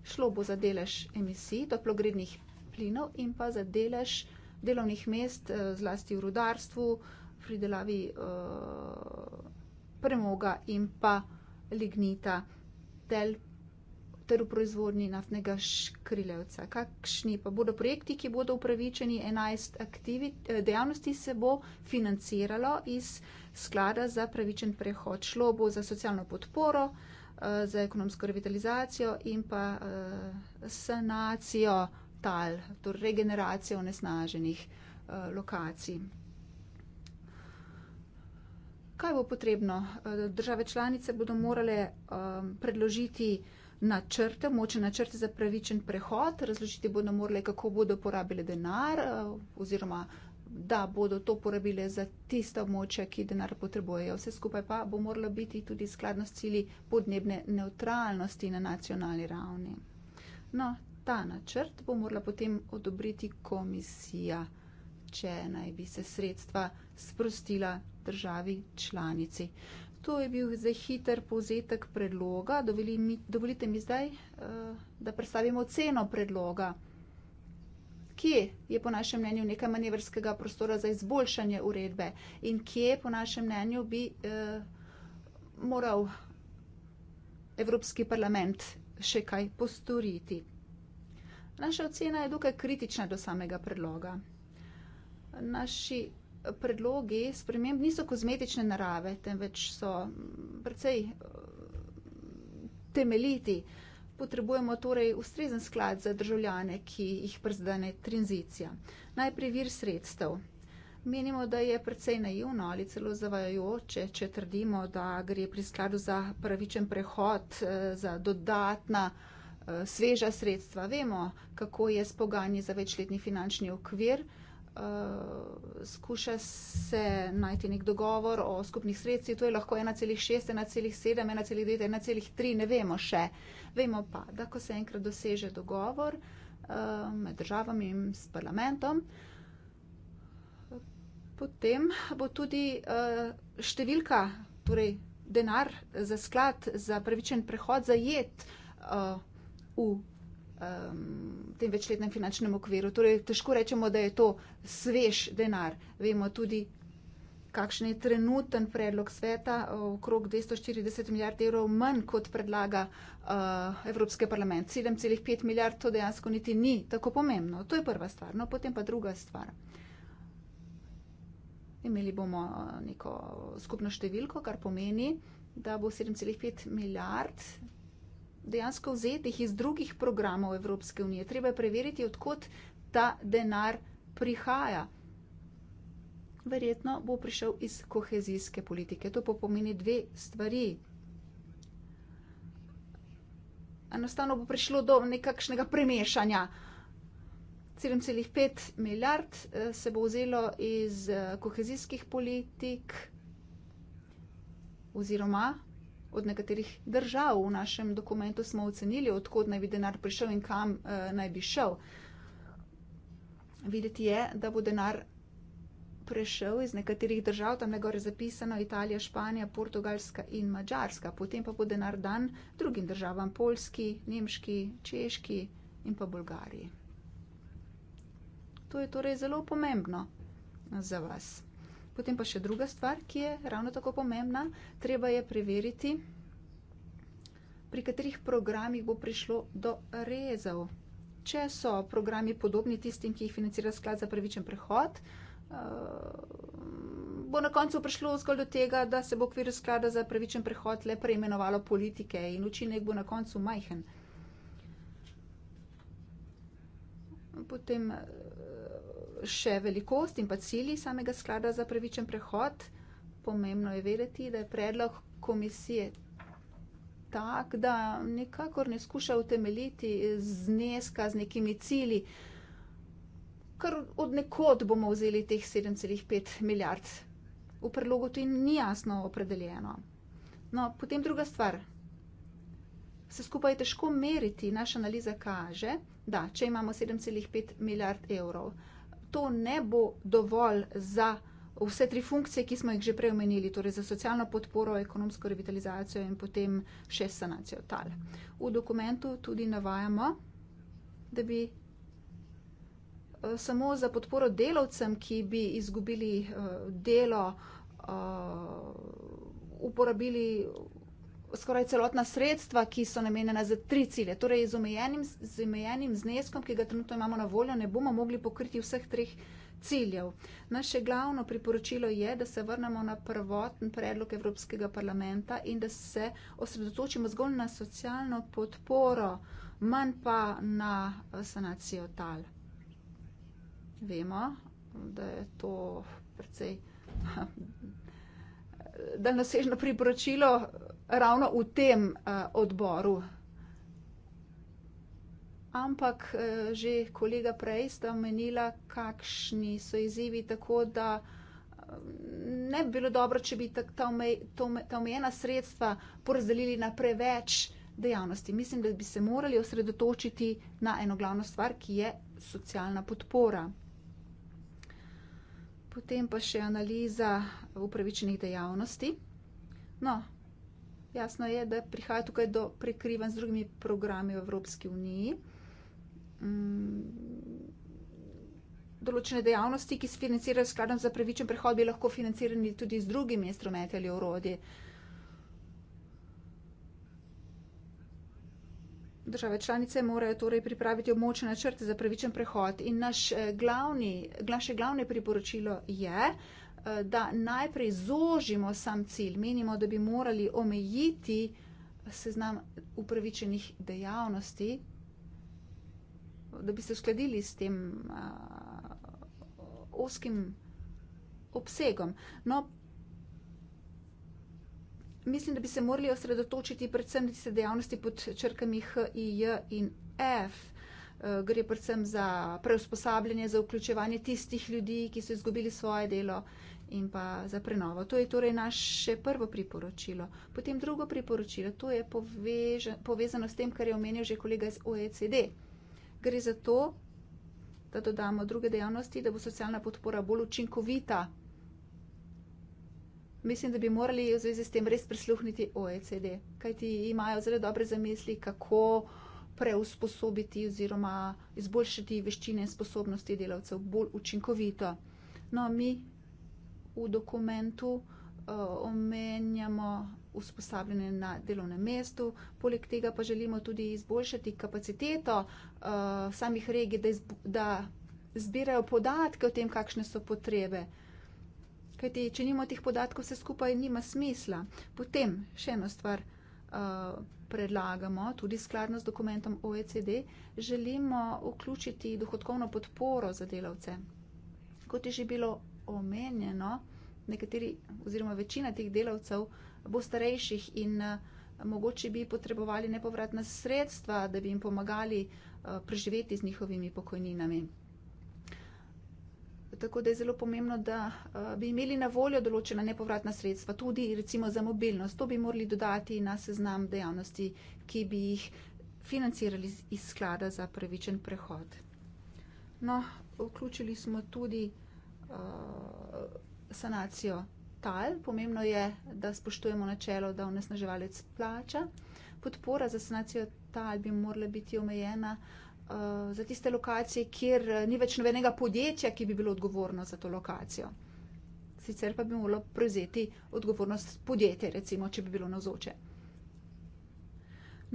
šlo bo za delež emisij toplogrednih plinov in pa za delež delovnih mest, eh, zlasti v rudarstvu, pridelavi eh, premoga in pa lignita tel, ter v proizvodnji naftnega škriljevca. Kakšni pa bodo projekti, ki bodo upravičeni 11 aktivi, eh, dejavnosti, se bo financiralo iz sklada za pravičen prehod. Šlo bo za socialno podporo, Eh, za ekonomsko revitalizacijo in pa eh, sanacijo tal, torej regeneracijo onesnaženih eh, lokacij. Kaj bo potrebno? Države članice bodo morale predložiti načrte, močne načrte za pravičen prehod, razložiti bodo morale, kako bodo porabile denar oziroma da bodo to porabile za tiste območja, ki denar potrebujejo. Vse skupaj pa bo moralo biti tudi skladno s cili podnebne neutralnosti na nacionalni ravni. No, ta načrt bo morala potem odobriti komisija, če naj bi se sredstva sprostila državi članici. To je bil zdaj hiter povzetek predloga. Dovolite mi zdaj, eh, da predstavimo ceno predloga kje je po našem mnenju nekaj manevrskega prostora za izboljšanje uredbe in kje po našem mnenju bi eh, moral Evropski parlament še kaj postoriti. Naša ocena je dokaj kritična do samega predloga. Naši predlogi sprememb niso kozmetične narave, temveč so mm, precej eh, temeljiti. Eh, potrebujemo torej ustrezen sklad za državljane, ki jih prezdane tranzicija. Najprej vir sredstev. Menimo, da je precej naivno ali celo zavajajoče, če trdimo, da gre pri skladu za pravičen prehod, eh, za dodatna eh, sveža sredstva. Vemo, kako je spoganje za večletni finančni okvir. Uh, skuša se najti nek dogovor o skupnih sredstvih, to je lahko 1,6, 1,7, 1,9, 1,3, ne vemo še. Uh, Vemo pa, da ko se enkrat doseže dogovor eh, med državami in s parlamentom, potem bo tudi eh, številka, torej denar za sklad za pravičen prehod zajet eh, v tem večletnem finančnem okviru. Torej, težko rečemo, da je to svež denar. Vemo tudi, kakšen je trenuten predlog sveta, eh, okrog 240 milijard evrov manj, kot predlaga uh, Evropski parlament. 7,5 milijard to dejansko niti ni tako pomembno. To je prva stvar. No, potem pa druga stvar. Imeli bomo eh, neko skupno številko, kar pomeni, da bo 7,5 milijard dejansko vzetih iz drugih programov Evropske unije. Treba je preveriti, odkot ta denar prihaja verjetno bo prišel iz kohezijske politike. To pomeni dve stvari. Enostavno bo prišlo do nekakšnega premešanja. 7,5 milijard eh, se bo vzelo iz eh, kohezijskih politik oziroma od nekaterih držav. V našem dokumentu smo ocenili, odkot naj bi denar prišel in kam eh, naj bi šel. Videti je, da bo denar prišel prešel iz nekaterih držav, tam je gore zapisano Italija, Španija, Portugalska in Mačarska, potem pa bo denar dan drugim državam, Polski, Nemški, Češki in pa Bolgariji. To je torej zelo pomembno za vas. Potem pa še druga stvar, ki je ravno tako pomembna, treba je preveriti, pri katerih programih bo prišlo do rezov. Če so programi podobni tistim, ki jih financira sklad za pravičen prehod, Eh, bo na koncu prišlo zgolj do tega, da se bo okvir sklada za pravičen prehod le preimenovalo politike in učinek bo na koncu majhen. Potem eh, še velikost in pa cilji samega sklada za pravičen prehod. Pomembno je vedeti, da je predlog komisije tak, da nekakor ne skuša utemeljiti zneska z nekimi cilji kar odnekod bomo vzeli teh 7,5 milijard. V predlogu to jim ni jasno opredeljeno. No, potem druga stvar. Se skupaj je težko meriti, naša analiza kaže, da če imamo 7,5 milijard evrov, to ne bo dovolj za vse tri funkcije, ki smo jih že prej omenili, torej za socialno podporo, ekonomsko revitalizacijo in potem še sanacijo tal. V dokumentu tudi navajamo, da bi samo za podporo delavcem, ki bi izgubili eh, delo, eh, uporabili skoraj celotna sredstva, ki so namenjena za tri cilje. Torej z omejenim, z omejenim zneskom, ki ga trenutno imamo na voljo, ne bomo mogli pokriti vseh treh ciljev. Naše glavno priporočilo je, da se vrnemo na prvoten predlog Evropskega parlamenta in da se osredotočimo zgolj na socialno podporo, manj pa na eh, sanacijo tal vemo, da je to precej daljnosežno priporočilo ravno v tem eh, odboru. Ampak eh, že kolega prej sta omenila, kakšni so izzivi, tako da eh, ne bi bilo dobro, če bi ta omejena sredstva porazdelili na preveč dejavnosti. Mislim, da bi se morali osredotočiti na eno glavno stvar, ki je socialna podpora. Potem pa še analiza upravičenih dejavnosti. No, jasno je, da prihaja tukaj do prekrivanj z drugimi programi v Evropski uniji. Mm, določene dejavnosti, ki se financirajo skladom za pravičen prehod, bi lahko financirani tudi z drugimi instrumenti ali orodje. Uh, Države članice morajo torej pripraviti območne načrte za pravičen prehod in naš eh, glavni, naše glavne priporočilo je, eh, da najprej zožimo sam cilj. Menimo, da bi morali omejiti seznam upravičenih dejavnosti, da bi se uskladili s tem uh, eh, oskim obsegom. No, mislim, da bi se morali osredotočiti predvsem na tiste dejavnosti pod črkami H, I, J in F. Eh, gre predvsem za preusposabljanje, za vključevanje tistih ljudi, ki so izgubili svoje delo in pa za prenovo. To je torej naše prvo priporočilo. Potem drugo priporočilo, to je poveže, povezano s tem, kar je omenil že kolega iz OECD. Gre za to, da dodamo druge dejavnosti, da bo socialna podpora bolj učinkovita mislim, da bi morali v zvezi s tem res prisluhniti OECD, kajti imajo zelo dobre zamisli, kako preusposobiti oziroma izboljšati veščine in sposobnosti delavcev bolj učinkovito. No, mi v dokumentu uh, omenjamo usposabljanje na delovnem mestu, poleg tega pa želimo tudi izboljšati kapaciteto uh, samih regij, da, izb da zbirajo podatke o tem, kakšne so potrebe. Uh, Kajti, če nimamo teh podatkov, vse skupaj nima smisla. Potem še eno stvar uh, predlagamo, tudi skladno z dokumentom OECD, želimo vključiti dohodkovno podporo za delavce. Kot je že bilo omenjeno, nekateri oziroma večina teh delavcev bo starejših in uh, mogoče bi potrebovali nepovratna sredstva, da bi jim pomagali uh, preživeti z njihovimi pokojninami. Tako da je zelo pomembno, da eh, bi imeli na voljo določena nepovratna sredstva, tudi recimo za mobilnost. To bi morali dodati na seznam dejavnosti, ki bi jih financirali iz sklada za pravičen prehod. No, vključili smo tudi uh, sanacijo tal. Pomembno je, da spoštujemo načelo, da onesnaževalec plača. Podpora za sanacijo tal bi morala biti omejena. Uh, Eh, za tiste lokacije, kjer eh, ni več nobenega podjetja, ki bi bilo odgovorno za to lokacijo. Sicer pa bi moralo prevzeti odgovornost podjetja, recimo, če bi bilo navzoče.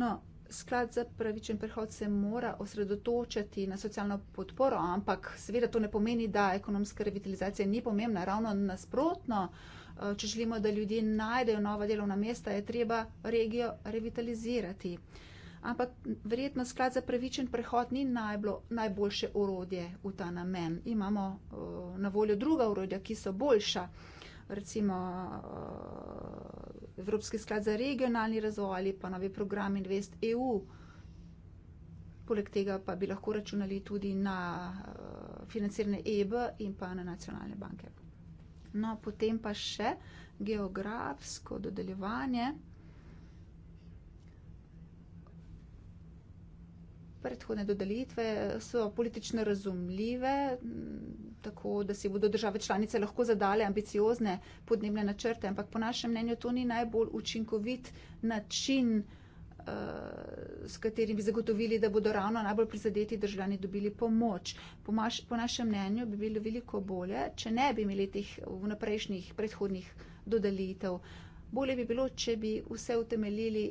No, sklad za pravičen prehod se mora osredotočati na socialno podporo, ampak seveda to ne pomeni, da ekonomska revitalizacija ni pomembna. Ravno nasprotno, eh, če želimo, da ljudje najdejo nova delovna mesta, je treba regijo revitalizirati ampak verjetno sklad za pravičen prehod ni najbolj, najboljše orodje v ta namen. Imamo eh, na voljo druga orodja, ki so boljša, recimo eh, Evropski sklad za regionalni razvoj ali pa novi program Invest EU. Poleg tega pa bi lahko računali tudi na eh, financirne EB in pa na nacionalne banke. No, potem pa še geografsko dodeljevanje. predhodne dodelitve so politično razumljive, tako da si bodo države članice lahko zadale ambiciozne podnebne načrte, ampak po našem mnenju to ni najbolj učinkovit način, eh, s katerim bi zagotovili, da bodo ravno najbolj prizadeti državljani dobili pomoč. Po, maš, po našem mnenju bi bilo veliko bolje, če ne bi imeli teh vnaprejšnjih predhodnih dodelitev. Bolje bi bilo, če bi vse utemeljili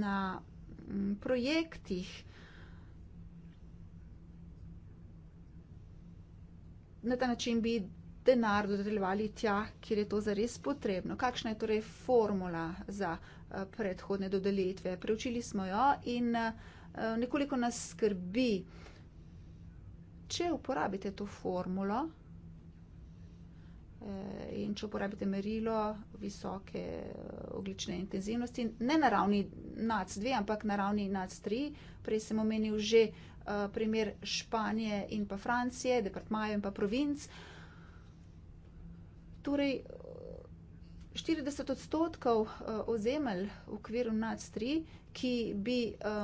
na projektih, na ta način bi denar dodeljevali tja, kjer je to zares potrebno. Kakšna je torej formula za eh, predhodne dodelitve? Preučili smo jo in eh, nekoliko nas skrbi, če uporabite to formulo eh, in če uporabite merilo visoke oglične intenzivnosti, ne na ravni NAC2, ampak na ravni NAC3, prej sem omenil že Eh, primer Španije in pa Francije, departmajev in pa provinc. Torej, 40 odstotkov eh, ozemelj v okviru NAC3, ki bi eh,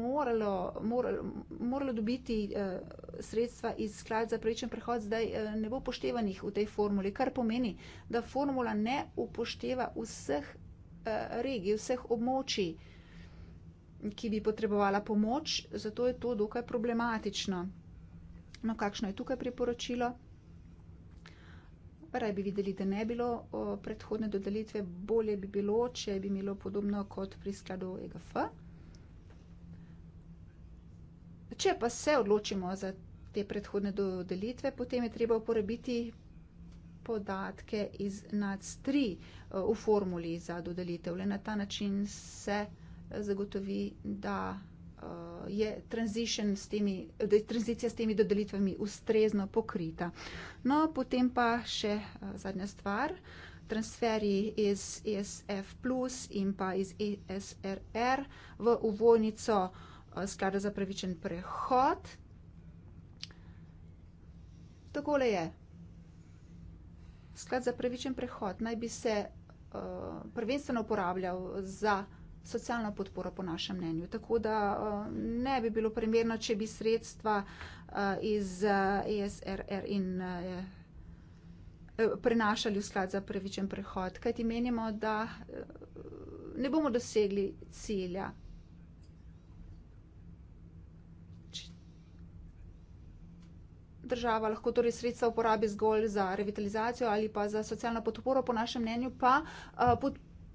moralo, moralo, moralo dobiti sredstva iz sklad za prejčen prehod, zdaj ne bo upoštevanih v tej formuli, kar pomeni, da formula ne upošteva vseh regij, vseh območij, ki bi potrebovala pomoč, zato je to dokaj problematično. No, kakšno je tukaj priporočilo? Raj bi videli, da ne bilo o, predhodne dodelitve, bolje bi bilo, če bi imelo podobno kot pri skladu EGF. Če pa se odločimo za te predhodne dodelitve, potem je treba uporabiti podatke iz NAC3 o, v formuli za dodelitev. Le na ta način se zagotovi, da eh, je, s temi, da je tranzicija s temi dodelitvami ustrezno pokrita. No, potem pa še eh, zadnja stvar. Transferji iz ESF plus in pa iz ESRR v uvojnico eh, sklada za pravičen prehod. Takole je. Sklad za pravičen prehod naj bi se uh, prvenstveno uporabljal za uh, socialno podporo, po našem mnenju. Tako da eh, ne bi bilo primerno, če bi sredstva eh, iz ESRR eh, e in prenašali v sklad za pravičen prehod, kajti menimo, da ne bomo dosegli cilja. Država lahko torej sredstva uporabi zgolj za revitalizacijo ali pa za socialno podporo, po našem mnenju pa uh,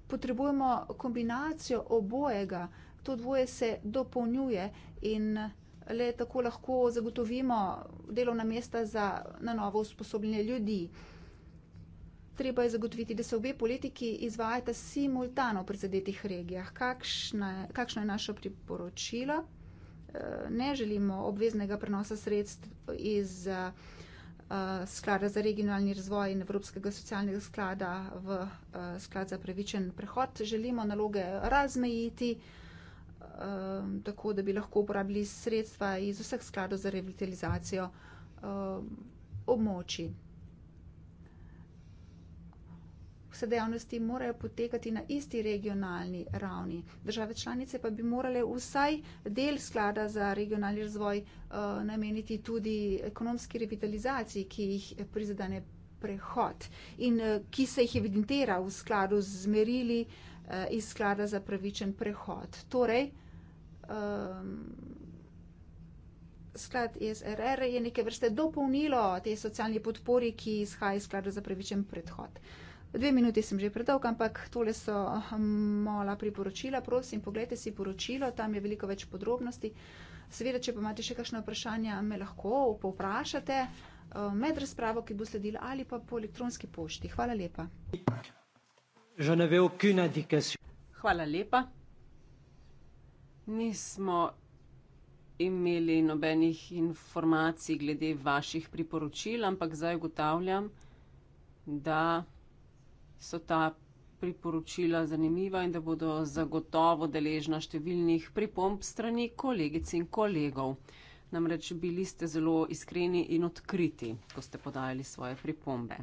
potrebujemo kombinacijo obojega. To dvoje se dopolnjuje in le tako lahko zagotovimo delovna mesta za na novo usposobljene ljudi. Treba je zagotoviti, da se obe politiki izvajata simultano v prizadetih regijah. Kakšna, kakšno je naše priporočilo? Ne želimo obveznega prenosa sredstv iz Eh, sklada za regionalni razvoj in Evropskega socialnega sklada v eh, sklad za pravičen prehod. Želimo naloge razmejiti, eh, tako da bi lahko uporabili sredstva iz vseh skladov za revitalizacijo območij. vse dejavnosti morajo potekati na isti regionalni ravni. Države članice pa bi morale vsaj del sklada za regionalni razvoj uh, nameniti tudi ekonomski revitalizaciji, ki jih prizadane prehod in uh, ki se jih evidentira v skladu z merili uh, eh, iz sklada za pravičen prehod. Torej, um, Sklad ISRR e je neke vrste dopolnilo te socialne podpori, ki izhaja iz sklada za pravičen prehod. Uh, Dve minuti sem že predal, ampak tole so mala um, priporočila. Prosim, pogledajte si poročilo, tam je veliko več podrobnosti. Seveda, če pa imate še kakšno vprašanje, me lahko povprašate uh, med razpravo, ki bo sledila ali pa po elektronski pošti. Hvala lepa. Hvala lepa. Nismo imeli nobenih informacij glede vaših priporočil, ampak zdaj ugotavljam, da so ta priporočila zanimiva in da bodo zagotovo deležna številnih pripomb strani kolegic in kolegov. Namreč bili ste zelo iskreni in odkriti, ko ste podajali svoje pripombe.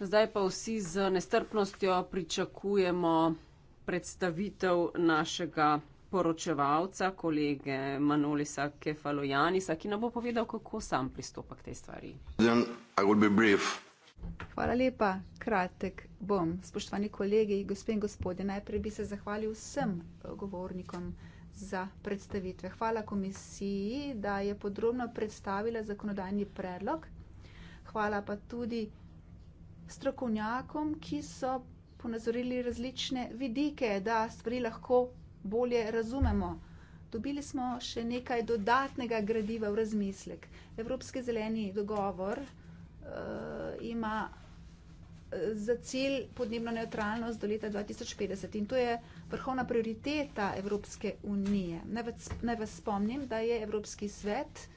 Zdaj pa vsi z nestrpnostjo pričakujemo predstavitev našega poročevalca, kolege Manolisa Kefalojanisa, ki nam bo povedal, kako sam pristopa k tej stvari. Then I will be brief. Hvala lepa, kratek bom. Spoštovani kolegi, gospe in gospodje, najprej bi se zahvalil vsem eh, govornikom za predstavitve. Hvala komisiji, da je podrobno predstavila zakonodajni predlog. Hvala pa tudi strokovnjakom, ki so ponazorili različne vidike, da stvari lahko bolje razumemo. Dobili smo še nekaj dodatnega gradiva v razmislek. Evropski zeleni dogovor uh, ima eh, za cilj podnebno neutralnost do leta 2050 in to je vrhovna prioriteta Evropske unije. Naj vas, naj vas spomnim, da je Evropski svet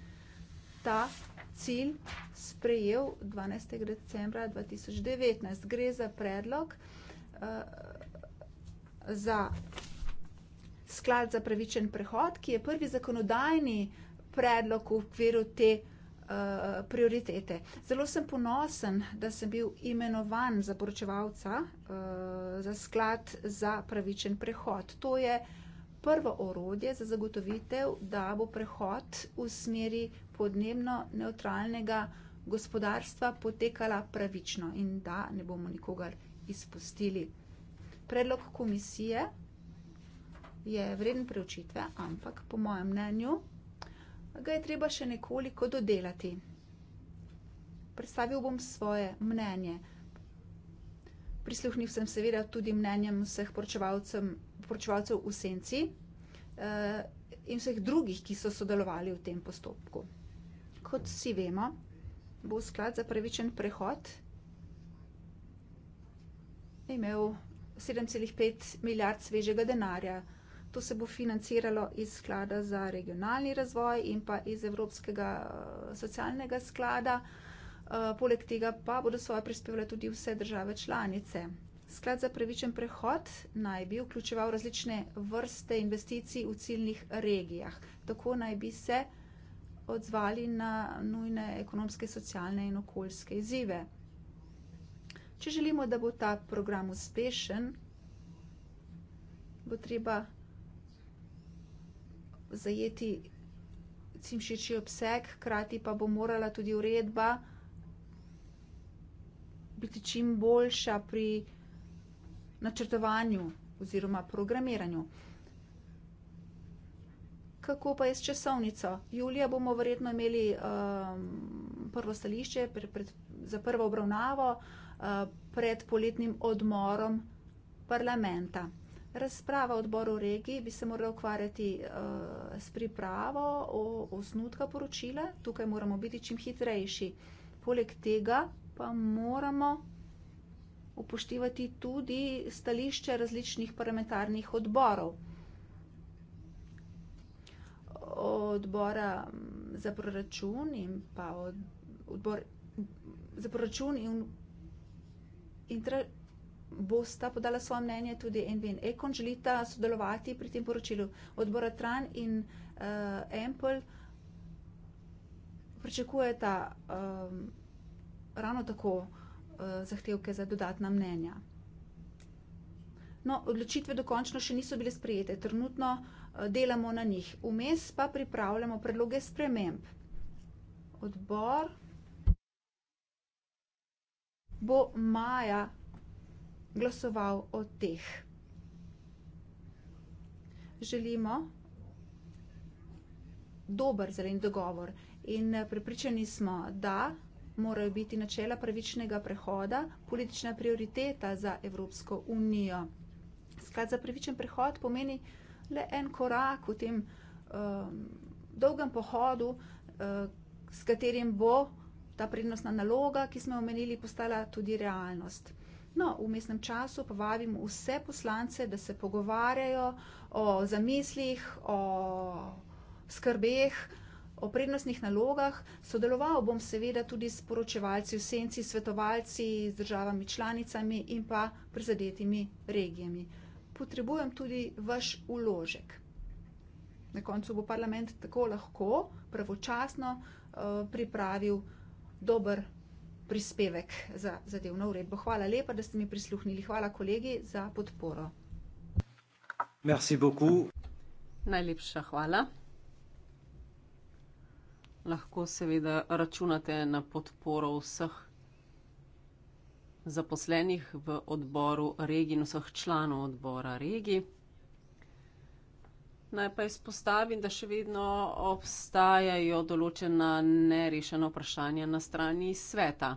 ta cilj sprejel 12. decembra 2019. Gre za predlog uh, za sklad za pravičen prehod, ki je prvi zakonodajni predlog v okviru te uh, Eh, prioritete. Zelo sem ponosen, da sem bil imenovan za poročevalca uh, za sklad za pravičen prehod. To je prvo orodje za zagotovitev, da bo prehod v smeri podnebno neutralnega gospodarstva potekala pravično in da ne bomo nikogar izpustili. Predlog komisije je vreden preučitve, ampak po mojem mnenju ga je treba še nekoliko dodelati. Predstavil bom svoje mnenje. Prisluhnil sem seveda tudi mnenjem vseh poročevalcev v senci eh, in vseh drugih, ki so sodelovali v tem postopku. Kot vsi vemo, bo sklad za pravičen prehod imel 7,5 milijard svežega denarja, To se bo financiralo iz sklada za regionalni razvoj in pa iz Evropskega eh, socialnega sklada. Eh, poleg tega pa bodo svoje prispevale tudi vse države članice. Sklad za pravičen prehod naj bi vključeval različne vrste investicij v ciljnih regijah. Tako naj bi se odzvali na nujne ekonomske, socialne in okoljske izzive. Če želimo, da bo ta program uspešen, bo treba zajeti čim širši obseg, hkrati pa bo morala tudi uredba biti čim boljša pri načrtovanju oziroma programiranju. Kako pa je s časovnico? Julija bomo verjetno imeli um, prvo stališče pre, pred, za prvo obravnavo uh, pred poletnim odmorom parlamenta. Razprava odboru regij bi se morala ukvarjati uh, s pripravo osnutka poročila, tukaj moramo biti čim hitrejši. Poleg tega pa moramo upoštevati tudi stališče različnih parlamentarnih odborov. Odbora mm, za proračun in pa od, odbor za proračun in, in tra, bosta podala svoje mnenje tudi NV in Econ, želita sodelovati pri tem poročilu. Odbora Tran in uh, eh, Ampel pričakujeta um, ravno tako uh, zahtevke za dodatna mnenja. No, odločitve dokončno še niso bile sprejete, trenutno uh, delamo na njih. Vmes pa pripravljamo predloge sprememb. Odbor bo maja glasoval o teh. Želimo dober zelen dogovor in eh, pripričani smo, da morajo biti načela pravičnega prehoda politična prioriteta za Evropsko unijo. Sklad za pravičen prehod pomeni le en korak v tem um, dolgem pohodu, uh, s katerim bo ta prednostna naloga, ki smo omenili, postala tudi realnost. No, v mestnem času pa vabim vse poslance, da se pogovarjajo o zamislih, o skrbeh, o prednostnih nalogah. Sodeloval bom seveda tudi s poročevalci v senci, svetovalci z državami članicami in pa prizadetimi regijami. Potrebujem tudi vaš uložek. Na koncu bo parlament tako lahko pravočasno uh, pripravil dober prispevek za zadevno uredbo. Hvala lepa, da ste mi prisluhnili. Hvala kolegi za podporo. Merci beaucoup. Najlepša hvala. Lahko seveda računate na podporo vseh zaposlenih v odboru regij in vseh članov odbora regij. Naj pa izpostavim, da še vedno obstajajo določena nerešena vprašanja na strani sveta.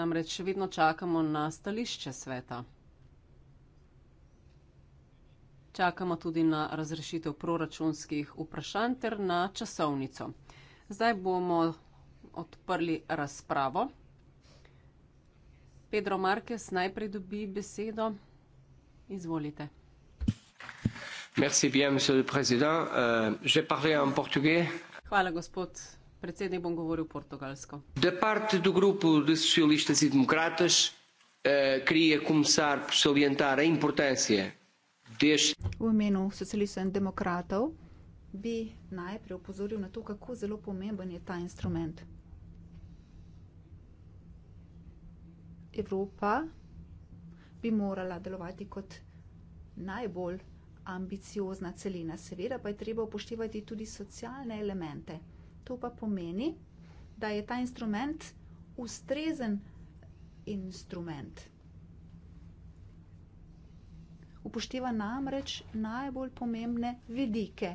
Namreč še vedno čakamo na stališče sveta. Čakamo tudi na razrešitev proračunskih vprašanj ter na časovnico. Zdaj bomo odprli razpravo. Pedro Marques najprej dobi besedo. Izvolite. Merci bien, monsieur le président. Uh, je parlerai en portugais. Hvala, gospod. Predsednik bom govoril portugalsko. De parte do grupo de socialistas e democratas, uh, queria começar por salientar a importância deste... V imenu socialistov in demokratov bi najprej upozoril na to, kako zelo pomemben je ta instrument. Evropa bi morala delovati kot najbolj ambiciozna celina. Seveda pa je treba upoštevati tudi socialne elemente. To pa pomeni, da je ta instrument ustrezen instrument. Upošteva namreč najbolj pomembne vidike.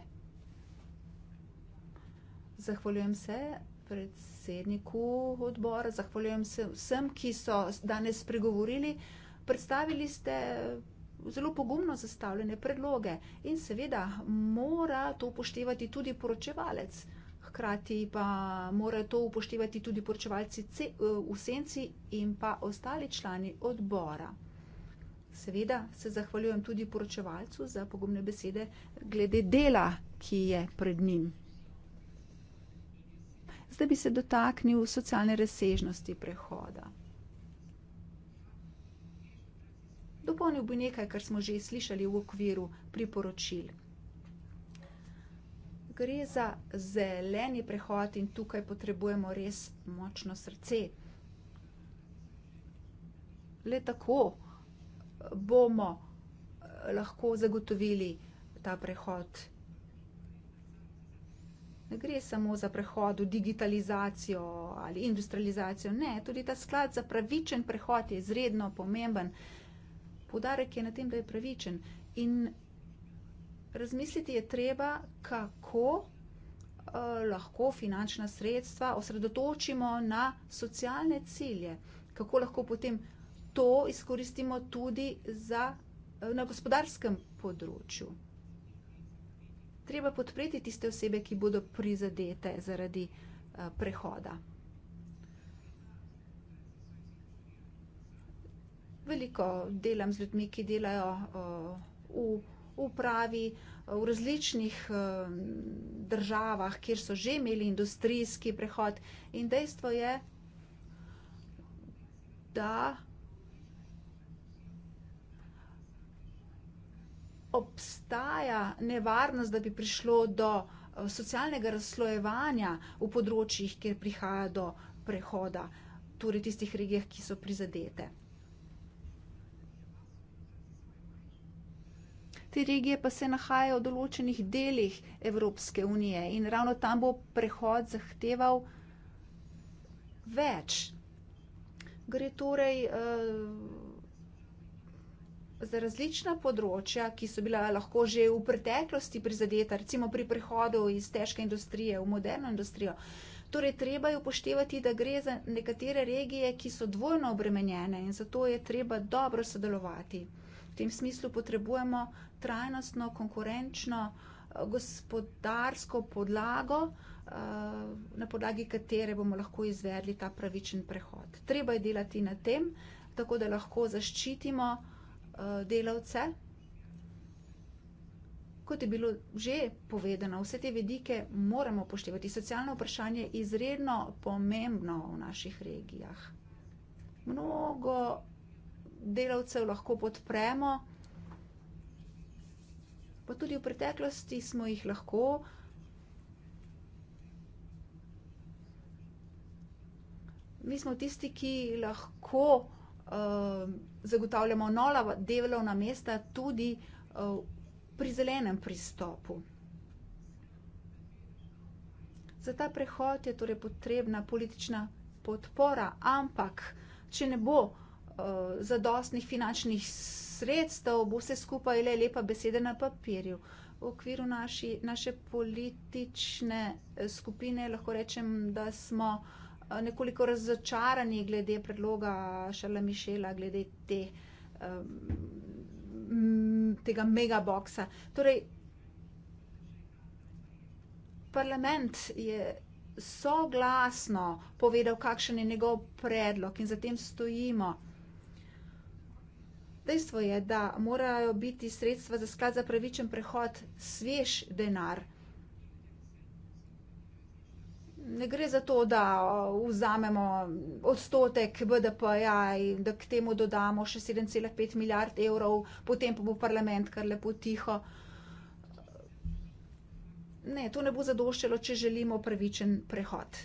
Zahvaljujem se predsedniku odbora, zahvaljujem se vsem, ki so danes spregovorili. Predstavili ste zelo pogumno zastavljene predloge in seveda mora to upoštevati tudi poročevalec. Hkrati pa morajo to upoštevati tudi poročevalci e, v senci in pa ostali člani odbora. Seveda se zahvaljujem tudi poročevalcu za pogumne besede glede dela, ki je pred njim. Zdaj bi se dotaknil socialne razsežnosti prehoda. Dopolnil bi nekaj, kar smo že slišali v okviru priporočil. Gre za zeleni prehod in tukaj potrebujemo res močno srce. Le tako bomo eh, lahko zagotovili ta prehod. Ne gre samo za prehod v digitalizacijo ali industrializacijo, ne, tudi ta sklad za pravičen prehod je izredno pomemben. Poudarek je na tem, da je pravičen. In razmisliti je treba, kako eh, lahko finančna sredstva osredotočimo na socialne cilje, kako lahko potem to izkoristimo tudi za, eh, na gospodarskem področju. Treba podpreti tiste osebe, ki bodo prizadete zaradi eh, prehoda. veliko delam z ljudmi, ki delajo eh, v upravi eh, v različnih eh, državah, kjer so že imeli industrijski prehod. In dejstvo je, da obstaja nevarnost, da bi prišlo do socialnega razslojevanja v področjih, kjer prihaja do prehoda, torej tistih regijah, ki so prizadete. Te regije pa se nahajajo v določenih delih Evropske unije in ravno tam bo prehod zahteval več. Gre torej uh, za različna področja, ki so bila lahko že v preteklosti prizadeta, recimo pri prehodu iz težke industrije v moderno industrijo. Torej, treba je upoštevati, da gre za nekatere regije, ki so dvojno obremenjene in zato je treba dobro sodelovati. V tem smislu potrebujemo trajnostno, konkurenčno, eh, gospodarsko podlago, eh, na podlagi katere bomo lahko izvedli ta pravičen prehod. Treba je delati na tem, tako da lahko zaščitimo eh, delavce. Kot je bilo že povedano, vse te vedike moramo upoštevati. Socialno vprašanje je izredno pomembno v naših regijah. Mnogo delavcev lahko podpremo. Pa tudi v preteklosti smo jih lahko. Mi smo tisti, ki lahko uh, zagotavljamo nova delovna mesta tudi uh, pri zelenem pristopu. Za ta prehod je torej potrebna politična podpora, ampak če ne bo uh, uh, zadostnih finančnih sredstev, bo vse skupaj le lepa beseda na papirju. V okviru naši, naše politične eh, skupine lahko rečem, da smo eh, nekoliko razočarani glede predloga Šarla Mišela, glede te, um, tega megaboksa. Torej, parlament je soglasno povedal, kakšen je njegov predlog in zatem stojimo. Dejstvo je, da morajo biti sredstva za sklad za pravičen prehod svež denar. Ne gre za to, da vzamemo odstotek BDP-ja in da k temu dodamo še 7,5 milijard evrov, potem pa bo parlament kar lepo tiho. Ne, to ne bo zadoščalo, če želimo pravičen prehod.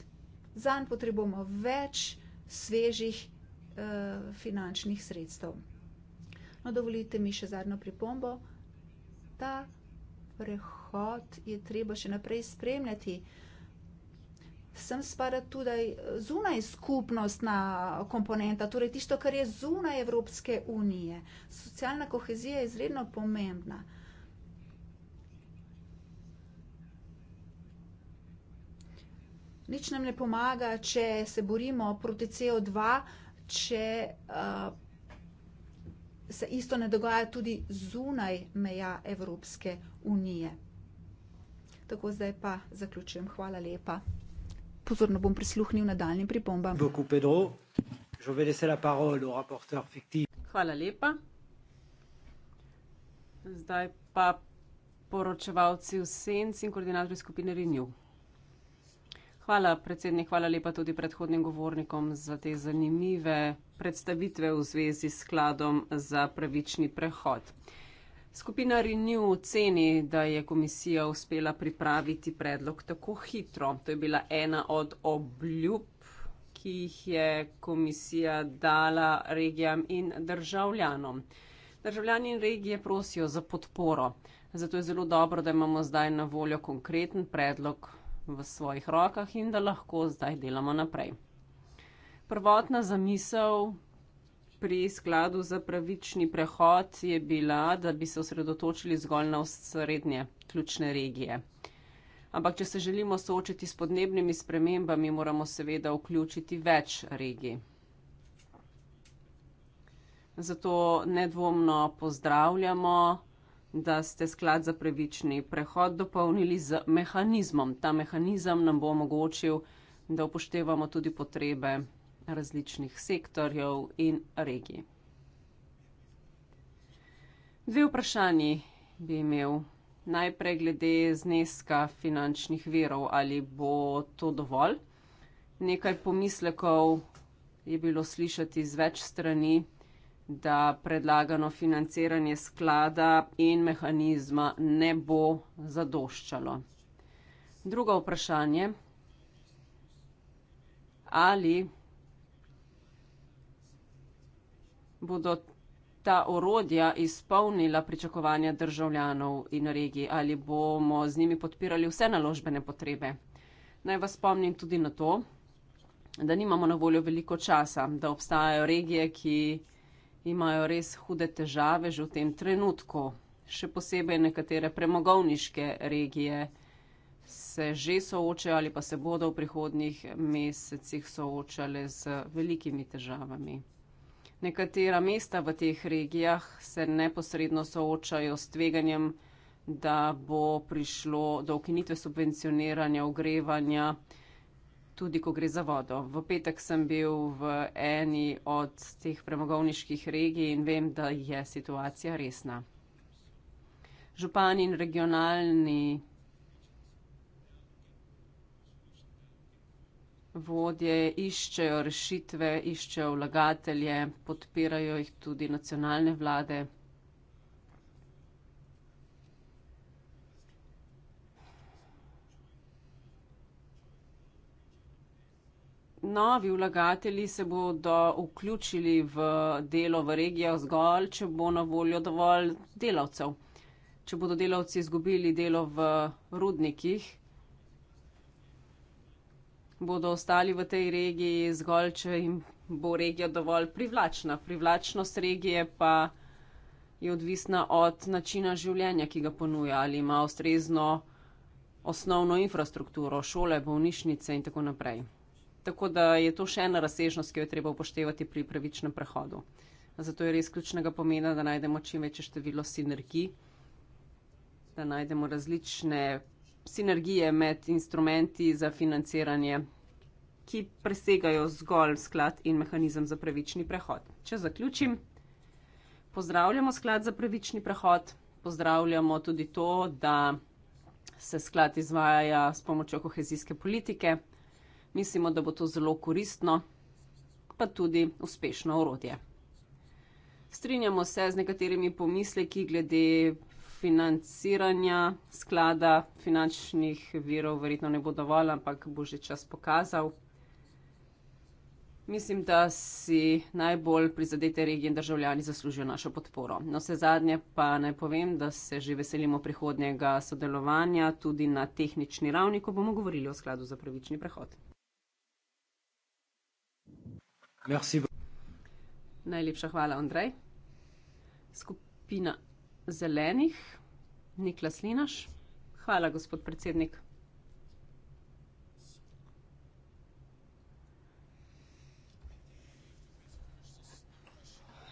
Zanj potrebujemo več svežih uh, finančnih sredstev. No, dovolite mi še zadnjo pripombo. Ta prehod je treba še naprej spremljati. Sem spada tudi eh, zunaj skupnostna komponenta, torej tisto, kar je zunaj Evropske unije. Socialna kohezija je izredno pomembna. Nič nam ne pomaga, če se borimo proti CO2, če uh, se isto ne dogaja tudi zunaj meja Evropske unije. Tako zdaj pa zaključujem. Hvala lepa. Pozorno bom prisluhnil nadaljnjim pripombam. Hvala lepa. Zdaj pa poročevalci v senci in koordinatorji skupine Renew. Hvala, predsednik, hvala lepa tudi predhodnim govornikom za te zanimive predstavitve v zvezi s skladom za pravični prehod. Skupina Renew ceni, da je komisija uspela pripraviti predlog tako hitro. To je bila ena od obljub, ki jih je komisija dala regijam in državljanom. Državljani in regije prosijo za podporo. Zato je zelo dobro, da imamo zdaj na voljo konkreten predlog v svojih rokah in da lahko zdaj delamo naprej. Prvotna zamisel pri skladu za pravični prehod je bila, da bi se osredotočili zgolj na osrednje ključne regije. Ampak, če se želimo soočiti s podnebnimi spremembami, moramo seveda vključiti več regij. Zato nedvomno pozdravljamo da ste sklad za pravični prehod dopolnili z mehanizmom. Ta mehanizem nam bo omogočil, da upoštevamo tudi potrebe različnih sektorjev in regij. Dve vprašanji bi imel. Najprej glede zneska finančnih verov, ali bo to dovolj. Nekaj pomislekov je bilo slišati z več strani da predlagano financiranje sklada in mehanizma ne bo zadoščalo. Drugo vprašanje. Ali bodo ta orodja izpolnila pričakovanja državljanov in regij, ali bomo z njimi podpirali vse naložbene potrebe. Naj vas spomnim tudi na to, da nimamo na voljo veliko časa, da obstajajo regije, ki imajo res hude težave že v tem trenutku. Še posebej nekatere premogovniške regije se že soočajo ali pa se bodo v prihodnjih mesecih soočale z velikimi težavami. Nekatera mesta v teh regijah se neposredno soočajo s tveganjem, da bo prišlo do ukinitve subvencioniranja ogrevanja tudi ko gre za vodo. V petek sem bil v eni od teh premogovniških regij in vem, da je situacija resna. Župani in regionalni vodje iščejo rešitve, iščejo vlagatelje, podpirajo jih tudi nacionalne vlade. Novi vlagatelji se bodo vključili v delo v regijah zgolj, če bo na voljo dovolj delavcev. Če bodo delavci izgubili delo v rudnikih, bodo ostali v tej regiji zgolj, če jim bo regija dovolj privlačna. Privlačnost regije pa je odvisna od načina življenja, ki ga ponuja, ali ima ustrezno osnovno infrastrukturo, šole, bolnišnice in tako naprej. Tako da je to še ena razsežnost, ki jo je treba upoštevati pri pravičnem prehodu. Zato je res ključnega pomena, da najdemo čim večje število sinergij, da najdemo različne sinergije med instrumenti za financiranje, ki presegajo zgolj sklad in mehanizem za pravični prehod. Če zaključim, pozdravljamo sklad za pravični prehod, pozdravljamo tudi to, da se sklad izvaja s pomočjo kohezijske politike. Mislimo, da bo to zelo koristno, pa tudi uspešno orodje. Strinjamo se z nekaterimi pomisleki glede financiranja sklada, finančnih virov verjetno ne bo dovolj, ampak bo že čas pokazal. Mislim, da si najbolj prizadete regije in državljani zaslužijo našo podporo. No, vse zadnje pa naj povem, da se že veselimo prihodnjega sodelovanja tudi na tehnični ravni, ko bomo govorili o skladu za pravični prehod. Merci. Najlepša hvala, Andrej. Skupina zelenih, Niklas Linaš. Hvala, gospod predsednik.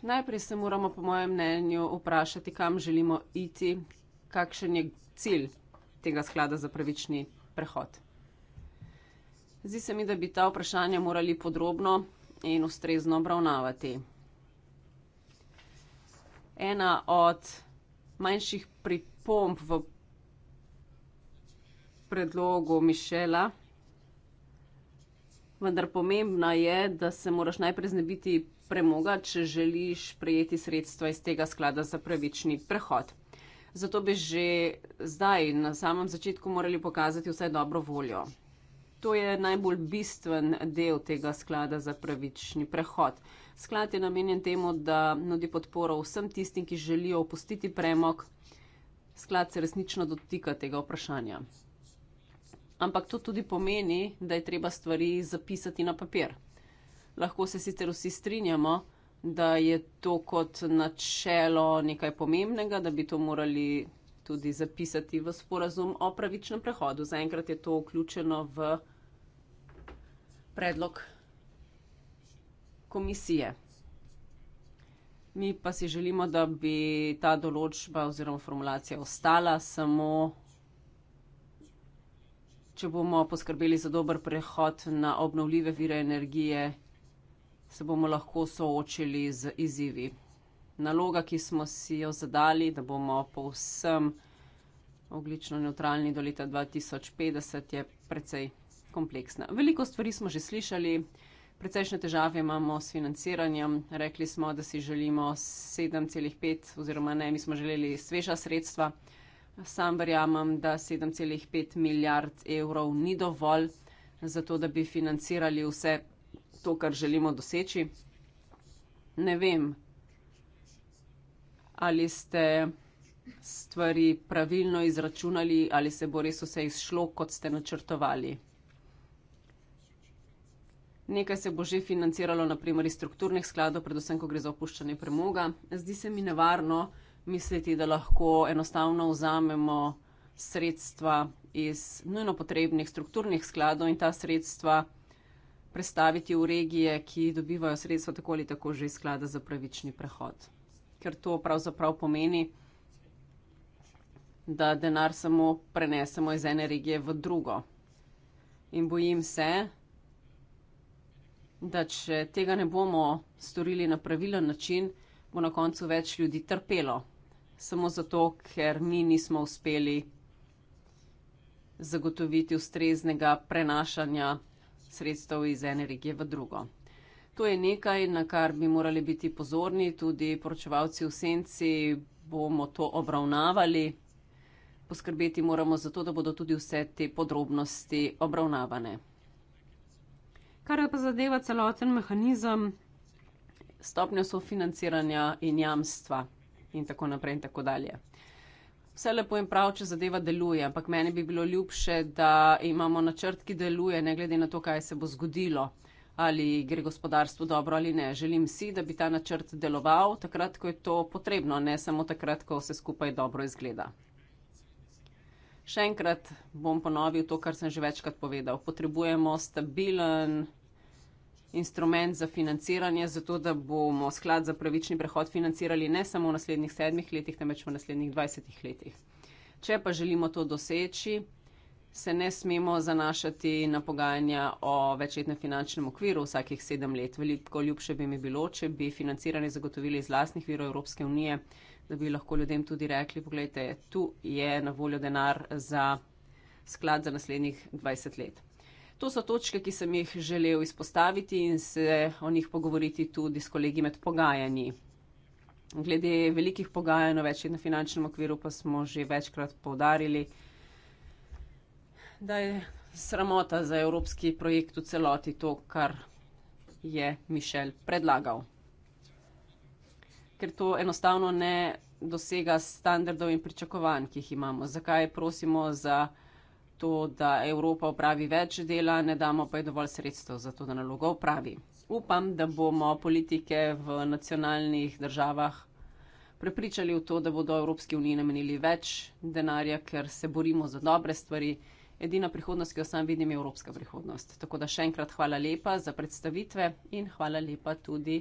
Najprej se moramo, po mojem mnenju, vprašati, kam želimo iti, kakšen je cilj tega sklada za pravični prehod. Zdi se mi, da bi ta vprašanja morali podrobno in ustrezno obravnavati. Ena od manjših pripomb v predlogu Mišela, vendar pomembna je, da se moraš najprej znebiti premoga, če želiš prejeti sredstva iz tega sklada za pravični prehod. Zato bi že zdaj, na samem začetku, morali pokazati vsaj dobro voljo. To je najbolj bistven del tega sklada za pravični prehod. Sklad je namenjen temu, da nudi podporo vsem tistim, ki želijo opustiti premog. Sklad se resnično dotika tega vprašanja. Ampak to tudi pomeni, da je treba stvari zapisati na papir. Lahko se sicer vsi strinjamo, da je to kot načelo nekaj pomembnega, da bi to morali tudi zapisati v sporazum o pravičnem prehodu. Zaenkrat je to vključeno v predlog komisije. Mi pa si želimo, da bi ta določba oziroma formulacija ostala samo, če bomo poskrbeli za dober prehod na obnovljive vire energije, se bomo lahko soočili z izzivi naloga, ki smo si jo zadali, da bomo povsem oglično neutralni do leta 2050, je precej kompleksna. Veliko stvari smo že slišali, precejšnje težave imamo s financiranjem. Rekli smo, da si želimo 7,5 oziroma ne, mi smo želeli sveža sredstva. Sam verjamem, da 7,5 milijard evrov ni dovolj za to, da bi financirali vse to, kar želimo doseči. Ne vem, ali ste stvari pravilno izračunali, ali se bo res vse izšlo, kot ste načrtovali. Nekaj se bo že financiralo, naprimer iz strukturnih skladov, predvsem, ko gre za opuščanje premoga. Zdi se mi nevarno misliti, da lahko enostavno vzamemo sredstva iz nujno potrebnih strukturnih skladov in ta sredstva prestaviti v regije, ki dobivajo sredstva tako ali tako že iz sklada za pravični prehod ker to pravzaprav pomeni, da denar samo prenesemo iz ene regije v drugo. In bojim se, da če tega ne bomo storili na pravilen način, bo na koncu več ljudi trpelo. Samo zato, ker mi nismo uspeli zagotoviti ustreznega prenašanja sredstev iz ene regije v drugo. To je nekaj, na kar bi morali biti pozorni, tudi poročevalci v senci bomo to obravnavali. Poskrbeti moramo za to, da bodo tudi vse te podrobnosti obravnavane. Kar pa zadeva celoten mehanizem, stopnjo sofinanciranja in jamstva in tako naprej in tako dalje. Vse lepo in prav, če zadeva deluje, ampak meni bi bilo ljubše, da imamo načrt, ki deluje, ne glede na to, kaj se bo zgodilo ali gre gospodarstvo dobro ali ne. Želim si, da bi ta načrt deloval takrat, ko je to potrebno, ne samo takrat, ko se skupaj dobro izgleda. Še enkrat bom ponovil to, kar sem že večkrat povedal. Potrebujemo stabilen instrument za financiranje, zato da bomo sklad za pravični prehod financirali ne samo v naslednjih sedmih letih, temveč v naslednjih dvajsetih letih. Če pa želimo to doseči, se ne smemo zanašati na pogajanja o večletnem finančnem okviru vsakih sedem let. Veliko ljubše bi mi bilo, če bi financiranje zagotovili iz vlastnih virov Evropske unije, da bi lahko ljudem tudi rekli, pogledajte, tu je na voljo denar za sklad za naslednjih 20 let. To so točke, ki sem jih želel izpostaviti in se o njih pogovoriti tudi s kolegi med pogajanji. Glede velikih pogajanj o večletnem finančnem okviru pa smo že večkrat povdarili, da je sramota za evropski projekt v celoti to, kar je Mišel predlagal. Ker to enostavno ne dosega standardov in pričakovanj, ki jih imamo. Zakaj prosimo za to, da Evropa upravi več dela, ne damo pa je dovolj sredstev za to, da nalogo upravi. Upam, da bomo politike v nacionalnih državah prepričali v to, da bodo Evropski uniji namenili več denarja, ker se borimo za dobre stvari Edina prihodnost, ki jo sam vidim, je evropska prihodnost. Tako da še enkrat hvala lepa za predstavitve in hvala lepa tudi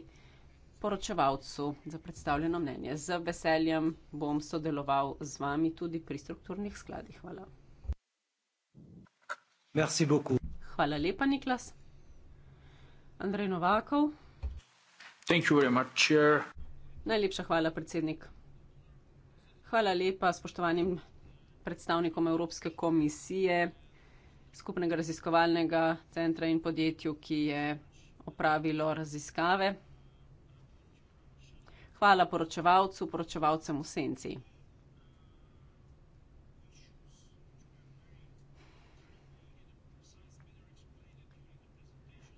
poročevalcu za predstavljeno mnenje. Z veseljem bom sodeloval z vami tudi pri strukturnih skladih. Hvala. Merci beaucoup. Hvala lepa, Niklas. Andrej Novakov. Thank you very much, chair. Najlepša hvala, predsednik. Hvala lepa spoštovanim predstavnikom Evropske komisije, skupnega raziskovalnega centra in podjetju, ki je opravilo raziskave. Hvala poročevalcu, poročevalcem v senci.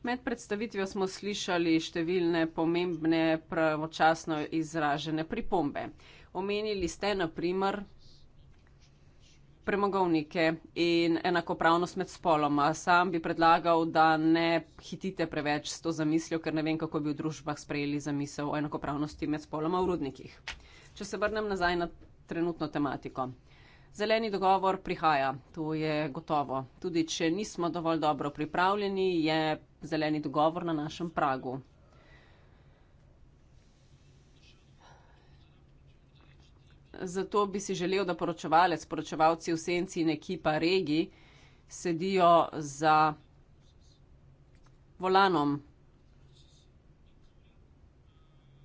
Med predstavitvijo smo slišali številne pomembne, pravočasno izražene pripombe. Omenili ste, na primer, premogovnike in enakopravnost med spoloma. Sam bi predlagal, da ne hitite preveč s to zamislijo, ker ne vem, kako bi v družbah sprejeli zamisel o enakopravnosti med spoloma v rudnikih. Če se vrnem nazaj na trenutno tematiko. Zeleni dogovor prihaja, to je gotovo. Tudi če nismo dovolj dobro pripravljeni, je zeleni dogovor na našem pragu. zato bi si želel, da poročevalec, poročevalci v senci in ekipa regi sedijo za volanom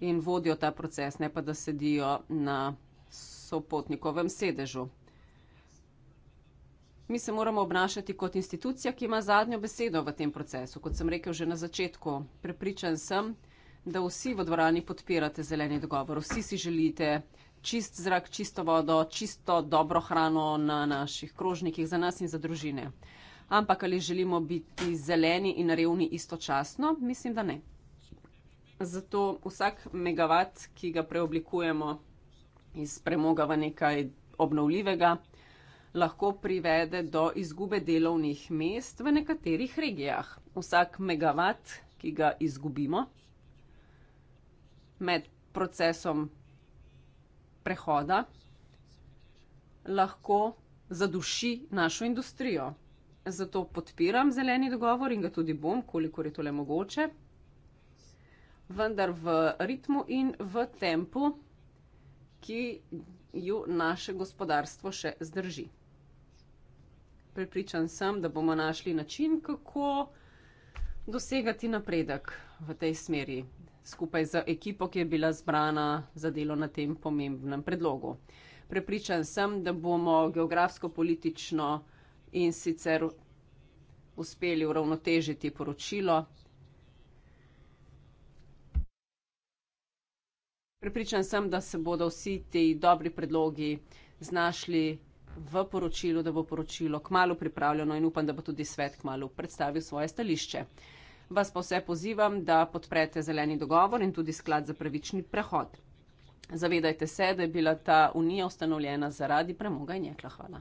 in vodijo ta proces, ne pa da sedijo na sopotnikovem sedežu. Mi se moramo obnašati kot institucija, ki ima zadnjo besedo v tem procesu. Kot sem rekel že na začetku, prepričan sem, da vsi v dvorani podpirate zeleni dogovor. Vsi si želite čist zrak, čisto vodo, čisto dobro hrano na naših krožnikih za nas in za družine. Ampak ali želimo biti zeleni in revni istočasno? Mislim, da ne. Zato vsak megavat, ki ga preoblikujemo iz premoga v nekaj obnovljivega, lahko privede do izgube delovnih mest v nekaterih regijah. Vsak megavat, ki ga izgubimo med procesom prehoda lahko zaduši našo industrijo. Zato podpiram zeleni dogovor in ga tudi bom, kolikor je tole mogoče, vendar v ritmu in v tempu, ki jo naše gospodarstvo še zdrži. Pripričan sem, da bomo našli način, kako dosegati napredek v tej smeri skupaj z ekipo, ki je bila zbrana za delo na tem pomembnem predlogu. Prepričan sem, da bomo geografsko, politično in sicer uspeli uravnotežiti poročilo. Prepričan sem, da se bodo vsi ti dobri predlogi znašli v poročilu, da bo poročilo kmalo pripravljeno in upam, da bo tudi svet kmalo predstavil svoje stališče vas pa vse pozivam, da podprete zeleni dogovor in tudi sklad za pravični prehod. Zavedajte se, da je bila ta unija ustanovljena zaradi premoga in jekla. Hvala.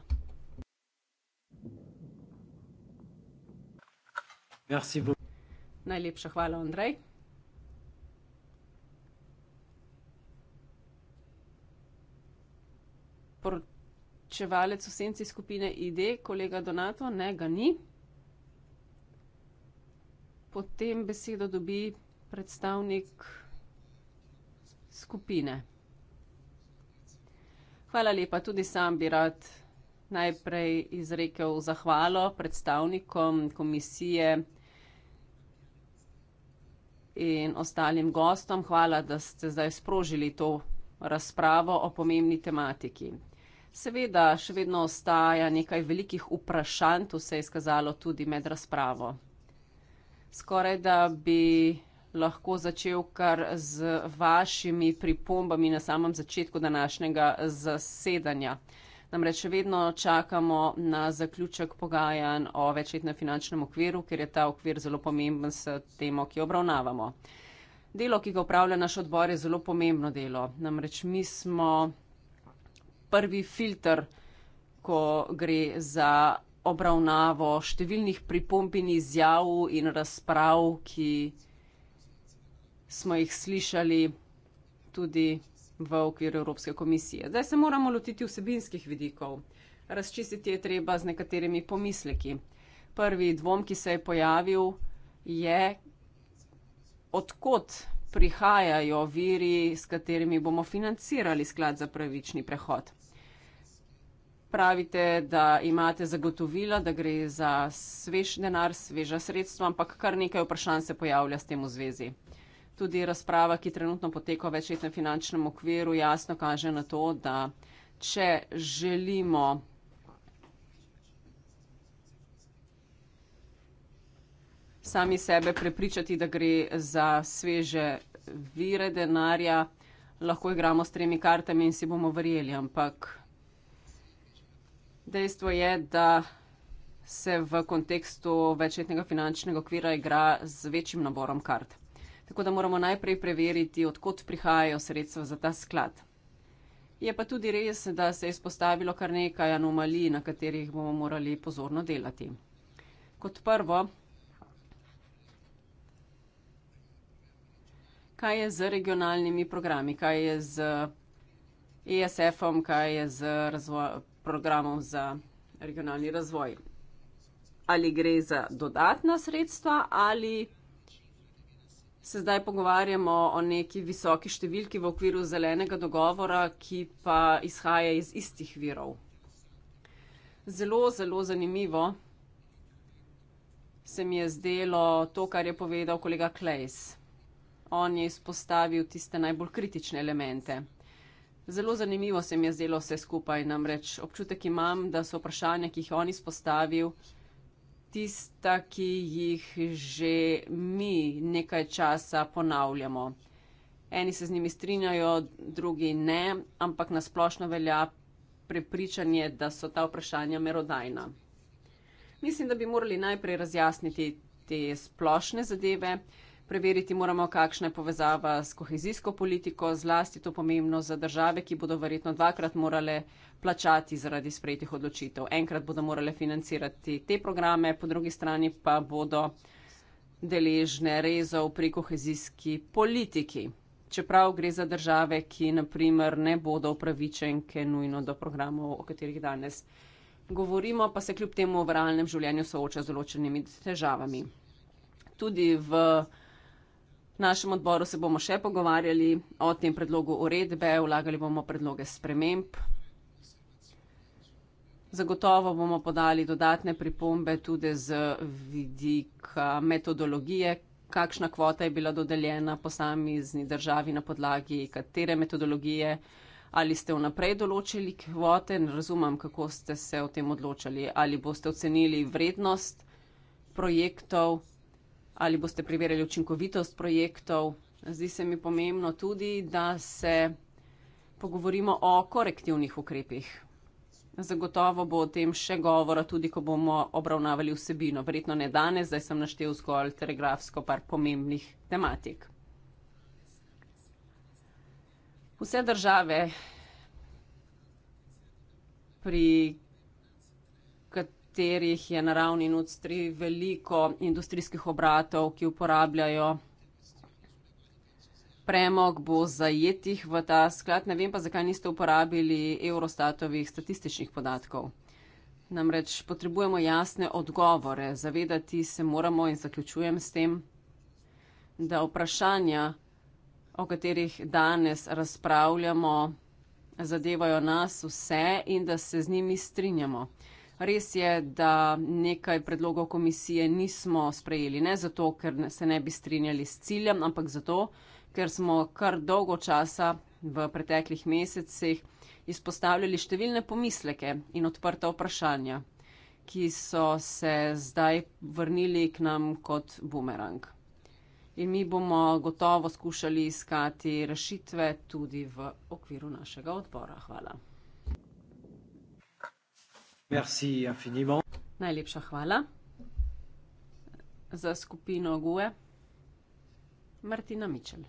Najlepša hvala, Andrej. Poročevalec v senci skupine ID, kolega Donato, ne ga ni potem besedo dobi predstavnik skupine. Hvala lepa, tudi sam bi rad najprej izrekel zahvalo predstavnikom komisije in ostalim gostom. Hvala, da ste zdaj sprožili to razpravo o pomembni tematiki. Seveda še vedno ostaja nekaj velikih vprašanj, to se je izkazalo tudi med razpravo skoraj da bi lahko začel kar z vašimi pripombami na samem začetku današnjega zasedanja. Namreč še vedno čakamo na zaključek pogajanj o večletnem finančnem okviru, ker je ta okvir zelo pomemben s temo, ki jo obravnavamo. Delo, ki ga upravlja naš odbor, je zelo pomembno delo. Namreč mi smo prvi filter, ko gre za obravnavo številnih pripomb in izjav in razprav, ki smo jih slišali tudi v okviru Evropske komisije. Zdaj se moramo lotiti vsebinskih vidikov. Razčistiti je treba z nekaterimi pomisleki. Prvi dvom, ki se je pojavil, je, odkot prihajajo viri, s katerimi bomo financirali sklad za pravični prehod pravite, da imate zagotovila, da gre za svež denar, sveža sredstva, ampak kar nekaj vprašanj se pojavlja s tem v zvezi. Tudi razprava, ki trenutno poteka v večletnem finančnem okviru, jasno kaže na to, da če želimo. sami sebe prepričati, da gre za sveže vire denarja, lahko igramo s tremi kartami in si bomo verjeli, ampak Dejstvo je, da se v kontekstu večletnega finančnega okvira igra z večjim naborom kart. Tako da moramo najprej preveriti, odkot prihajajo sredstva za ta sklad. Je pa tudi res, da se je izpostavilo kar nekaj anomalij, na katerih bomo morali pozorno delati. Kot prvo, kaj je z regionalnimi programi, kaj je z ESF-om, kaj je z razvojem programov za regionalni razvoj. Ali gre za dodatna sredstva ali se zdaj pogovarjamo o neki visoki številki v okviru zelenega dogovora, ki pa izhaja iz istih virov. Zelo, zelo zanimivo se mi je zdelo to, kar je povedal kolega Klejs. On je izpostavil tiste najbolj kritične elemente. Zelo zanimivo se mi je zdelo vse skupaj, namreč občutek imam, da so vprašanja, ki jih on izpostavil, tista, ki jih že mi nekaj časa ponavljamo. Eni se z njimi strinjajo, drugi ne, ampak nasplošno velja prepričanje, da so ta vprašanja merodajna. Mislim, da bi morali najprej razjasniti te splošne zadeve, Preveriti moramo, kakšna je povezava s kohezijsko politiko, zlasti to pomembno za države, ki bodo verjetno dvakrat morale plačati zaradi sprejetih odločitev. Enkrat bodo morale financirati te programe, po drugi strani pa bodo deležne rezov pri kohezijski politiki. Čeprav gre za države, ki naprimer ne bodo upravičenke nujno do programov, o katerih danes govorimo, pa se kljub temu v realnem življenju sooča z določenimi težavami. Tudi v V našem odboru se bomo še pogovarjali o tem predlogu uredbe, vlagali bomo predloge sprememb. Zagotovo bomo podali dodatne pripombe tudi z vidika metodologije, kakšna kvota je bila dodeljena posamezni državi na podlagi katere metodologije, ali ste vnaprej določili kvote, ne razumem, kako ste se o tem odločali, ali boste ocenili vrednost projektov ali boste preverjali učinkovitost projektov. Zdi se mi pomembno tudi, da se pogovorimo o korektivnih ukrepih. Zagotovo bo o tem še govora, tudi ko bomo obravnavali vsebino. Verjetno ne danes, zdaj sem naštel zgolj telegrafsko par pomembnih tematik. Vse države, pri katerih je na ravni industri veliko industrijskih obratov, ki uporabljajo premog, bo zajetih v ta sklad. Ne vem pa, zakaj niste uporabili Eurostatovih statističnih podatkov. Namreč potrebujemo jasne odgovore, zavedati se moramo in zaključujem s tem, da vprašanja, o katerih danes razpravljamo, zadevajo nas vse in da se z njimi strinjamo. Res je, da nekaj predlogov komisije nismo sprejeli, ne zato, ker se ne bi strinjali s ciljem, ampak zato, ker smo kar dolgo časa v preteklih mesecih izpostavljali številne pomisleke in odprta vprašanja, ki so se zdaj vrnili k nam kot bumerang. In mi bomo gotovo skušali iskati rešitve tudi v okviru našega odbora. Hvala. Merci infiniment. Najlepša hvala za skupino GUE. Martina Mičel.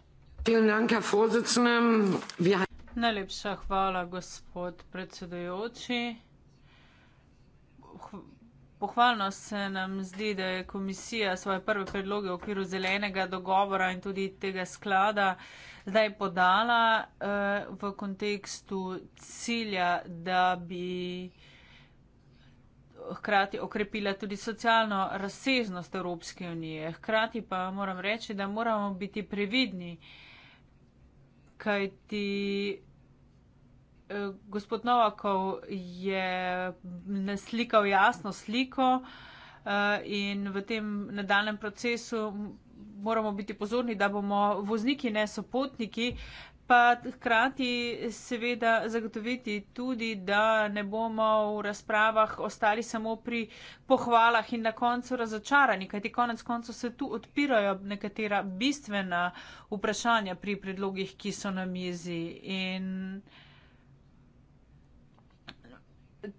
Najlepša hvala, gospod predsedujoči. Pohvalno se nam zdi, da je komisija svoje prve predloge v okviru zelenega dogovora in tudi tega sklada zdaj podala eh, v kontekstu cilja, da bi eh, hkrati okrepila tudi socialno razsežnost Evropske unije. Hkrati pa moram reči, da moramo biti previdni, kajti eh, gospod Novakov je naslikal jasno sliko eh, in v tem nadaljem procesu. Moramo biti pozorni, da bomo vozniki, ne sopotniki, pa hkrati seveda zagotoviti tudi, da ne bomo v razpravah ostali samo pri pohvalah in na koncu razočarani, kajti konec koncu se tu odpirajo nekatera bistvena vprašanja pri predlogih, ki so na mizi in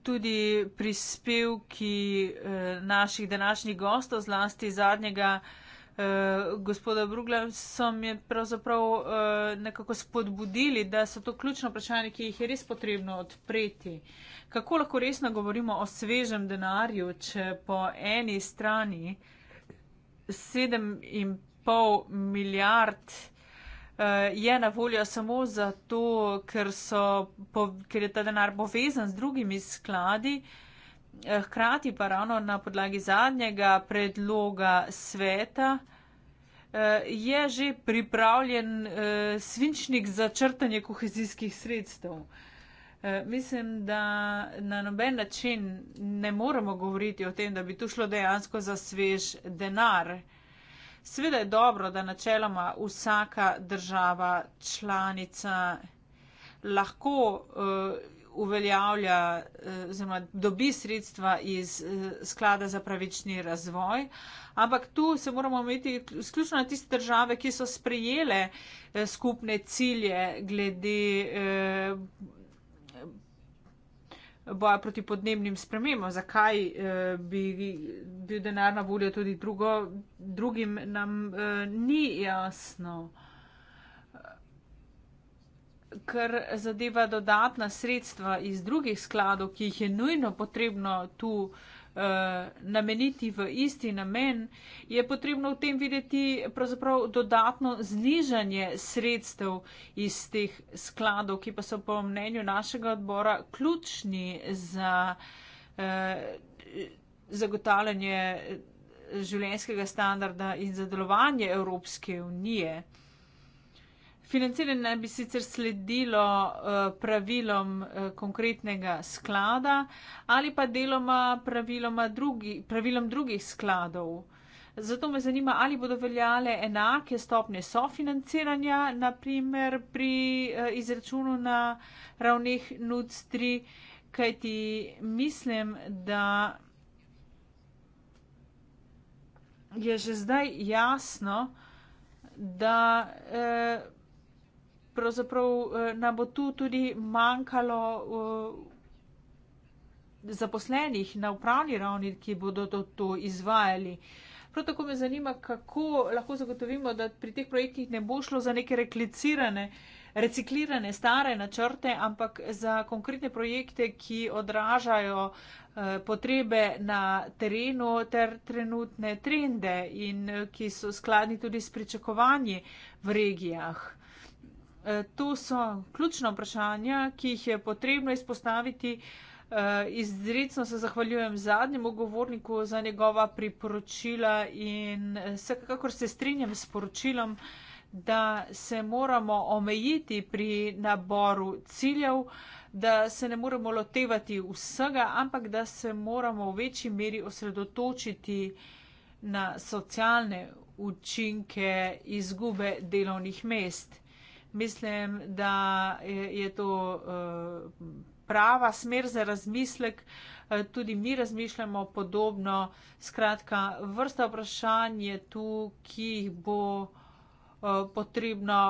tudi prispevki eh, naših današnjih gostov, zlasti zadnjega, eh, gospoda Brugla, so mi pravzaprav eh, nekako spodbudili, da so to ključno vprašanje, ki jih je res potrebno odpreti. Kako lahko resno govorimo o svežem denarju, če po eni strani 7,5 milijard eh, je na voljo samo zato, ker, so, ker je ta denar povezan z drugimi skladi, Hkrati pa ravno na podlagi zadnjega predloga sveta eh, je že pripravljen eh, svinčnik za črtanje kohezijskih sredstev. Eh, mislim, da na noben način ne moremo govoriti o tem, da bi tu šlo dejansko za svež denar. Sveda je dobro, da načeloma vsaka država članica lahko uveljavlja, eh, oziroma dobi sredstva iz eh, sklada za pravični razvoj. Ampak tu se moramo omejiti sključno na tiste države, ki so sprejele eh, skupne cilje glede boja proti podnebnim spremembam. Zakaj bi bil denar na voljo tudi drugo, drugim, nam ni jasno kar zadeva dodatna sredstva iz drugih skladov, ki jih je nujno potrebno tu uh, nameniti v isti namen, je potrebno v tem videti pravzaprav dodatno znižanje sredstev iz teh skladov, ki pa so po mnenju našega odbora ključni za uh, zagotavljanje življenskega standarda in za delovanje Evropske unije. Financiranje naj bi sicer sledilo eh, pravilom eh, konkretnega sklada ali pa deloma drugi, pravilom drugih skladov. Zato me zanima, ali bodo veljale enake stopnje sofinanciranja, naprimer pri eh, izračunu na ravneh NUC3, kajti mislim, da je že zdaj jasno, da eh, pravzaprav eh, nam bo tu tudi manjkalo eh, zaposlenih na upravni ravni, ki bodo to, to izvajali. Prav tako me zanima, kako lahko zagotovimo, da pri teh projektih ne bo šlo za neke reklicirane, reciklirane stare načrte, ampak za konkretne projekte, ki odražajo eh, potrebe na terenu ter trenutne trende in ki so skladni tudi s pričakovanji v regijah. Eh, to so ključna vprašanja, ki jih je potrebno izpostaviti. Eh, izredno se zahvaljujem zadnjemu govorniku za njegova priporočila in eh, vsekakor se strinjam s poročilom, da se moramo omejiti pri naboru ciljev, da se ne moremo lotevati vsega, ampak da se moramo v večji meri osredotočiti na socialne učinke izgube delovnih mest mislim, da je, je to eh, prava smer za razmislek. Eh, tudi mi razmišljamo podobno. Skratka, vrsta vprašanj je tu, ki jih bo eh, potrebno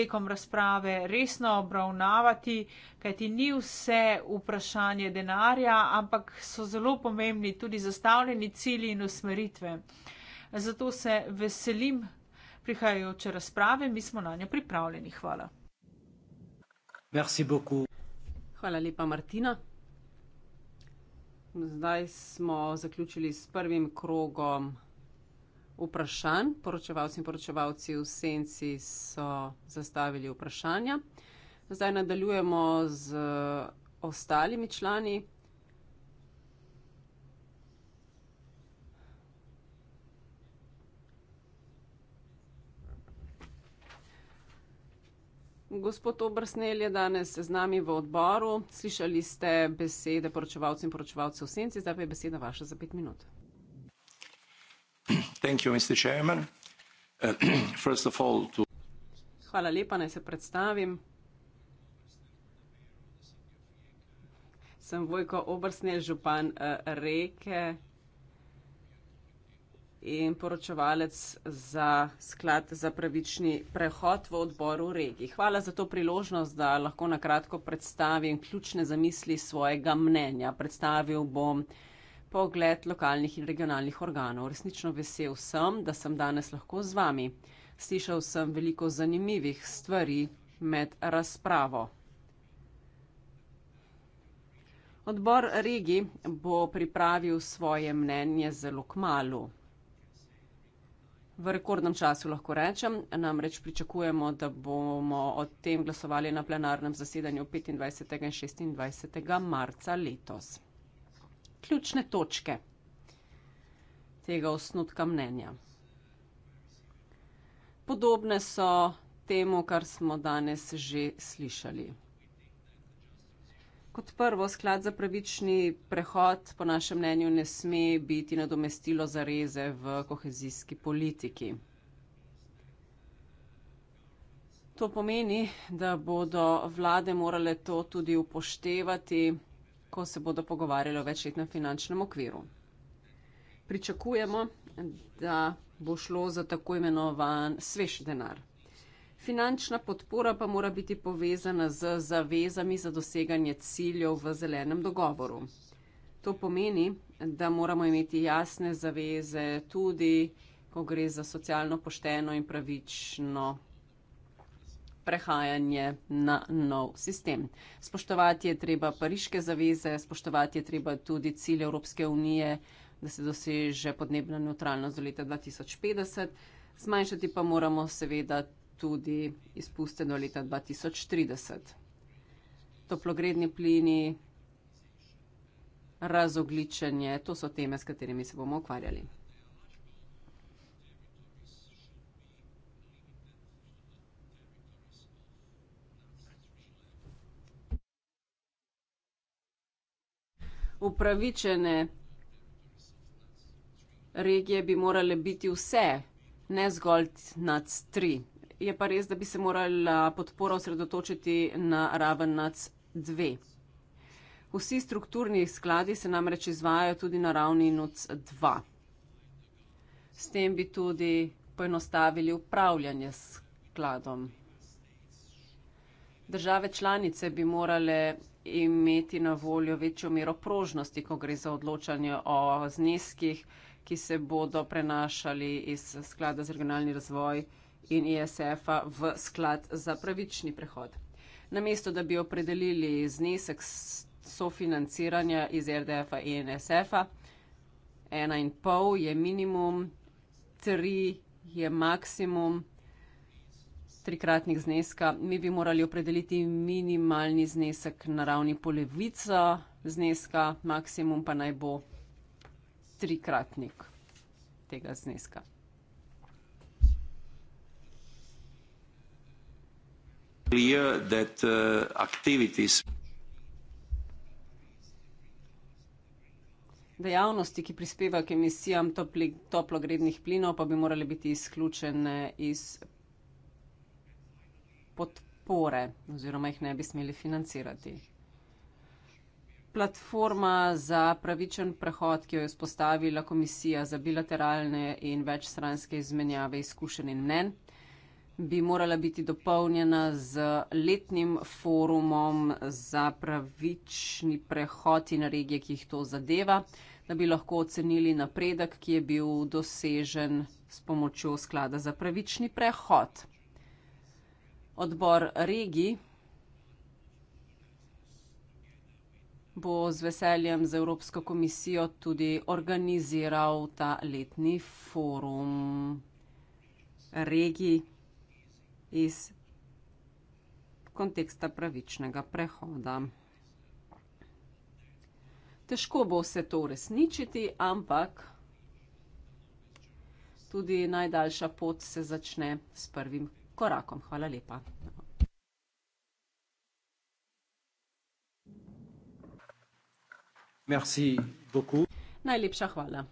tekom razprave resno obravnavati, kajti ni vse vprašanje denarja, ampak so zelo pomembni tudi zastavljeni cilji in usmeritve. Zato se veselim prihajajoče razprave. Mi smo na njo pripravljeni. Hvala. Hvala lepa, Martina. Zdaj smo zaključili s prvim krogom vprašanj. Poročevalci in poročevalci v senci so zastavili vprašanja. Zdaj nadaljujemo z ostalimi člani gospod Obrsnel je danes z nami v odboru. Slišali ste besede poročevalcev in poročevalcev v senci, zdaj pa je beseda vaša za pet minut. [clears throat] Hvala lepa, naj se predstavim. Sem Vojko Obrsnel, župan uh, Reke in poročevalec za sklad za pravični prehod v odboru regij. Hvala za to priložnost, da lahko na kratko predstavim ključne zamisli svojega mnenja. Predstavil bom pogled lokalnih in regionalnih organov. Resnično vesel sem, da sem danes lahko z vami. Slišal sem veliko zanimivih stvari med razpravo. Odbor regij bo pripravil svoje mnenje zelo k malu v rekordnem času, lahko rečem. Namreč pričakujemo, da bomo o tem glasovali na plenarnem zasedanju 25. in 26. marca letos. Ključne točke tega osnutka mnenja. Podobne so temu, kar smo danes že slišali kot prvo, sklad za pravični prehod, po našem mnenju, ne sme biti nadomestilo za reze v kohezijski politiki. To pomeni, da bodo vlade morale to tudi upoštevati, ko se bodo pogovarjale o večletnem finančnem okviru. Pričakujemo, da bo šlo za tako imenovan svež denar. Finančna podpora pa mora biti povezana z zavezami za doseganje ciljev v zelenem dogovoru. To pomeni, da moramo imeti jasne zaveze tudi, ko gre za socialno pošteno in pravično prehajanje na nov sistem. Spoštovati je treba pariške zaveze, spoštovati je treba tudi cilje Evropske unije, da se doseže podnebna neutralnost do leta 2050, zmanjšati pa moramo seveda tudi izpuste do leta 2030. Toplogredni plini, razogličenje, to so teme, s katerimi se bomo ukvarjali. Upravičene regije bi morale biti vse, ne zgolj nad tri je pa res, da bi se morala podpora osredotočiti na raven NAC 2. Vsi strukturni skladi se namreč izvajajo tudi na ravni NUC 2. S tem bi tudi poenostavili upravljanje s skladom. Države članice bi morale imeti na voljo večjo mero prožnosti, ko gre za odločanje o zneskih, ki se bodo prenašali iz sklada za regionalni razvoj in ISF-a e v sklad za pravični prehod. Namesto, da bi opredelili znesek sofinanciranja iz RDF-a in ISF-a, e ena in pol je minimum, tri je maksimum trikratnih zneska, mi bi morali opredeliti minimalni znesek na ravni polevica zneska, maksimum pa naj bo trikratnik tega zneska. clear that uh, activities Dejavnosti, ki prispevajo k emisijam topli, toplogrednih plinov, pa bi morali biti izključene iz podpore oziroma jih ne bi smeli financirati. Platforma za pravičen prehod, ki jo je spostavila Komisija za bilateralne in večstranske izmenjave izkušenj in mnen, bi morala biti dopolnjena z letnim forumom za pravični prehod in regije, ki jih to zadeva, da bi lahko ocenili napredek, ki je bil dosežen s pomočjo sklada za pravični prehod. Odbor regij bo z veseljem z Evropsko komisijo tudi organiziral ta letni forum regij iz konteksta pravičnega prehoda. Težko bo se to uresničiti, ampak tudi najdaljša pot se začne s prvim korakom. Hvala lepa. Merci beaucoup. Najlepša hvala.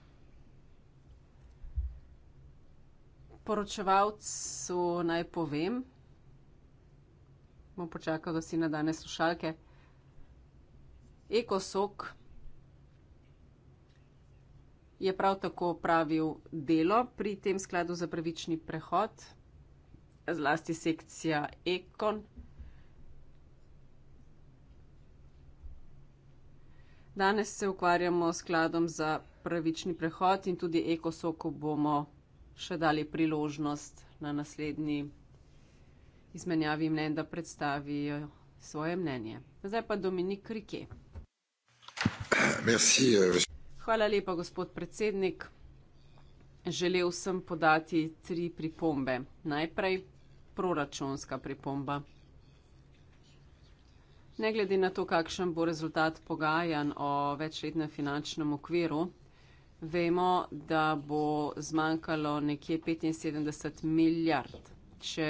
poročevalcu naj povem, bom počakal, da si na danes slušalke, ekosok je prav tako pravil delo pri tem skladu za pravični prehod, zlasti sekcija Ekon. Danes se ukvarjamo s skladom za pravični prehod in tudi ekosoko bomo še dali priložnost na naslednji izmenjavi mnen, da predstavijo svoje mnenje. Zdaj pa Dominik Rike. Euh, Hvala lepa, gospod predsednik. Želel sem podati tri pripombe. Najprej proračunska pripomba. Ne glede na to, kakšen bo rezultat pogajanj o večletnem finančnem okviru, Vemo, da bo zmanjkalo nekje 75 milijard, če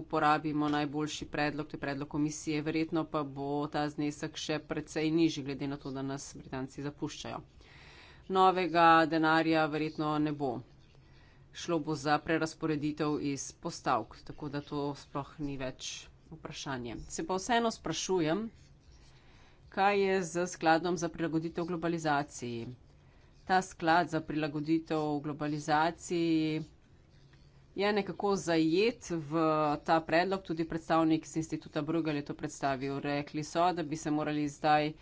uporabimo najboljši predlog, to je predlog komisije, verjetno pa bo ta znesek še precej nižji, glede na to, da nas Britanci zapuščajo. Novega denarja verjetno ne bo. Šlo bo za prerasporeditev iz postavk, tako da to sploh ni več vprašanje. Se pa vseeno sprašujem, kaj je z skladom za prilagoditev globalizaciji ta sklad za prilagoditev globalizaciji je nekako zajet v ta predlog. Tudi predstavnik z instituta Bruegel je to predstavil. Rekli so, da bi se morali zdaj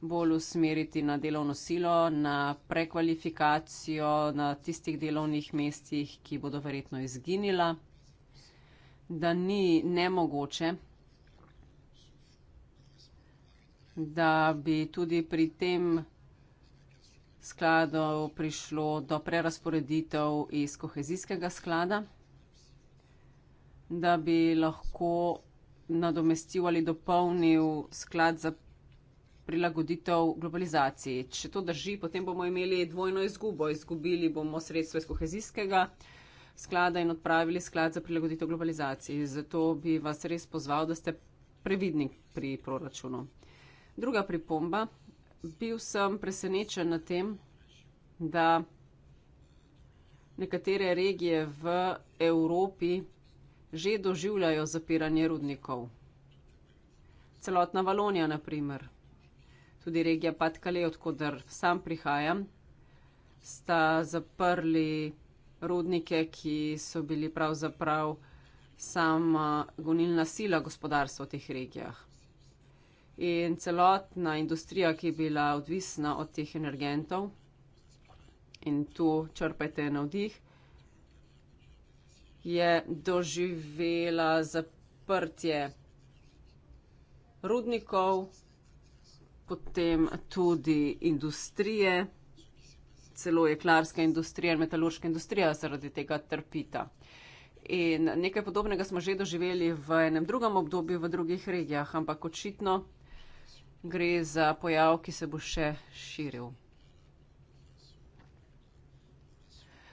bolj usmeriti na delovno silo, na prekvalifikacijo, na tistih delovnih mestih, ki bodo verjetno izginila, da ni nemogoče. Da bi tudi pri tem skladov prišlo do prerasporeditev iz kohezijskega sklada, da bi lahko nadomestil ali dopolnil sklad za prilagoditev globalizaciji. Če to drži, potem bomo imeli dvojno izgubo. Izgubili bomo sredstvo iz kohezijskega sklada in odpravili sklad za prilagoditev globalizaciji. Zato bi vas res pozval, da ste previdni pri proračunu. Druga pripomba bil sem presenečen na tem, da nekatere regije v Evropi že doživljajo zapiranje rudnikov. Celotna Valonija, naprimer, tudi regija Patkale, odkudar sam prihajam, sta zaprli rudnike, ki so bili pravzaprav sama gonilna sila gospodarstva v teh regijah in celotna industrija, ki je bila odvisna od teh energentov in tu črpajte na vdih, je doživela zaprtje rudnikov, potem tudi industrije, celo jeklarska industrija in metalurška industrija zaradi tega trpita. In nekaj podobnega smo že doživeli v enem drugem obdobju v drugih regijah, ampak očitno gre za pojav, ki se bo še širil.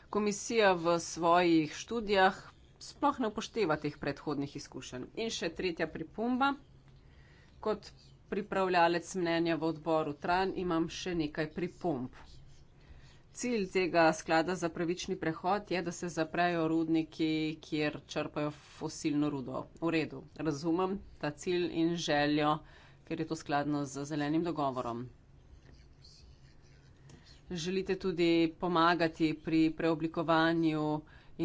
Komisija v svojih študijah sploh ne upošteva teh predhodnih izkušenj. In še tretja pripomba. Kot pripravljalec mnenja v odboru Tran imam še nekaj pripomb. Cilj tega sklada za pravični prehod je, da se zaprejo rudniki, kjer črpajo fosilno rudo. V redu, razumem ta cilj in željo ker je to skladno z zelenim dogovorom. Želite tudi pomagati pri preoblikovanju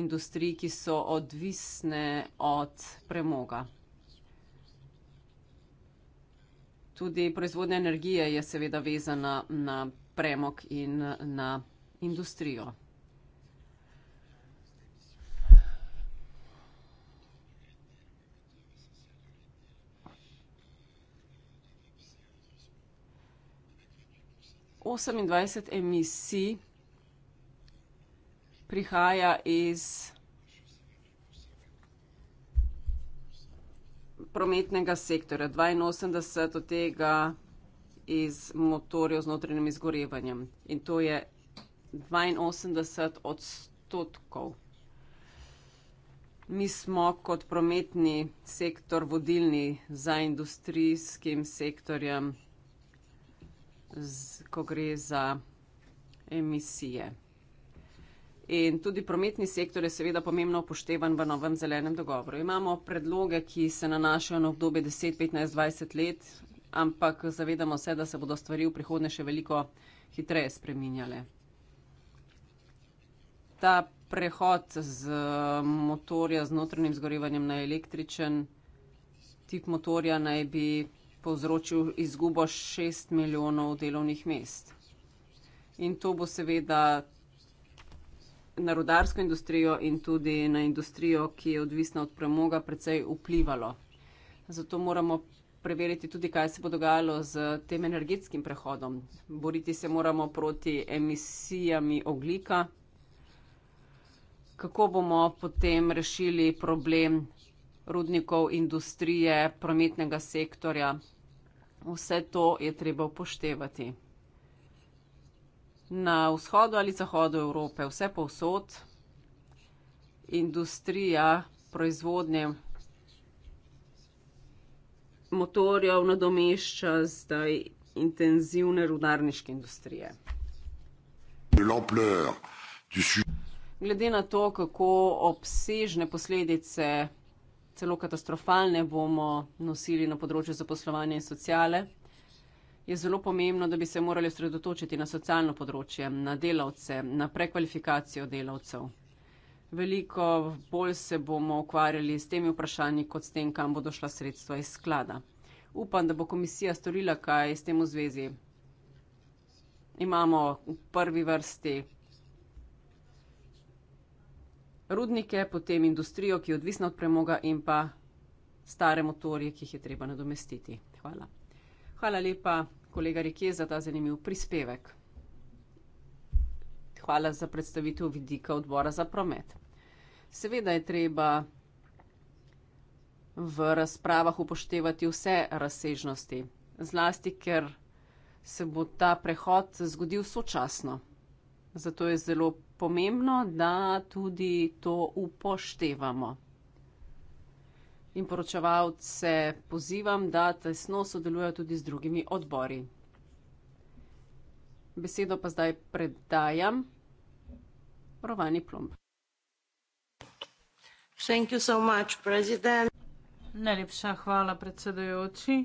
industrij, ki so odvisne od premoga. Tudi proizvodnja energije je seveda vezana na premog in na industrijo. 28 emisij prihaja iz prometnega sektorja, 82 od tega iz motorjev z notranjim izgorevanjem. In to je 82 odstotkov. Mi smo kot prometni sektor vodilni za industrijskim sektorjem z, ko gre za emisije. In tudi prometni sektor je seveda pomembno upoštevan v novem zelenem dogovoru. Imamo predloge, ki se nanašajo na obdobje 10, 15, 20 let, ampak zavedamo se, da se bodo stvari v prihodnje še veliko hitreje spreminjale. Ta prehod z motorja z notranjim zgorevanjem na električen tip motorja naj bi povzročil izgubo 6 milijonov delovnih mest. In to bo seveda na rodarsko industrijo in tudi na industrijo, ki je odvisna od premoga, precej vplivalo. Zato moramo preveriti tudi, kaj se bo dogajalo z tem energetskim prehodom. Boriti se moramo proti emisijami oglika. Kako bomo potem rešili problem rudnikov, industrije, prometnega sektorja. Vse to je treba upoštevati. Na vzhodu ali zahodu Evrope, vse povsod, industrija proizvodnje motorjev nadomešča zdaj intenzivne rudarniške industrije. Glede na to, kako obsežne posledice celo katastrofalne bomo nosili na področju zaposlovanja in sociale, je zelo pomembno, da bi se morali osredotočiti na socialno področje, na delavce, na prekvalifikacijo delavcev. Veliko bolj se bomo ukvarjali s temi vprašanji, kot s tem, kam bodo šla sredstva iz sklada. Upam, da bo komisija storila kaj s tem v zvezi. Imamo v prvi vrsti rudnike, potem industrijo, ki je odvisna od premoga in pa stare motorje, ki jih je treba nadomestiti. Hvala. Hvala lepa, kolega Rike, za ta zanimiv prispevek. Hvala za predstavitev vidika odbora za promet. Seveda je treba v razpravah upoštevati vse razsežnosti, zlasti ker se bo ta prehod zgodil sočasno. Zato je zelo pomembno, da tudi to upoštevamo. In poročevalce pozivam, da tesno sodelujejo tudi z drugimi odbori. Besedo pa zdaj predajam Rovani Plomb. So much, Najlepša hvala, predsedajoči.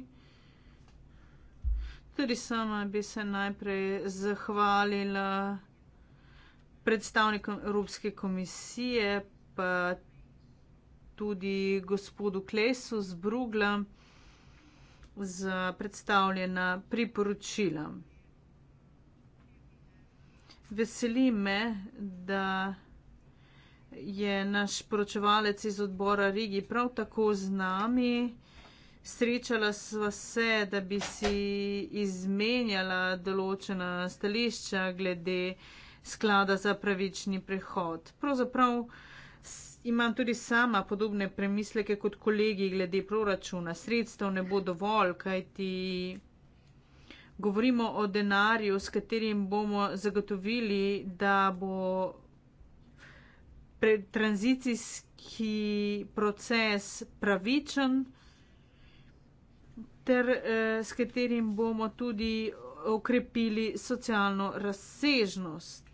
Tudi sama bi se najprej zahvalila predstavnikom Evropske komisije, pa tudi gospodu Klesu z Bruglem za predstavljena priporočila. Veseli me, da je naš poročevalec iz odbora Rigi prav tako z nami. Srečala sva se, da bi si izmenjala določena stališča glede uh, sklada za pravični prehod. Pravzaprav imam tudi sama podobne premisleke kot kolegi glede proračuna. Sredstev ne bo dovolj, kajti govorimo o denarju, s katerim bomo zagotovili, da bo tranzicijski proces pravičen. Ter eh, s katerim bomo tudi okrepili socialno razsežnost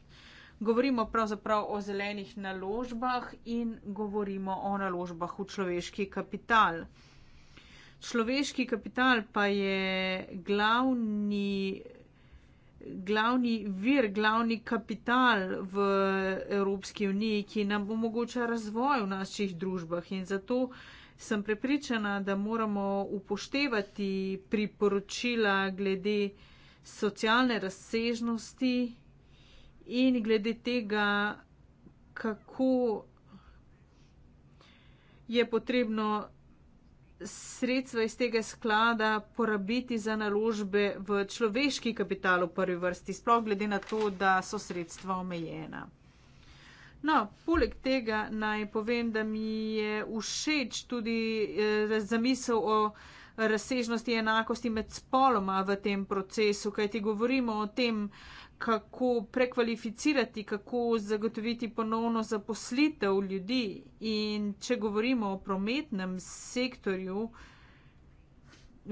govorimo pravzaprav o zelenih naložbah in govorimo o naložbah v človeški kapital. Človeški kapital pa je glavni, glavni vir, glavni kapital v Evropski uniji, ki nam omogoča razvoj v naših družbah in zato sem prepričana, da moramo upoštevati priporočila glede socialne razsežnosti in glede tega, kako je potrebno sredstva iz tega sklada porabiti za naložbe v človeški kapital v prvi vrsti, sploh glede na to, da so sredstva omejena. No, poleg tega naj povem, da mi je všeč tudi eh, zamisel o razsežnosti enakosti med spoloma v tem procesu, kajti govorimo o tem, kako prekvalificirati, kako zagotoviti ponovno zaposlitev ljudi. In če govorimo o prometnem sektorju,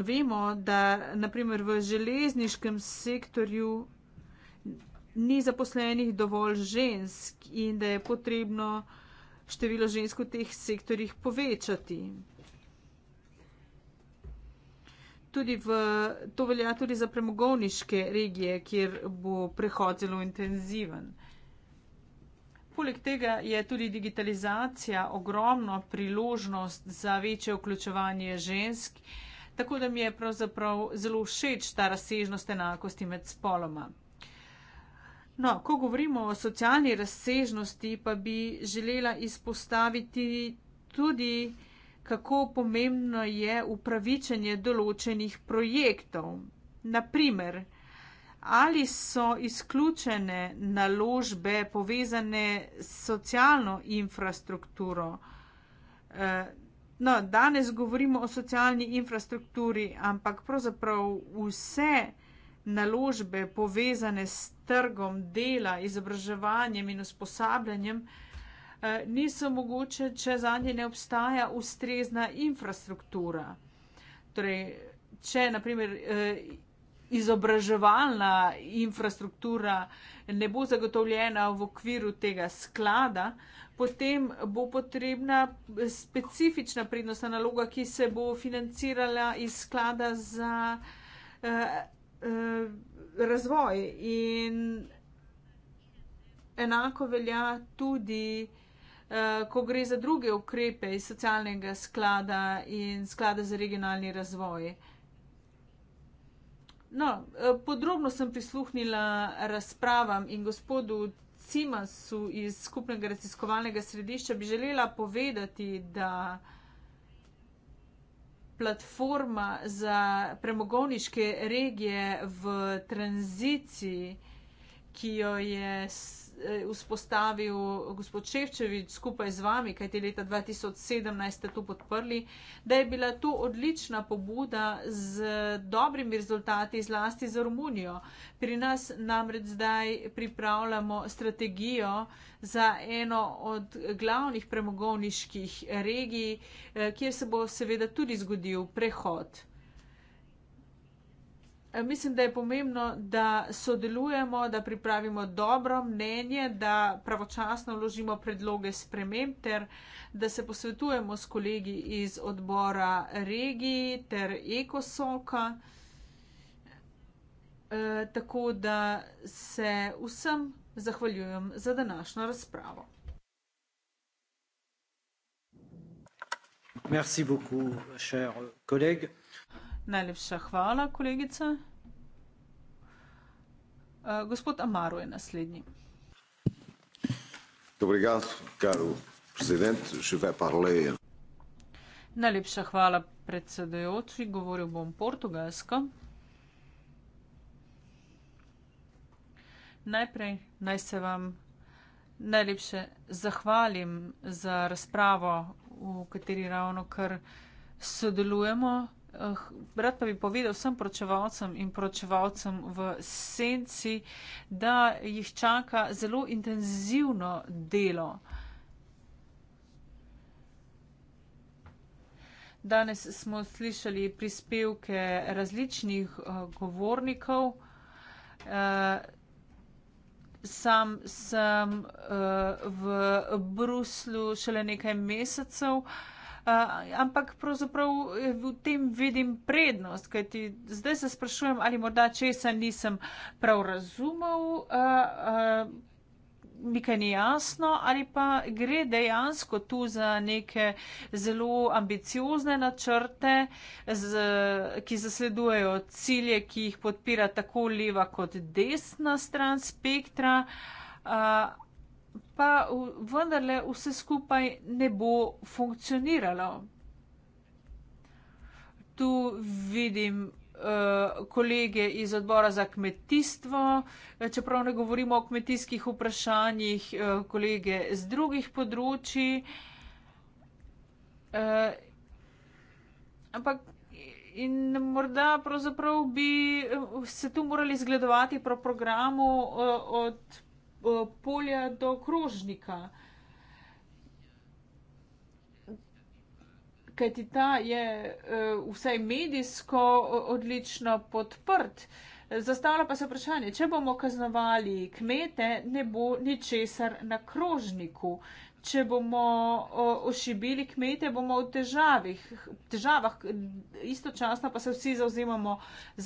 vemo, da naprimer v železniškem sektorju ni zaposlenih dovolj žensk in da je potrebno število žensk v teh sektorjih povečati tudi v, to velja tudi za premogovniške regije, kjer bo prehod zelo intenziven. Poleg tega je tudi digitalizacija ogromna priložnost za večje vključevanje žensk, tako da mi je pravzaprav zelo všeč ta razsežnost enakosti med spoloma. No, ko govorimo o socialni razsežnosti, pa bi želela izpostaviti tudi kako pomembno je upravičenje določenih projektov. Naprimer, ali so izključene naložbe povezane s socialno infrastrukturo. Eh, no, danes govorimo o socialni infrastrukturi, ampak pravzaprav vse naložbe povezane s trgom dela, izobraževanjem in usposabljanjem. Eh, niso mogoče, če za nje ne obstaja ustrezna infrastruktura. Torej, če naprimer eh, izobraževalna infrastruktura ne bo zagotovljena v okviru tega sklada, potem bo potrebna specifična prednostna naloga, ki se bo financirala iz sklada za eh, razvoj. In enako velja tudi. Eh, ko gre za druge ukrepe iz socialnega sklada in sklada za regionalni razvoj. No, eh, podrobno sem prisluhnila razpravam in gospodu Cimasu iz skupnega raziskovalnega središča bi želela povedati, da platforma za premogovniške regije v tranziciji, ki jo je Eh, vzpostavil gospod Ševčevič skupaj z vami, kajti leta 2017 ste to podprli, da je bila to odlična pobuda z dobrimi rezultati, zlasti za Romunijo. Pri nas namreč zdaj pripravljamo strategijo za eno od glavnih premogovniških regij, eh, kjer se bo seveda tudi zgodil prehod. Eh, mislim, da je pomembno, da sodelujemo, da pripravimo dobro mnenje, da pravočasno vložimo predloge sprememb ter da se posvetujemo s kolegi iz odbora regiji ter ekosoka, e, tako da se vsem zahvaljujem za današnjo razpravo. Merci beaucoup, cher collègue. Najlepša hvala, kolegica. Uh, gospod Amaru je naslednji. Ja, Najlepša hvala, predsedojoči. Govoril bom portugalsko. Najprej naj se vam najlepše zahvalim za razpravo, v kateri ravno kar sodelujemo. Eh, rad pa bi povedal vsem pročevalcem in pročevalcem v senci, da jih čaka zelo intenzivno delo. Danes smo slišali prispevke različnih eh, govornikov. Eh, sam sem v Bruslu šele nekaj mesecev ampak pravzaprav v tem vidim prednost, kajti zdaj se sprašujem, ali morda česa nisem prav razumel, mi kaj ni jasno, ali pa gre dejansko tu za neke zelo ambiciozne načrte, z, ki zasledujejo cilje, ki jih podpira tako leva kot desna stran spektra. A, pa vendarle vse skupaj ne bo funkcioniralo. Tu vidim eh, kolege iz odbora za kmetijstvo, eh, čeprav ne govorimo o kmetijskih vprašanjih, eh, kolege z drugih področji. Ampak in morda pravzaprav bi se tu morali zgledovati po programu od Eh, polja do krožnika. Kaj ti ta je eh, vsaj medijsko odlično podprt. Zastavlja pa se vprašanje, če bomo kaznovali kmete, ne bo ničesar na krožniku če bomo ošibili kmete, bomo v težavih, težavah, istočasno pa se vsi zauzemamo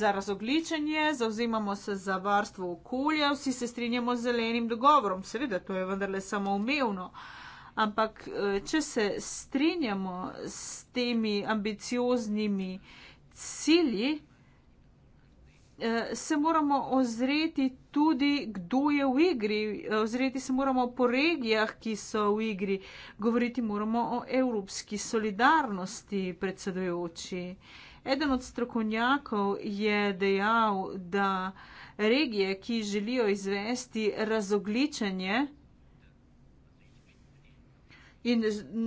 za razogličenje, zauzemamo se za varstvo okolja, vsi se strinjamo z zelenim dogovorom. Seveda, to je vendarle samo umevno. Ampak, e, če se strinjamo s temi ambicioznimi cilji, Eh, se moramo ozreti tudi, kdo je v igri. Eh, ozreti se moramo po regijah, ki so v igri. Govoriti moramo o evropski solidarnosti, predsedujoči. Eden od strokovnjakov je dejal, da regije, ki želijo izvesti razogličenje, in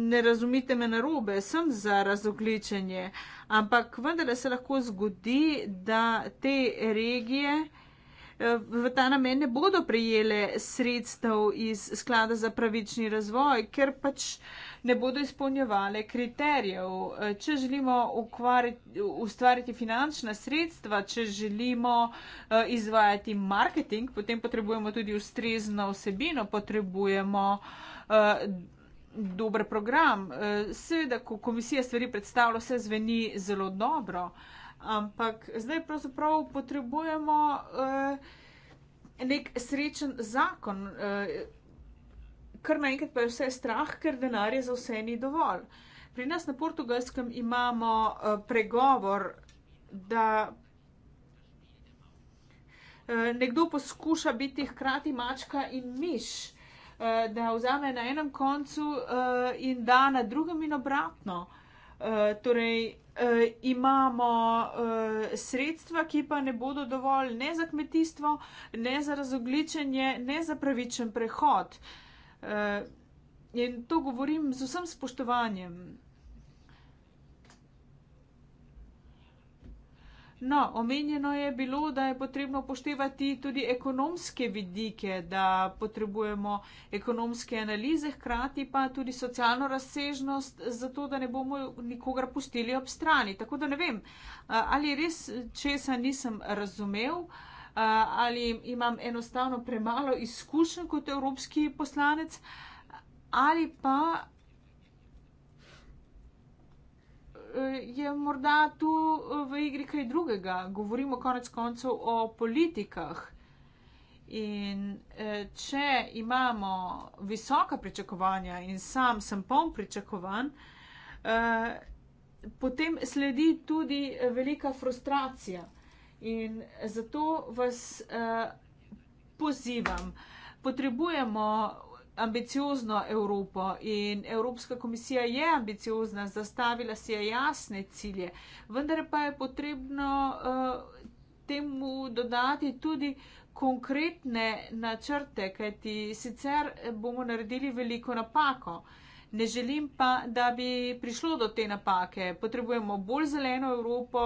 ne razumite me narobe, sem za razogličenje, ampak vendar se lahko zgodi, da te regije eh, v ta namen ne bodo prejele sredstev iz sklada za pravični razvoj, ker pač ne bodo izpolnjevale kriterijev. Eh, če želimo ustvariti finančna sredstva, če želimo eh, izvajati marketing, potem potrebujemo tudi ustrezno vsebino, potrebujemo dober program. Eh, seveda, ko komisija stvari predstavlja, vse zveni zelo dobro, ampak zdaj pravzaprav potrebujemo eh, nek srečen zakon. Eh, kar naenkrat pa je vse strah, ker denar je za vse ni dovolj. Pri nas na portugalskem imamo pregovor, da nekdo poskuša biti hkrati mačka in miš. Eh, da vzame na enem koncu eh, in da na drugem in obratno. Eh, torej, imamo sredstva, ki pa ne bodo dovolj ne za kmetijstvo, ne za razogličenje, ne za pravičen prehod. In to govorim z vsem spoštovanjem. No, omenjeno je bilo, da je potrebno poštevati tudi ekonomske vidike, da potrebujemo ekonomske analize, hkrati pa tudi socialno razsežnost, zato da ne bomo nikogar pustili ob strani. Tako da ne vem, ali res česa nisem razumel, ali imam enostavno premalo izkušenj kot evropski poslanec, ali pa Eh, je morda tu eh, v igri kaj drugega. Govorimo konec koncev o politikah. In eh, če imamo visoka pričakovanja, in sam sem poln pričakovanj, potem sledi tudi velika frustracija. In zato vas pozivam. Potrebujemo ambiciozno Evropo in Evropska komisija je ambiciozna, zastavila si je jasne cilje, vendar pa je potrebno uh, temu dodati tudi konkretne načrte, kajti sicer bomo naredili veliko napako. Uh, Ne želim pa, da bi prišlo do te napake. Potrebujemo bolj zeleno Evropo,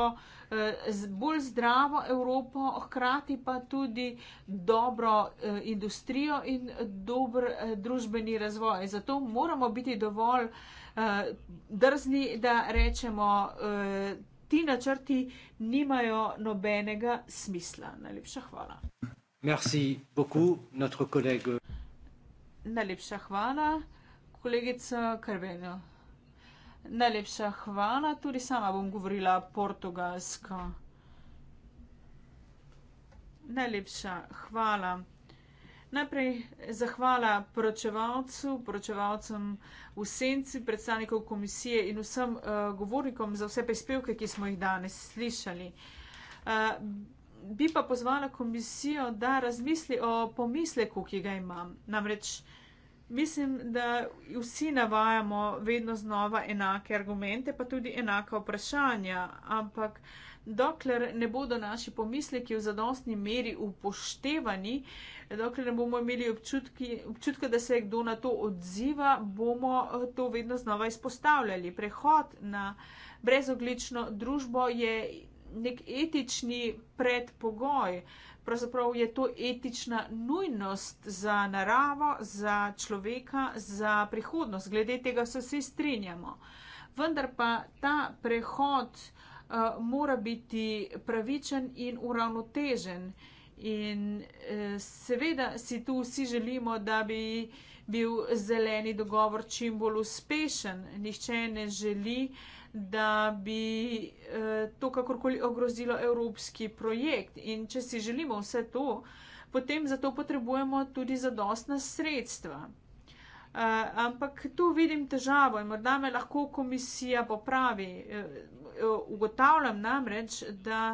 eh, bolj zdravo Evropo, hkrati pa tudi dobro eh, industrijo in dober eh, družbeni razvoj. Zato moramo biti dovolj drzni, da rečemo, ti načrti nimajo nobenega smisla. Najlepša hvala. Merci beaucoup, notre collègue. Najlepša hvala. Kolegica Krvenjo, najlepša hvala, tudi sama bom govorila portugalsko. Najlepša hvala. Najprej zahvala poročevalcu, poročevalcem v senci, predstavnikov komisije in vsem uh, govornikom za vse prispevke, ki smo jih danes slišali. Uh, bi pa pozvala komisijo, da razmisli o pomisleku, ki ga imam. Namreč uh, Mislim, da vsi navajamo vedno znova enake argumente, pa tudi enaka vprašanja, ampak dokler ne bodo naši pomisleki v zadostni meri upoštevani, dokler ne bomo imeli občutki, občutka, da se kdo na to odziva, bomo eh, to vedno znova izpostavljali. Prehod na brezoglično družbo je nek etični predpogoj. Uh, pravzaprav je to etična nujnost za naravo, za človeka, za prihodnost. Glede tega se vsi strinjamo. Vendar pa ta prehod uh, mora biti pravičen in uravnotežen. In eh, seveda si tu vsi želimo, da bi bil zeleni dogovor čim bolj uspešen. Nihče ne želi, uh, da bi eh, to kakorkoli ogrozilo evropski projekt. In če si želimo vse to, potem za to potrebujemo tudi zadostna sredstva. Eh, ampak tu vidim težavo in morda me lahko komisija popravi. Eh, ugotavljam namreč, da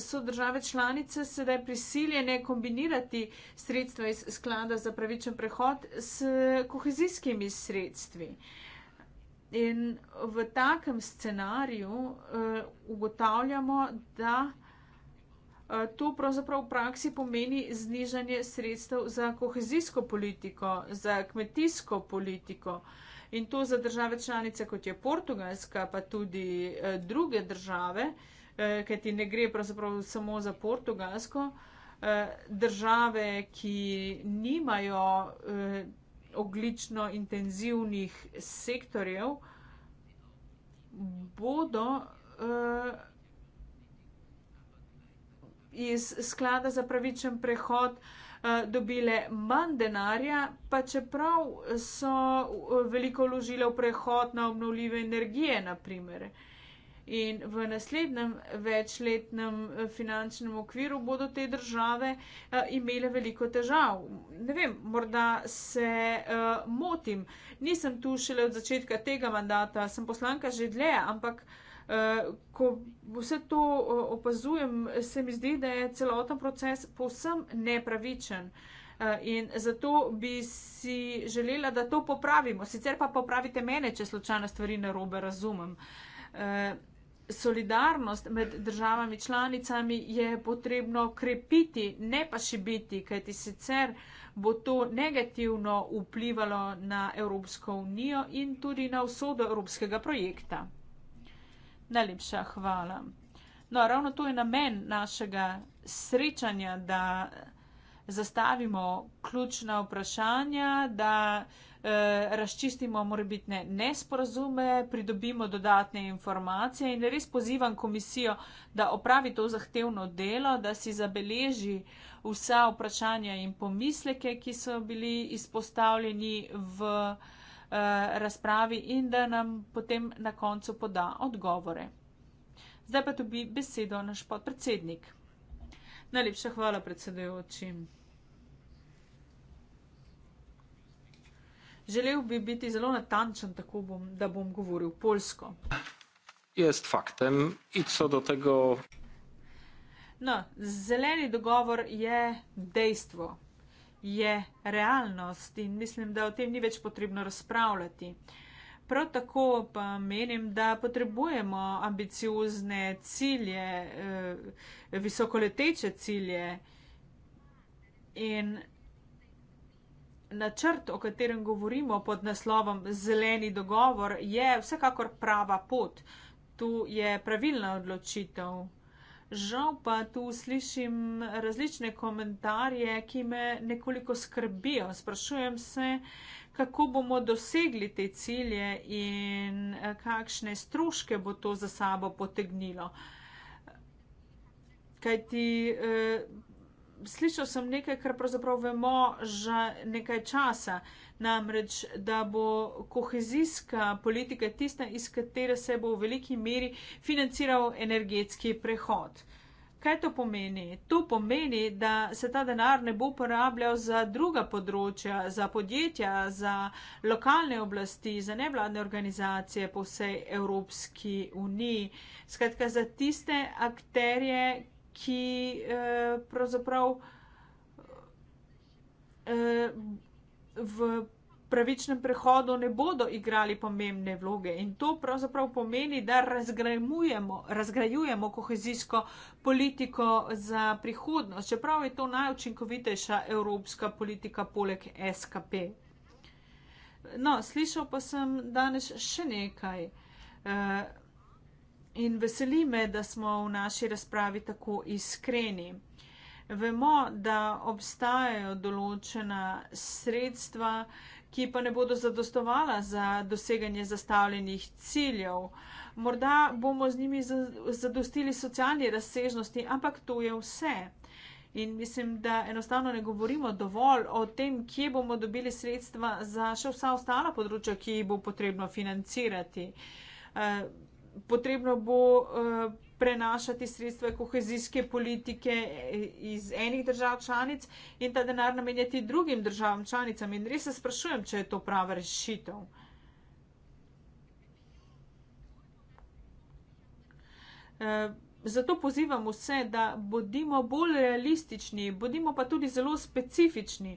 so države članice sedaj prisiljene kombinirati sredstva iz sklada za pravičen prehod s kohezijskimi sredstvi. In v takem scenariju eh, ugotavljamo, da eh, to pravzaprav v praksi pomeni znižanje sredstev za kohezijsko politiko, za kmetijsko politiko. In to za države članice, kot je Portugalska, pa tudi eh, druge države, Eh, ker ti ne gre pravzaprav samo za Portugalsko. Eh, države, ki nimajo eh, oglično intenzivnih sektorjev, bodo iz sklada za pravičen prehod dobile manj denarja, pa čeprav so veliko vložile v prehod na obnovljive energije, naprimer. In v naslednjem večletnem eh, finančnem okviru bodo te države eh, imele veliko težav. Ne vem, morda se uh, motim, nisem tu šele od začetka tega mandata, sem poslanka že dlje, ampak uh, ko vse to opazujem, se mi zdi, da je celoten proces povsem nepravičen. In zato bi si želela, da to popravimo. Sicer pa popravite mene, če slučajno stvari narobe razumem solidarnost med državami članicami je potrebno krepiti, ne pa še biti, kajti sicer bo to negativno vplivalo na Evropsko unijo in tudi na usodo evropskega projekta. Najlepša hvala. No, ravno to je namen našega srečanja, da zastavimo ključna vprašanja, da eh, razčistimo morebitne nesporazume, pridobimo dodatne informacije in res pozivam komisijo, da opravi to zahtevno delo, da si zabeleži vsa vprašanja in pomisleke, ki so bili izpostavljeni v eh, razpravi in da nam potem na koncu poda odgovore. Zdaj pa dobi besedo naš podpredsednik. Najlepša hvala, predsedujoči. Želel bi biti zelo natančen, tako bom, da bom govoril polsko. Jest faktem in so do tega. No, zeleni dogovor je dejstvo, je realnost in mislim, da o tem ni več potrebno razpravljati. Uh, Prav tako pa menim, da potrebujemo ambiciozne cilje, eh, visokoleteče cilje in načrt, o katerem govorimo pod naslovom zeleni dogovor, je vsekakor prava pot. Tu je pravilna odločitev. Žal pa tu slišim različne komentarje, ki me nekoliko skrbijo. Sprašujem se, kako bomo dosegli te cilje in eh, kakšne stroške bo to za sabo potegnilo. Kaj ti, eh, slišal sem nekaj, kar pravzaprav vemo že nekaj časa, namreč, da bo kohezijska politika tista, iz katere se bo v veliki meri financiral energetski prehod. Kaj to pomeni? To pomeni, da se ta denar ne bo porabljal za druga področja, za podjetja, za lokalne oblasti, za nevladne organizacije po vsej Evropski uniji. Skratka, za tiste akterje, ki eh, pravzaprav eh, v pravičnem prehodu ne bodo igrali pomembne vloge. In to pravzaprav pomeni, da razgrajujemo kohezijsko politiko za prihodnost, čeprav je to najučinkovitejša evropska politika poleg SKP. No, slišal pa sem danes še nekaj. Eh, in veseli me, da smo v naši razpravi tako iskreni. Vemo, da obstajajo določena sredstva, ki pa ne bodo zadostovala za doseganje zastavljenih ciljev. Morda bomo z njimi zadostili socialni razsežnosti, ampak to je vse. In mislim, da enostavno ne govorimo dovolj o tem, kje bomo dobili sredstva za še vsa ostala področja, ki jih bo potrebno financirati. Eh, potrebno bo eh, prenašati sredstva kohezijske politike e, iz enih držav članic in ta denar namenjati drugim državam članicam. In res se sprašujem, če je to prava rešitev. E, zato pozivam vse, da bodimo bolj realistični, bodimo pa tudi zelo specifični.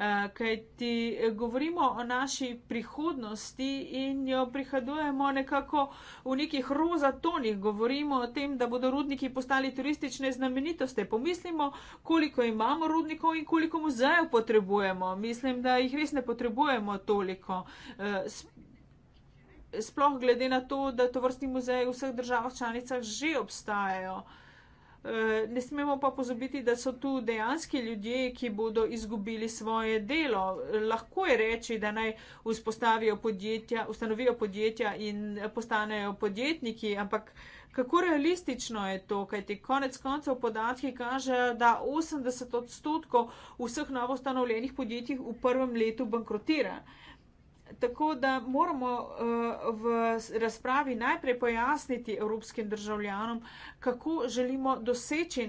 Eh, kaj ti eh, govorimo o naši prihodnosti in jo prihodujemo nekako v nekih roza tonih. Govorimo o tem, da bodo rudniki postali turistične znamenitosti. Pomislimo, koliko imamo rudnikov in koliko muzejev potrebujemo. Mislim, da jih res ne potrebujemo toliko. Eh, sploh glede na to, da to vrsti muzeji v vseh državah članicah že obstajajo. Eh, ne smemo pa pozabiti, da so tu dejanski ljudje, ki bodo izgubili svoje delo. Lahko je reči, da naj vzpostavijo podjetja, ustanovijo podjetja in postanejo podjetniki, ampak kako realistično je to, kajti konec koncev podatki kažejo, da 80 odstotkov vseh novo ustanovljenih podjetij v prvem letu bankrotira. Uh, Tako da moramo eh, v razpravi najprej pojasniti evropskim državljanom, kako želimo doseči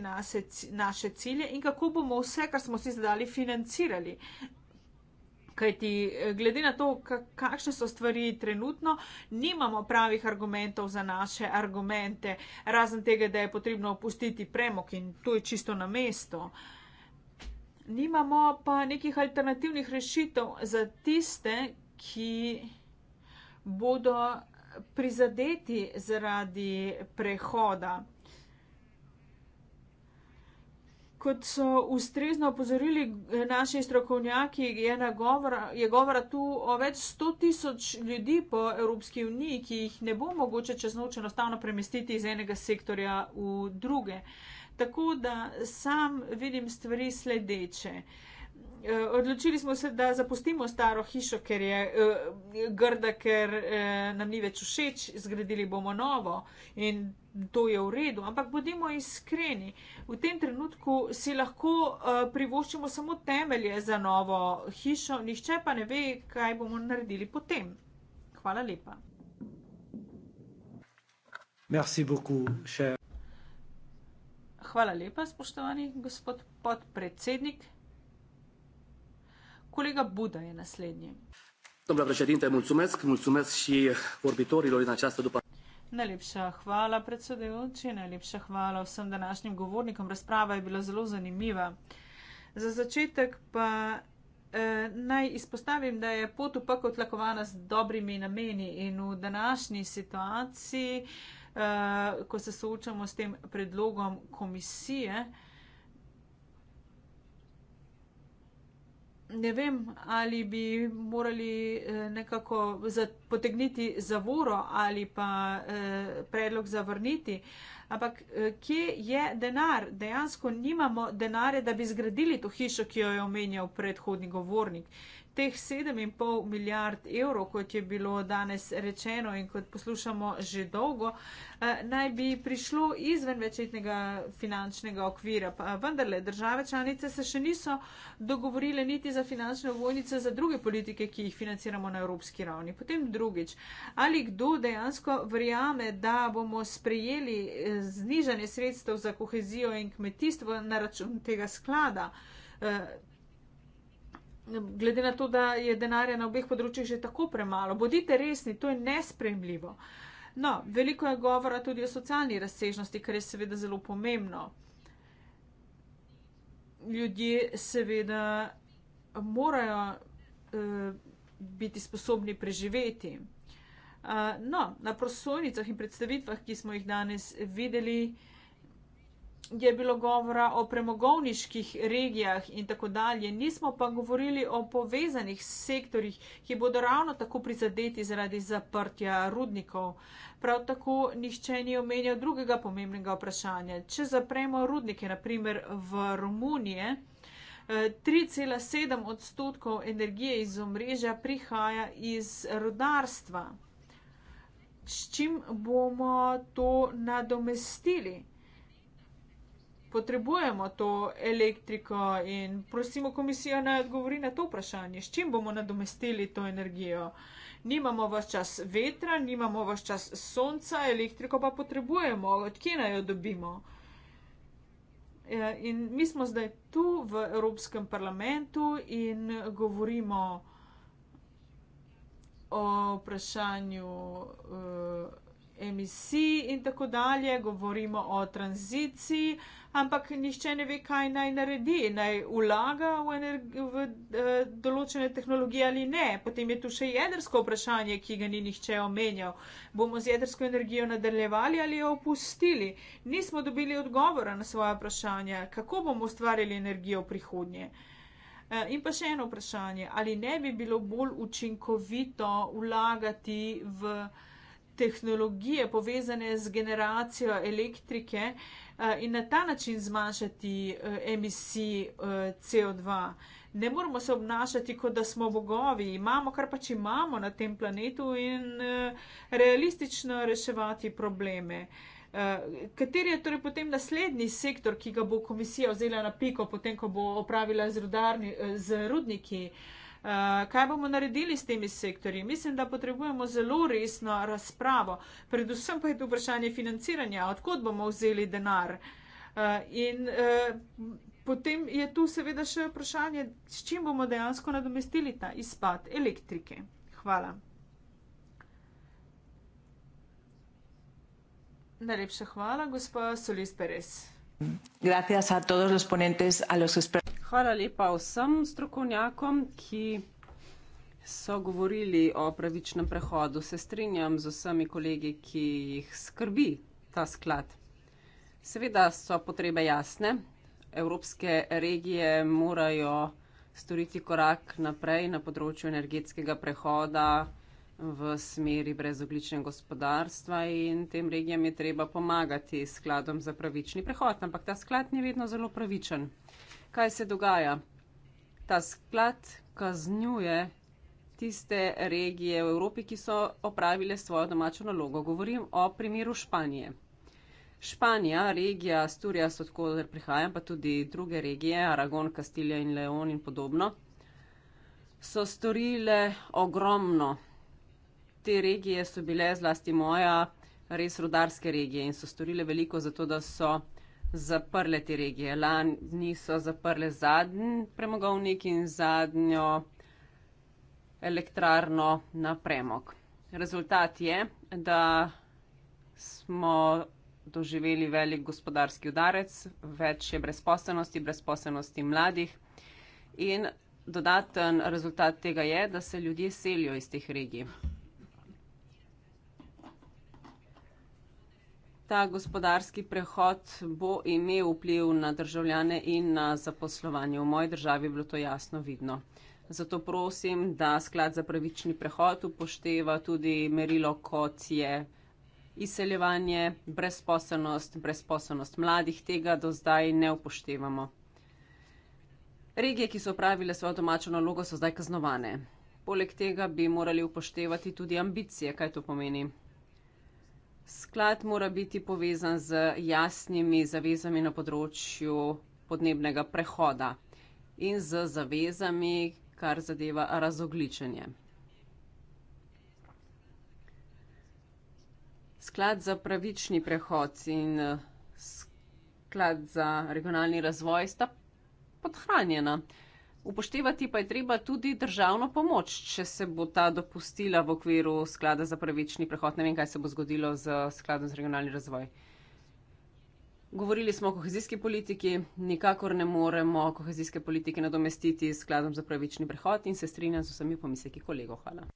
naše cilje in kako bomo vse, kar smo si zadali, financirali. Kajti, eh, glede na to, kakšne so stvari trenutno, nimamo pravih argumentov za naše argumente, razen tega, da je potrebno opustiti premok in to je čisto na mesto. Nimamo pa nekih alternativnih rešitev za tiste, ki bodo prizadeti zaradi prehoda. Kot so ustrezno opozorili naši strokovnjaki, je, govora, je govora tu o več sto tisoč ljudi po Evropski uniji, ki jih ne bo mogoče čez noč enostavno premestiti iz enega sektorja v druge. Tako da sam vidim stvari sledeče. Uh, Eh, odločili smo se, da zapustimo staro hišo, ker je uh, grda, ker uh, nam ni več všeč, zgradili bomo novo in to je v redu. Ampak bodimo iskreni, v tem trenutku si lahko uh, privoščimo samo temelje za novo hišo, nihče pa ne ve, kaj bomo naredili potem. Hvala lepa. Merci beaucoup, cher. Hvala lepa, spoštovani gospod podpredsednik. Colega Buda je naslednji. Domnule predsednik, mulțumesc, mulțumesc și vorbitorilor în această după. Najlepša hvala predsedujoči, najlepša hvala vsem današnjim govornikom. Razprava je bila zelo zanimiva. Za začetek pa eh, naj izpostavim, da je pot upak odlakovana z dobrimi nameni in v današnji situaciji, eh, ko se soočamo s tem predlogom komisije, eh, ne vem, ali bi morali eh, nekako potegniti zavoro ali pa eh, predlog zavrniti. Ampak eh, kje je denar? Dejansko nimamo denarja, da bi zgradili to hišo, ki jo je omenjal predhodni govornik teh 7,5 milijard evrov, kot je bilo danes rečeno in kot poslušamo že dolgo, eh, naj bi prišlo izven večetnega finančnega okvira. Pa vendarle, države članice se še niso dogovorile niti za finančne vojnice za druge politike, ki jih financiramo na evropski ravni. Potem drugič, ali kdo dejansko verjame, da bomo sprejeli eh, znižanje sredstev za kohezijo in kmetijstvo na račun tega sklada? Eh, glede na to, da je denarja na obeh področjih že tako premalo. Bodite resni, to je nespremljivo. No, veliko je govora tudi o socialni razsežnosti, kar je seveda zelo pomembno. Ljudje seveda morajo uh, biti sposobni preživeti. Uh, no, na prosojnicah in predstavitvah, ki smo jih danes videli, uh, je bilo govora o premogovniških regijah in tako dalje, nismo pa govorili o povezanih sektorjih, ki bodo ravno tako prizadeti zaradi zaprtja rudnikov. Prav tako nišče ni omenjal drugega pomembnega vprašanja. Če zapremo rudnike, naprimer v Romunije, 3,7 eh, odstotkov energije iz omrežja prihaja iz rodarstva. S čim bomo to nadomestili? potrebujemo to elektriko in prosimo komisijo, naj odgovori na to vprašanje, s čim bomo nadomestili to energijo. Nimamo vas čas vetra, nimamo vas čas sonca, elektriko pa potrebujemo, odkje naj jo dobimo. E, in mi smo zdaj tu v Evropskem parlamentu in govorimo o vprašanju uh, emisij in tako dalje, govorimo o tranziciji, uh, ampak nišče ne ve, kaj naj naredi, naj vlaga v, v eh, določene tehnologije ali ne. Potem je tu še jedrsko vprašanje, ki ga ni nihče omenjal. Bomo z jedrsko energijo nadaljevali ali jo opustili? Nismo dobili odgovora na svoje vprašanje, kako bomo ustvarjali energijo v prihodnje. Eh, in pa še eno vprašanje, ali ne bi bilo bolj učinkovito vlagati v tehnologije povezane z generacijo elektrike eh, in na ta način zmanjšati eh, emisij eh, CO2. Ne moramo se obnašati, kot da smo bogovi, imamo kar pač imamo na tem planetu in realistično reševati probleme. Kateri je torej potem naslednji sektor, ki ga bo komisija vzela na piko, potem ko bo opravila z, rudarni, z rudniki? Eh, kaj bomo naredili s temi sektorji. Mislim, da potrebujemo zelo resno razpravo. Predvsem pa je to vprašanje financiranja, odkot bomo vzeli denar. Eh, in eh, potem je tu seveda še vprašanje, s čim bomo dejansko nadomestili ta izpad elektrike. Hvala. Najlepša hvala, gospod Solis Perez. Gracias a todos los ponentes, a los expertos hvala lepa vsem strokovnjakom, ki so govorili o pravičnem prehodu. Se strinjam z vsemi kolegi, ki jih skrbi ta sklad. Seveda so potrebe jasne. Evropske regije morajo storiti korak naprej na področju energetskega prehoda v smeri brezogličnega gospodarstva in tem regijam je treba pomagati skladom za pravični prehod. Ampak ta sklad ni vedno zelo pravičen kaj se dogaja. Ta sklad kaznjuje tiste regije v Evropi, ki so opravile svojo domačo nalogo. Govorim o primeru Španije. Španija, regija Asturias, odkudar prihajam, pa tudi druge regije, Aragon, Kastilja in Leon in podobno, so storile ogromno. Te regije so bile zlasti moja res rodarske regije in so storile veliko za to, da so zaprle te regije. Lani so zaprle zadnji premogovnik in zadnjo elektrarno na premog. Rezultat je, da smo doživeli velik gospodarski udarec, več je brezposelnosti, brezposelnosti mladih in dodaten rezultat tega je, da se ljudje selijo iz teh regij. ta gospodarski prehod bo imel vpliv na državljane in na zaposlovanje. V moji državi je bilo to jasno vidno. Zato prosim, da sklad za pravični prehod upošteva tudi merilo, kot je izseljevanje, brezposobnost, brezposobnost mladih. Tega do zdaj ne upoštevamo. Regije, ki so opravile svojo domačo nalogo, so zdaj kaznovane. Poleg tega bi morali upoštevati tudi ambicije, kaj to pomeni. Sklad mora biti povezan z jasnimi zavezami na področju podnebnega prehoda in z zavezami, kar zadeva razogličenje. Sklad za pravični prehod in eh, sklad za regionalni razvoj sta podhranjena. Upoštevati pa je treba tudi državno pomoč, če se bo ta dopustila v okviru sklada za pravični prehod. Ne vem, kaj se bo zgodilo z skladom za regionalni razvoj. Govorili smo o kohezijski politiki, nikakor ne moremo kohezijske politike nadomestiti s skladom za pravični prehod in se strinjam z vsemi pomisleki kolego. Hvala.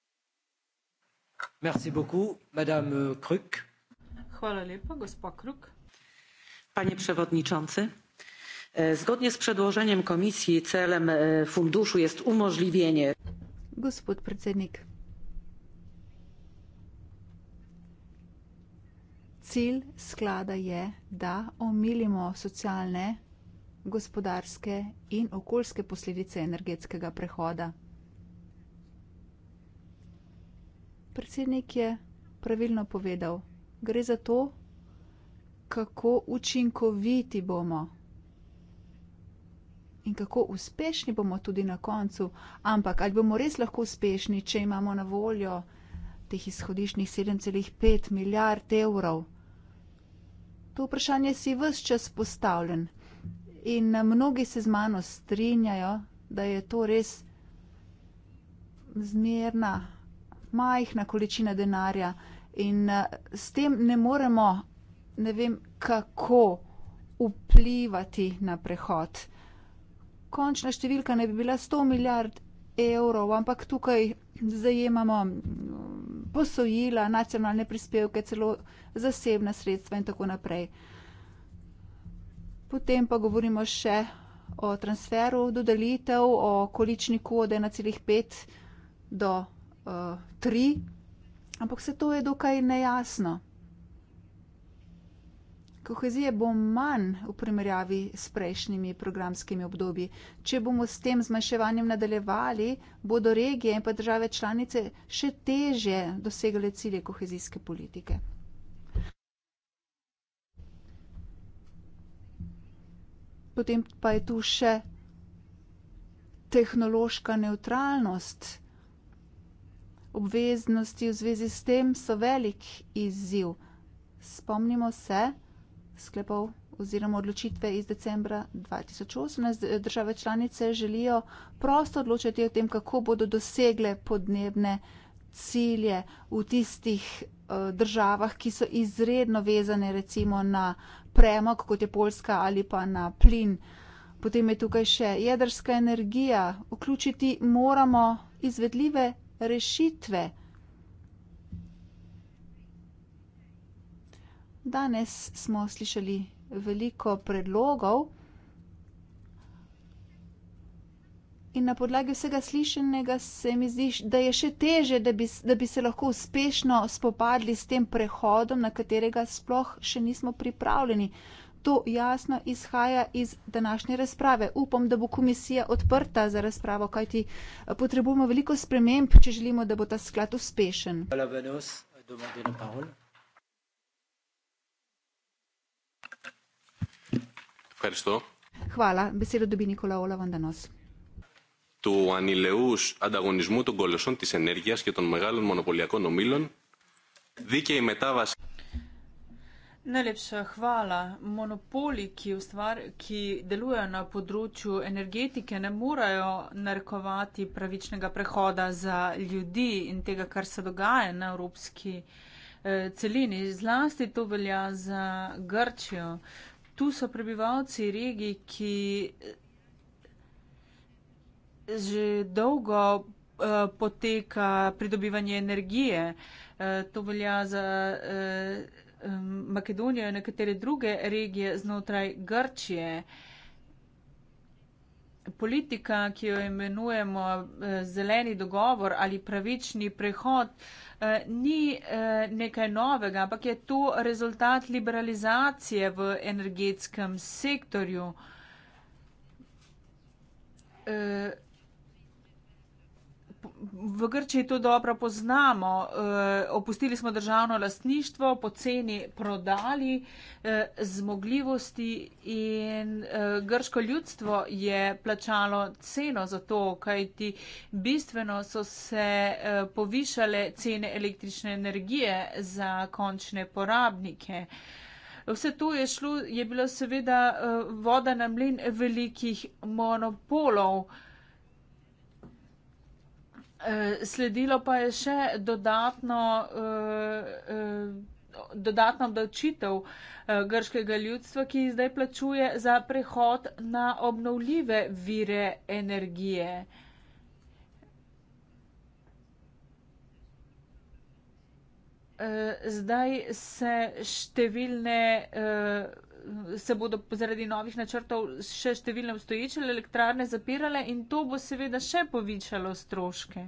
Hvala lepa, gospod Kruk. Panie przewodniczący. E, zgodnie z przedłożeniem komisji celem e, funduszu jest umożliwienie. Gospod predsednik. Cilj sklada je, da omilimo socialne, gospodarske in okoljske posledice energetskega prehoda. Predsednik je pravilno povedal, gre za to, kako učinkoviti bomo in kako uspešni bomo tudi na koncu, ampak ali bomo res lahko uspešni, če imamo na voljo teh izhodišnjih 7,5 milijard evrov? To vprašanje si vse čas postavljen in eh, mnogi se z mano strinjajo, da je to res zmerna, majhna količina denarja in eh, s tem ne moremo, ne vem, kako vplivati na prehod končna številka ne bi bila 100 milijard evrov, ampak tukaj zajemamo mm, posojila, nacionalne prispevke, celo zasebna sredstva in tako naprej. Potem pa govorimo še o transferu, dodelitev, o količniku od 1,5 do uh, eh, 3, ampak vse to je dokaj nejasno kohezije bo manj v primerjavi s prejšnjimi programskimi obdobji. Če bomo s tem zmanjševanjem nadaljevali, bodo regije in pa države članice še teže dosegale cilje kohezijske politike. Potem pa je tu še tehnološka neutralnost. Obveznosti v zvezi s tem so velik izziv. Spomnimo se, sklepov oziroma odločitve iz decembra 2018. Države članice želijo prosto odločiti o tem, kako bodo dosegle podnebne cilje v tistih uh, državah, ki so izredno vezane recimo na premog, kot je Poljska ali pa na plin. Potem je tukaj še jedrska energija. Vključiti moramo izvedljive rešitve. Danes smo slišali veliko predlogov in na podlagi vsega slišanega se mi zdi, da je še težje, da bi, da bi se lahko uspešno spopadli s tem prehodom, na katerega sploh še nismo pripravljeni. To jasno izhaja iz današnje razprave. Upam, da bo komisija odprta za razpravo, kajti eh, potrebujemo veliko sprememb, če želimo, da bo ta sklad uspešen. Hvala, Venus. Demandez la parole. Ευχαριστώ. Χαλά, μπισήρο του Νικόλα Όλα Βαντανός. Του ανηλαιούς ανταγωνισμού των κολοσσών της ενέργειας και των μεγάλων μονοπωλιακών ομίλων, δίκαιη μετάβαση... Najlepša hvala. Monopoli, ki, ustvar, ki delujejo na področju energetike, ne morajo narekovati pravičnega prehoda za ljudi in tega, kar se dogaja na evropski eh, celini. Zlasti to velja za Grčijo. Tu so prebivalci regij, ki eh, že dolgo eh, poteka pridobivanje energije. Eh, to velja za Makedonijo in nekatere druge regije znotraj Grčije. Politika, ki jo imenujemo zeleni dogovor ali pravični prehod, Eh, ni eh, nekaj novega, ampak je to rezultat liberalizacije v energetskem sektorju. Eh, v Grčiji to dobro poznamo. Eh, opustili smo državno lastništvo, poceni prodali eh, zmogljivosti in eh, grško ljudstvo je plačalo ceno za to, kajti bistveno so se povišale cene električne energije za končne porabnike. Vse to je šlo, je bilo seveda voda na mlin velikih monopolov. Eh, sledilo pa je še dodatno. Uh, uh, Dodatna obdavčitev grškega ljudstva, ki zdaj plačuje za prehod na obnovljive vire energije. Zdaj se številne se bodo zaradi novih načrtov še številne obstoječe elektrarne zapirale in to bo seveda še povečalo stroške.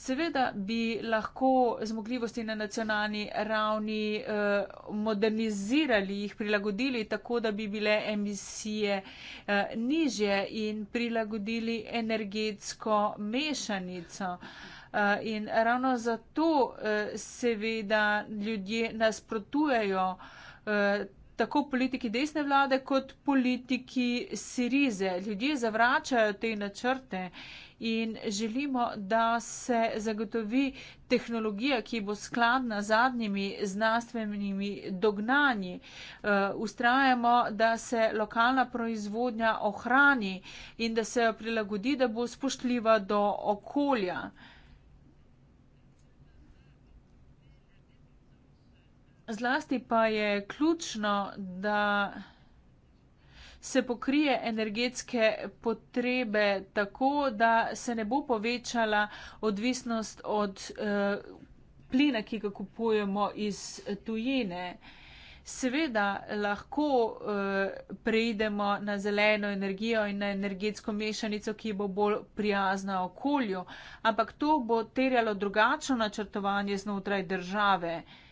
Seveda bi lahko zmogljivosti na nacionalni ravni eh, modernizirali, jih prilagodili tako, da bi bile emisije eh, nižje in prilagodili energetsko mešanico. Eh, in ravno zato seveda ljudje nasprotujejo tako politiki desne vlade kot politiki Sirize. Ljudje zavračajo te načrte in želimo, da se zagotovi tehnologija, ki bo skladna z zadnjimi znanstvenimi dognanji. Eh, ustrajamo, da se lokalna proizvodnja ohrani in da se jo prilagodi, da bo spoštljiva do okolja. Zlasti pa je ključno, da se pokrije energetske potrebe tako, da se ne bo povečala odvisnost od e, plina, ki ga kupujemo iz eh, tujine. Seveda lahko e, preidemo na zeleno energijo in na energetsko mešanico, ki bo bolj prijazna okolju, ampak to bo terjalo drugačno načrtovanje znotraj države. E,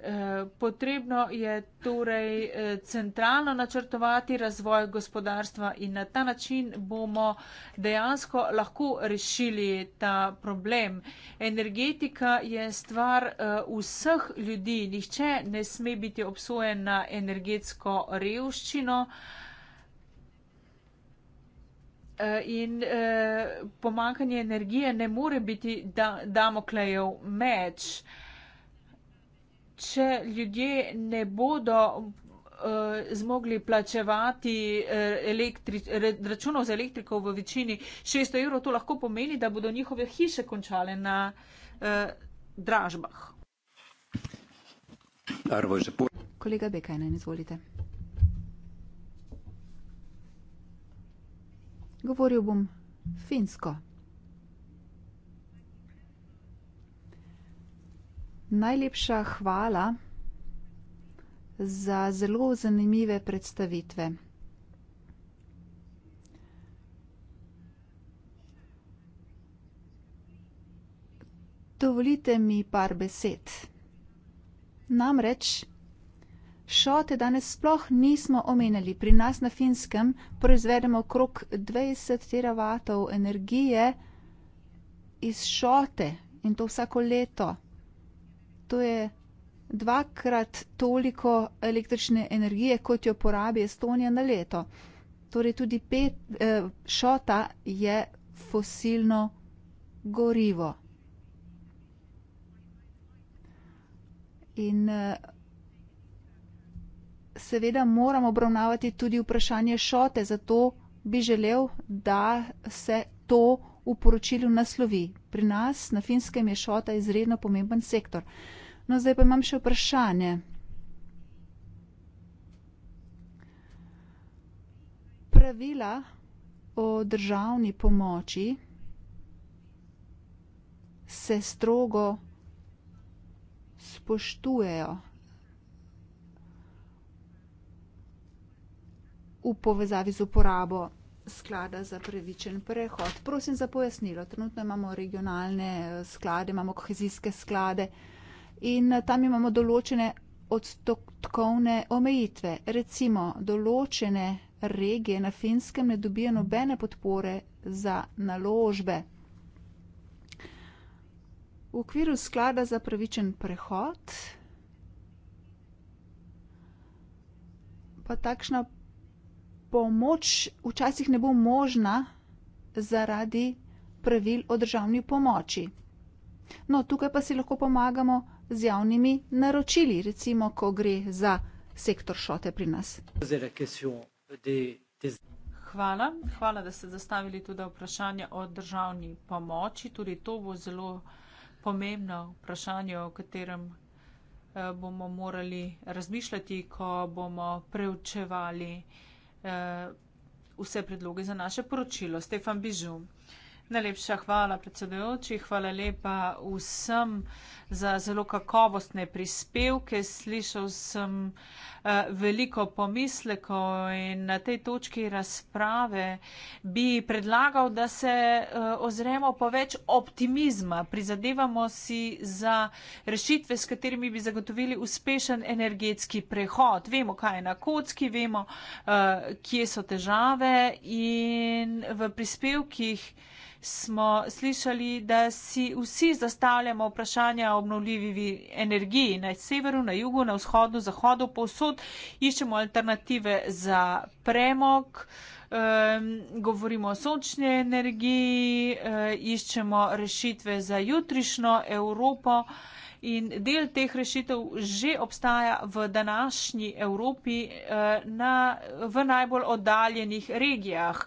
Eh, potrebno je torej eh, centralno načrtovati razvoj gospodarstva in na ta način bomo dejansko lahko rešili ta problem. Energetika je stvar eh, vseh ljudi. Nihče ne sme biti obsojen na energetsko revščino. In pomankanje energije ne more biti damoklejev meč če ljudje ne bodo eh, zmogli plačevati eh, računov za elektriko v večini 600 evrov, to lahko pomeni, da bodo njihove hiše končale na eh, dražbah. Kolega Bekajnen, izvolite. Govoril bom finsko. Najlepša hvala za zelo zanimive predstavitve. Dovolite mi par besed. Namreč, šote danes sploh nismo omenjali. Pri nas na Finskem proizvedemo okrog dvajset teravatov energije iz šote, in to vsako leto to je dvakrat toliko električne energije, kot jo porabi Estonija na leto. Torej tudi pet, eh, šota je fosilno gorivo. In eh, seveda moramo obravnavati tudi vprašanje šote, zato bi želel, da se to v poročilu naslovi. Pri nas na finskem je šota izredno pomemben sektor. No, zdaj pa imam še vprašanje. Pravila o državni pomoči se strogo spoštujejo v povezavi z uporabo sklada za pravičen prehod. Prosim za pojasnilo. Trenutno imamo regionalne eh, sklade, imamo kohezijske sklade in eh, tam imamo določene odstotkovne omejitve. Recimo, določene regije na finskem ne dobijo nobene podpore za naložbe. V okviru sklada za pravičen prehod pa takšna pomoč včasih ne bo možna zaradi pravil o državni pomoči. No, tukaj pa si lahko pomagamo z javnimi naročili, recimo, ko gre za sektor šote pri nas. Hvala, hvala, da ste zastavili tudi vprašanje o državni pomoči. Tudi to bo zelo pomembno vprašanje, o katerem eh, bomo morali razmišljati, ko bomo preučevali uh, Eh, vse predloge za naše poročilo. Stefan Bižum. Najlepša hvala, predsedujoči. Hvala lepa vsem za zelo kakovostne prispevke. Slišal sem eh, veliko pomislekov in na tej točki razprave bi predlagal, da se eh, ozremo po več optimizma. Prizadevamo si za rešitve, s katerimi bi zagotovili uspešen energetski prehod. Vemo, kaj je na kocki, vemo, eh, kje so težave in v prispevkih smo slišali, da si vsi zastavljamo vprašanja o obnovljivi energiji na severu, na jugu, na vzhodu, zahodu, povsod iščemo alternative za premog. Govorimo o sončni energiji, eh, iščemo rešitve za jutrišnjo Evropo. In del teh rešitev že obstaja v današnji Evropi eh, na, v najbolj oddaljenih regijah.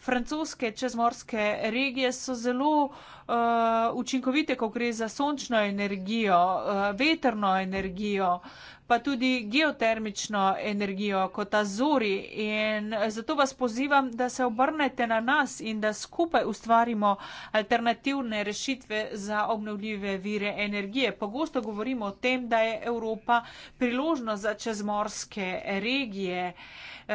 Francoske čezmorske regije so zelo uh, učinkovite, ko gre za sončno energijo, uh, eh, veterno energijo, uh, pa tudi geotermično energijo kot azori. In zato vas pozivam, da se obrnete na nas in da skupaj ustvarimo alternativne rešitve za obnovljive vire energije. Pogosto govorimo o tem, da je Evropa priložnost za čezmorske regije. Uh,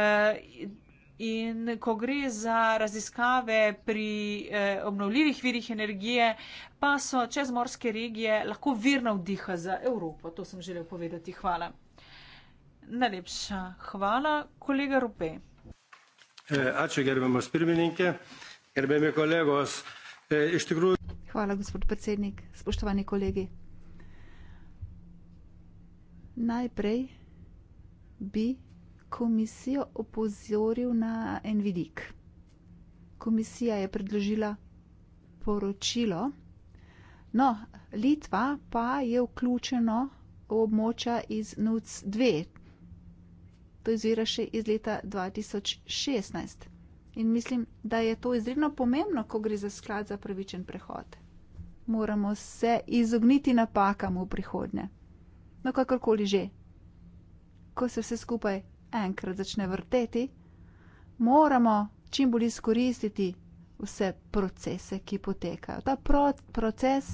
In ko gre za raziskave pri eh, obnovljivih virih energije, pa so čezmorske regije lahko virna vdiha za Evropo. To sem želel povedati. Hvala. Najlepša hvala, kolega Rupe. Eh, Ače, gerbimo spremljenike, gerbimo kolegos. Eh, hvala, gospod predsednik. Spoštovani kolegi. Najprej bi komisijo opozoril na en vidik. Komisija je predložila poročilo, no, Litva pa je vključena v območja iz NUC-2. To izvira še iz leta 2016. In mislim, da je to izredno pomembno, ko gre za sklad za pravičen prehod. Moramo se izogniti napakam v prihodnje. No, kakorkoli že. Ko se vse skupaj enkrat začne vrteti, moramo čim bolj izkoristiti vse procese, ki potekajo. Ta pro, proces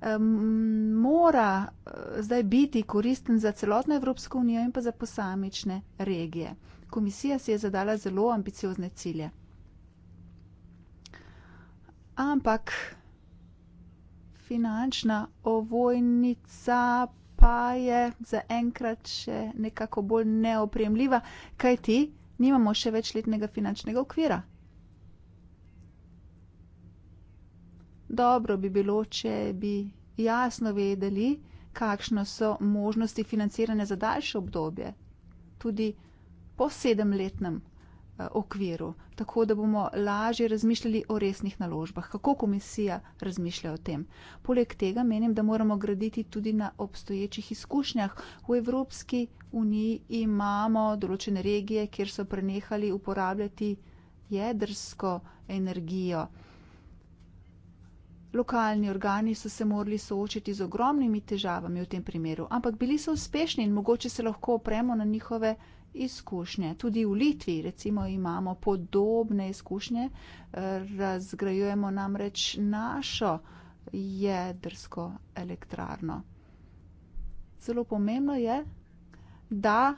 um, mora uh, zdaj biti koristen za celotno Evropsko unijo in pa za posamične regije. Komisija si je zadala zelo ambiciozne cilje. Ampak finančna ovojnica pa je zaenkrat še nekako bolj neopremljiva, kajti nimamo še večletnega finančnega okvira. Dobro bi bilo, če bi jasno vedeli, kakšne so možnosti financiranja za daljše obdobje, tudi po sedemletnem Eh, okviru, tako da bomo lažje razmišljali o resnih naložbah, kako komisija razmišlja o tem. Poleg tega menim, da moramo graditi tudi na obstoječih izkušnjah. V Evropski uniji imamo določene regije, kjer so prenehali uporabljati jedrsko energijo. Lokalni organi so se morali soočiti z ogromnimi težavami v tem primeru, ampak bili so uspešni in mogoče se lahko opremo na njihove izkušnje. Tudi v Litvi, recimo, imamo podobne izkušnje, razgrajujemo namreč našo jedrsko elektrarno. Zelo pomembno je, da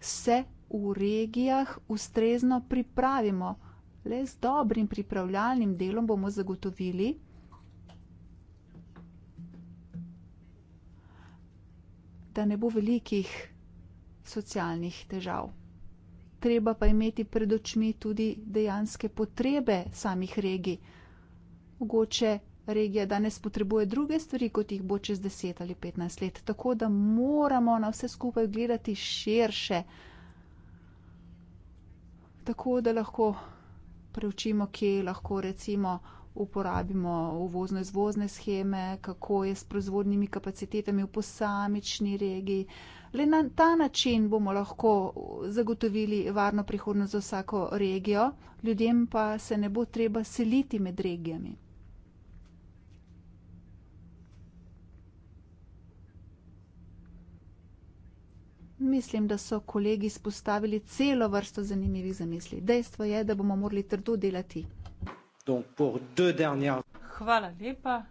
se v regijah ustrezno pripravimo. Le z dobrim pripravljalnim delom bomo zagotovili, da ne bo velikih socialnih težav. Treba pa imeti pred očmi tudi dejanske potrebe samih regij. Mogoče regija danes potrebuje druge stvari, kot jih bo čez 10 ali 15 let, tako da moramo na vse skupaj gledati širše, tako da lahko preučimo, kje lahko recimo uporabimo uvozno-izvozne scheme, kako je s proizvodnimi kapacitetami v posamični regiji. Le na ta način bomo lahko zagotovili varno prihodnost za vsako regijo, ljudem pa se ne bo treba seliti med regijami. Mislim, da so kolegi spostavili celo vrsto zanimivih zamisli. Dejstvo je, da bomo morali trdo delati. Hvala lepa.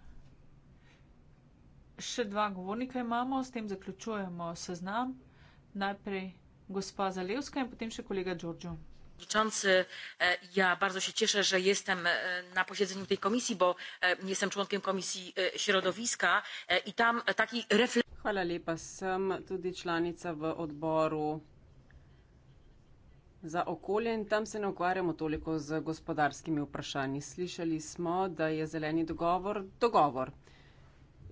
Še dva govornika imamo, s tem zaključujemo seznam. Najprej gospa Zalevska in potem še kolega Đorđo. Przewodniczący, eh, ja bardzo się cieszę, że jestem eh, na posiedzeniu tej komisji, bo eh, jestem członkiem komisji środowiska i tam taki refleks. Hvala lepa, sem tudi članica v odboru za okolje in tam se ne ukvarjamo toliko z gospodarskimi vprašanji. Slišali smo, da je zeleni dogovor dogovor.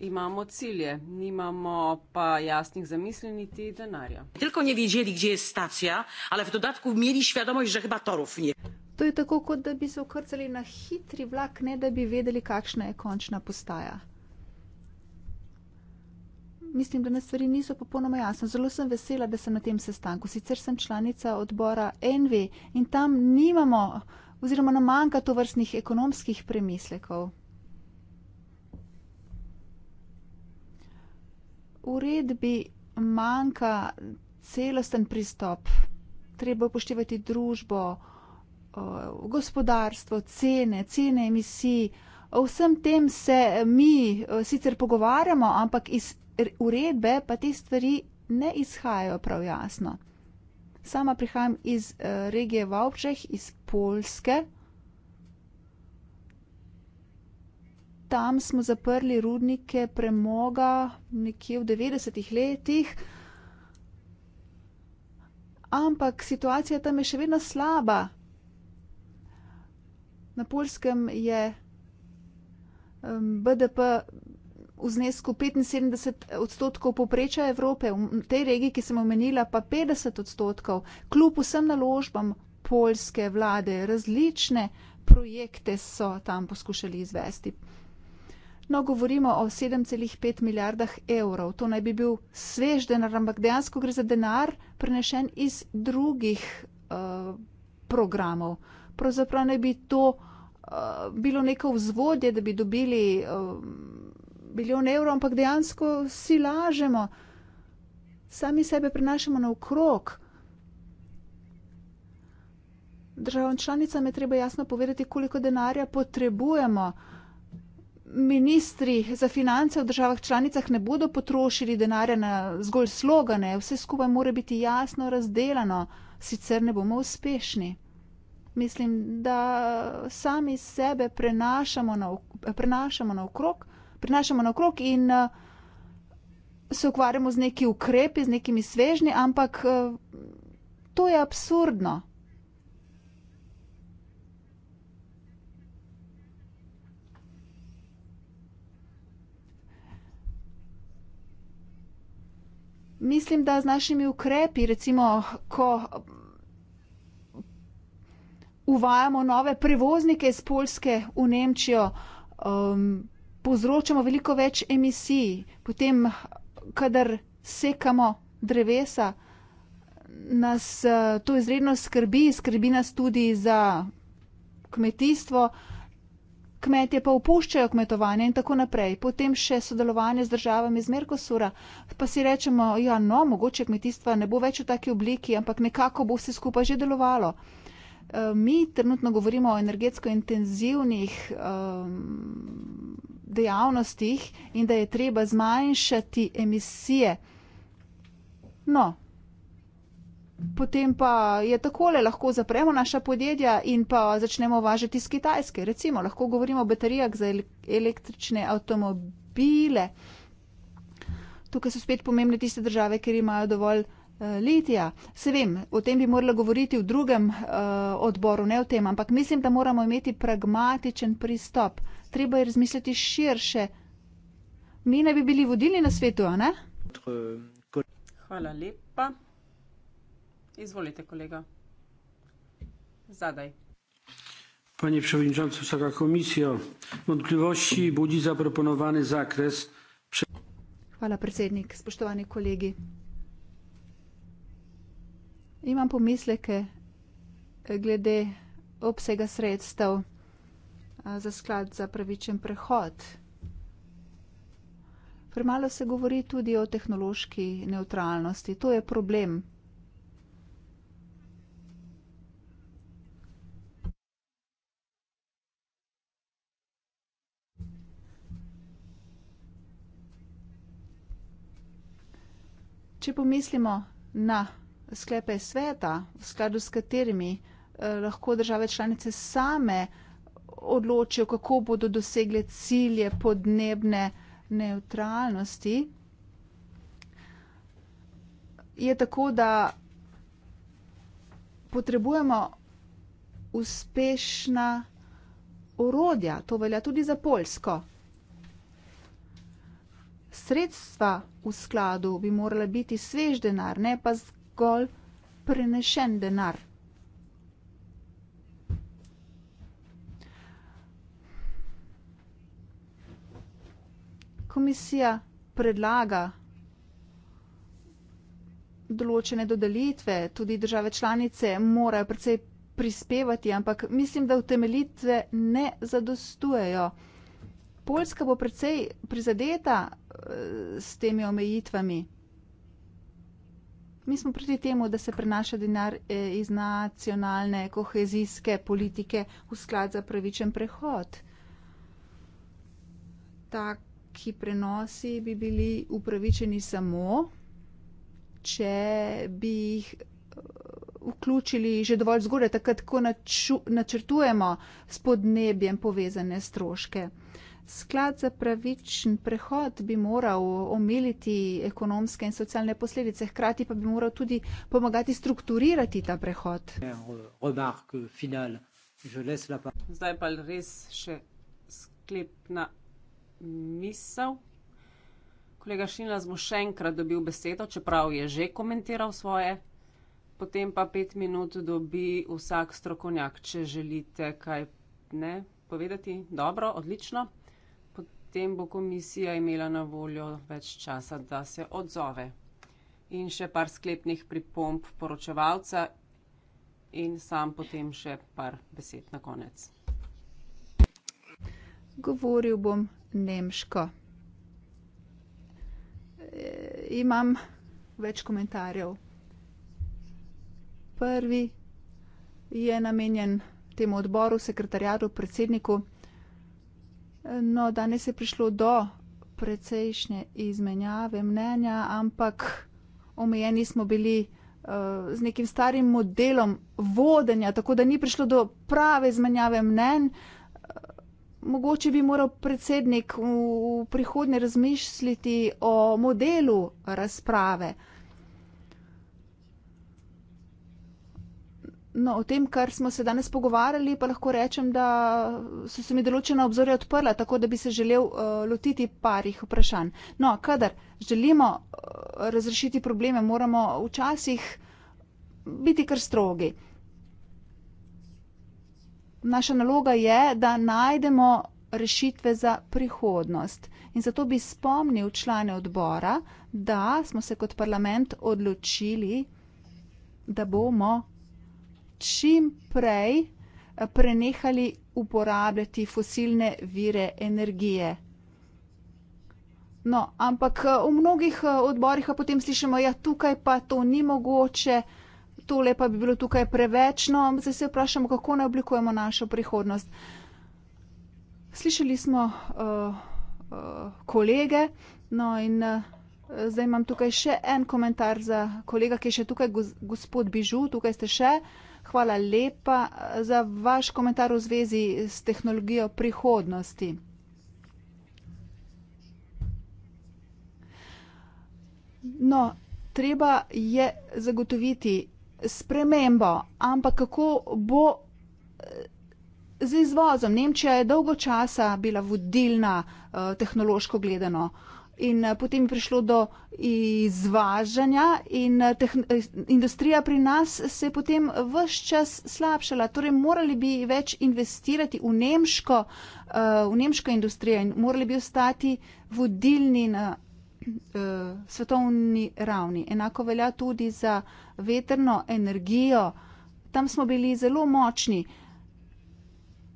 Imamo cilje, nimamo pa jasnih zamisli niti denarja. Tako ne vedeli, kje je stacija, ampak v dodatku imeli švedomoj žehbatorov. To je tako, kot da bi se okrcali na hitri vlak, ne da bi vedeli, kakšna je končna postaja. Mislim, da nas stvari niso popolnoma jasne. Zelo sem vesela, da sem na tem sestanku. Sicer sem članica odbora NV in tam nimamo oziroma nam manjka to vrstnih ekonomskih premislekov. uredbi manjka celosten pristop. Treba upoštevati družbo, eh, gospodarstvo, cene, cene emisij. O vsem tem se eh, mi eh, sicer pogovarjamo, ampak iz uredbe pa te stvari ne izhajajo prav jasno. Sama prihajam iz regije Vaupčeh, iz Polske. tam smo zaprli rudnike premoga nekje v 90-ih letih. Ampak situacija tam je še vedno slaba. Na polskem je BDP v znesku 75 odstotkov poprečja Evrope, v tej regiji, ki sem omenila, pa 50 odstotkov. Kljub vsem naložbam polske vlade, različne projekte so tam poskušali izvesti. No, govorimo o 7,5 milijardah evrov. To naj bi bil svež denar, ampak dejansko gre za denar prenešen iz drugih uh, programov. Pravzaprav naj bi to uh, bilo neko vzvodje, da bi dobili eh, milijon uh, evrov, ampak dejansko si lažemo. Sami sebe prenašamo na okrog. Državom članicam je treba jasno povedati, koliko denarja potrebujemo ministri za finance v državah članicah ne bodo potrošili denarja na zgolj slogane, vse skupaj mora biti jasno razdeljeno, sicer ne bomo uspešni. Mislim, da sami sebe prenašamo na okrog, prenašamo na okrog in eh, se ukvarjamo z neki ukrepi, z nekimi svežnji, ampak eh, to je absurdno. mislim, da z našimi ukrepi, recimo, ko uvajamo nove prevoznike iz Polske v Nemčijo, um, povzročamo veliko več emisij, potem, kadar sekamo drevesa, nas uh, to izredno skrbi, skrbi nas tudi za kmetijstvo. Uh, kmetje pa opuščajo kmetovanje in tako naprej. Potem še sodelovanje z državami iz Merkosura, pa si rečemo, ja, no, mogoče kmetijstva ne bo več v taki obliki, ampak nekako bo vse skupaj že delovalo. Eh, mi trenutno govorimo o energetsko intenzivnih ehm, dejavnostih in da je treba zmanjšati emisije. No, potem pa je takole, lahko zapremo naša podjetja in pa začnemo važiti iz Kitajske. Recimo, lahko govorimo o baterijah za električne avtomobile. Tukaj so spet pomembne tiste države, ker imajo dovolj eh, litija. Se vem, o tem bi morala govoriti v drugem uh, odboru, ne o tem, ampak mislim, da moramo imeti pragmatičen pristop. Treba je razmisliti širše. Mi ne bi bili vodili na svetu, a ne? Hvala lepa. Izvolite, kolega. Zadaj. Panie przewodniczący, wysoka komisjo, wątpliwości budzi zaproponowany zakres. Prze... Hvala, predsednik. Spoštovani kolegi. Imam pomisleke eh, glede obsega sredstev za sklad za pravičen prehod. Premalo se govori tudi o tehnološki neutralnosti. To je problem. Če pomislimo na sklepe sveta, v skladu s katerimi eh, lahko države članice same odločijo, kako bodo dosegle cilje podnebne neutralnosti, je tako, da potrebujemo uspešna orodja. To velja tudi za Polsko. Sredstva v skladu bi morala biti svež denar, ne pa zgolj prenešen denar. Komisija predlaga določene dodelitve, tudi države članice morajo precej prispevati, ampak mislim, da utemeljitve ne zadostujejo. Poljska bo precej prizadeta eh, s temi omejitvami. Mi smo proti temu, da se prenaša denar eh, iz nacionalne kohezijske politike v sklad za pravičen prehod. Taki prenosi bi bili upravičeni samo, če bi jih eh, vključili že dovolj zgodaj, takrat, ko načrtujemo s podnebjem povezane stroške. Sklad za pravičen prehod bi moral omiliti ekonomske in socialne posledice, hkrati pa bi moral tudi pomagati strukturirati ta prehod. Zdaj pa res še sklepna misel. Kolega Šinlas bo še enkrat dobil besedo, čeprav je že komentiral svoje. Potem pa pet minut dobi vsak strokovnjak, če želite kaj ne povedati. Dobro, odlično potem bo komisija imela na voljo več časa, da se odzove. In še par sklepnih pripomb poročevalca in sam potem še par besed na konec. Govoril bom nemško. E, imam več komentarjev. Prvi je namenjen temu odboru, sekretarjadu, predsedniku. No, danes je prišlo do precejšnje izmenjave mnenja, ampak omejeni smo bili uh, z nekim starim modelom vodenja, tako da ni prišlo do prave izmenjave mnen. Eh, mogoče bi moral predsednik v prihodnje razmišljati o modelu razprave. Uh, No, o tem, kar smo se danes pogovarjali, pa lahko rečem, da so se mi določena obzorja odprla, tako da bi se želel uh, lotiti parih vprašanj. No, kadar želimo uh, razrešiti probleme, moramo včasih biti kar strogi. Naša naloga je, da najdemo rešitve za prihodnost. In zato bi spomnil člane odbora, da smo se kot parlament odločili, da bomo čim prej eh, prenehali uporabljati fosilne vire energije. No, ampak eh, v mnogih eh, odborih pa potem slišimo, ja, tukaj pa to ni mogoče, tole pa bi bilo tukaj prevečno, zdaj se vprašamo, kako naj oblikujemo našo prihodnost. Slišali smo uh, uh, kolege, no in uh, zdaj imam tukaj še en komentar za kolega, ki je še tukaj, gospod Bižu, tukaj ste še. Uh, Hvala lepa za vaš komentar v zvezi s tehnologijo prihodnosti. No, treba je zagotoviti spremembo, ampak kako bo eh, z izvozom? Nemčija je dolgo časa bila vodilna eh, tehnološko gledano in eh, potem prišlo do izvažanja in eh, eh, industrija pri nas se je potem vse čas slabšala. Torej, morali bi več investirati v nemško, v nemško industrijo in morali bi ostati vodilni na svetovni ravni. Enako velja tudi za veterno energijo. Tam smo bili zelo močni.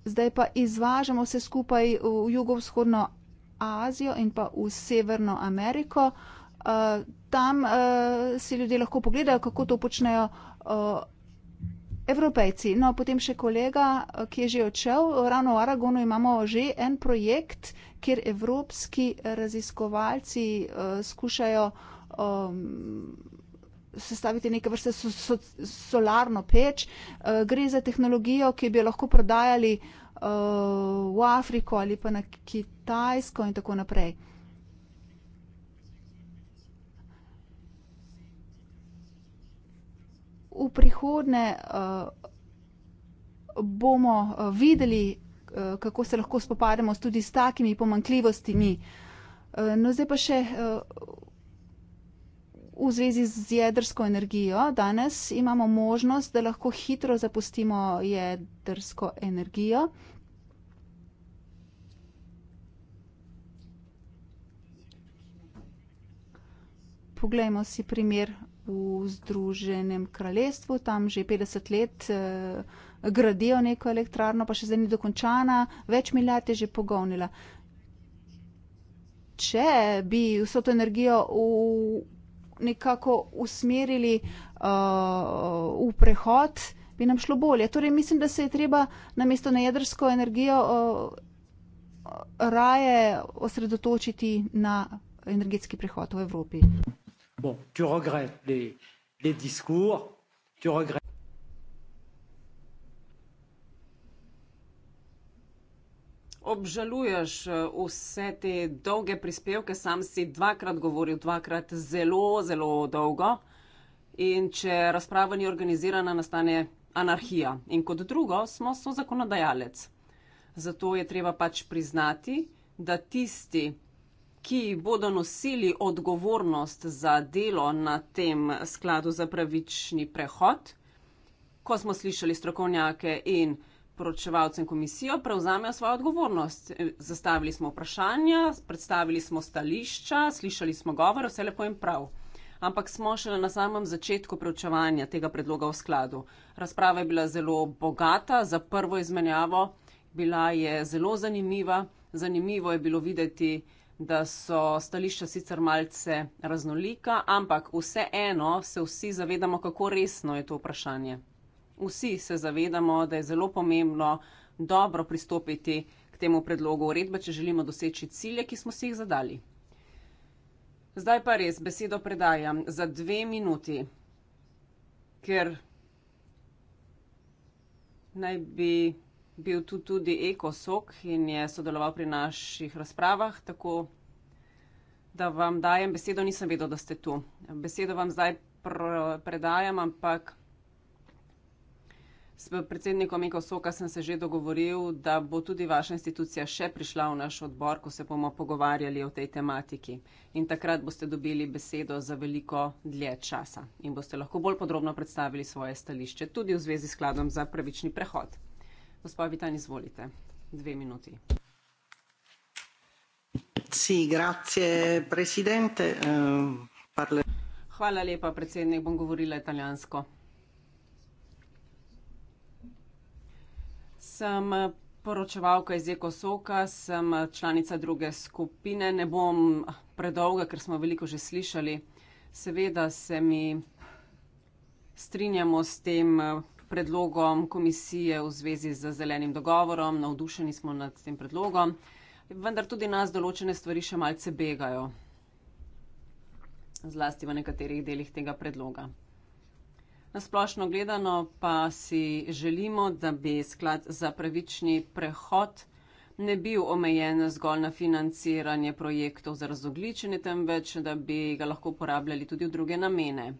Zdaj pa izvažamo vse skupaj v jugovzhodno Azijo in pa v Severno Ameriko. Uh, tam uh, si ljudje lahko pogledajo, kako to počnejo uh, evropejci. No, potem še kolega, uh, ki je že odšel, ravno v Aragonu imamo že en projekt, kjer evropski raziskovalci uh, skušajo um, sestaviti neke vrste so, so, solarno peč. Uh, gre za tehnologijo, ki bi jo lahko prodajali uh, v Afriko ali pa na kit. Kitajsko in tako naprej. V prihodne uh, eh, bomo eh, videli, uh, kako se lahko spopademo tudi s takimi pomankljivostimi. Uh, no zdaj pa še uh, v zvezi z jedrsko energijo. Danes imamo možnost, da lahko hitro zapustimo jedrsko energijo. Poglejmo si primer v Združenem kraljestvu, tam že 50 let eh, gradijo neko elektrarno, pa še zdaj ni dokončana, več milijard je že pogovnila. Če bi vso to energijo v, nekako usmerili uh, v prehod, bi nam šlo bolje. Torej, mislim, da se je treba namesto na jedrsko energijo uh, raje osredotočiti na energetski prehod v Evropi. Bon, tu regrettes les, les discours, tu regrettes. Obžaluješ eh, vse te dolge prispevke, sam si dvakrat govoril, dvakrat zelo, zelo dolgo. In če razprava ni organizirana, nastane anarhija. In kot drugo, smo so zakonodajalec. Zato je treba pač priznati, da tisti, ki bodo nosili odgovornost za delo na tem skladu za pravični prehod. Ko smo slišali strokovnjake in poročevalce komisijo, prevzamejo svojo odgovornost. Zastavili smo vprašanja, predstavili smo stališča, slišali smo govor, vse lepo in prav. Ampak smo šele na samem začetku preučevanja tega predloga v skladu. Razprava je bila zelo bogata za prvo izmenjavo, bila je zelo zanimiva. Zanimivo je bilo videti, da so stališča sicer malce raznolika, ampak vseeno se vsi zavedamo, kako resno je to vprašanje. Vsi se zavedamo, da je zelo pomembno dobro pristopiti k temu predlogu uredbe, če želimo doseči cilje, ki smo si jih zadali. Zdaj pa res besedo predajam za dve minuti, ker naj bi bil tu tudi ekosok in je sodeloval pri naših razpravah, tako da vam dajem besedo, nisem vedel, da ste tu. Besedo vam zdaj pr predajam, ampak s predsednikom ekosoka sem se že dogovoril, da bo tudi vaša institucija še prišla v naš odbor, ko se bomo pogovarjali o tej tematiki. In takrat boste dobili besedo za veliko dlje časa in boste lahko bolj podrobno predstavili svoje stališče, tudi v zvezi s skladom za pravični prehod. Gospa Vitan, izvolite. Dve minuti. Si, grazie, presidente. Eh, Parle... Hvala lepa, predsednik. Bom govorila italijansko. Sem poročevalka iz Ekosoka, sem članica druge skupine. Ne bom predolga, ker smo veliko že slišali. Seveda se mi strinjamo s tem predlogom komisije v zvezi z zelenim dogovorom, navdušeni smo nad tem predlogom, vendar tudi nas določene stvari še malce begajo, zlasti v nekaterih delih tega predloga. Nasplošno gledano pa si želimo, da bi sklad za pravični prehod ne bil omejen zgolj na financiranje projektov za razogličenje, temveč da bi ga lahko uporabljali tudi v druge namene.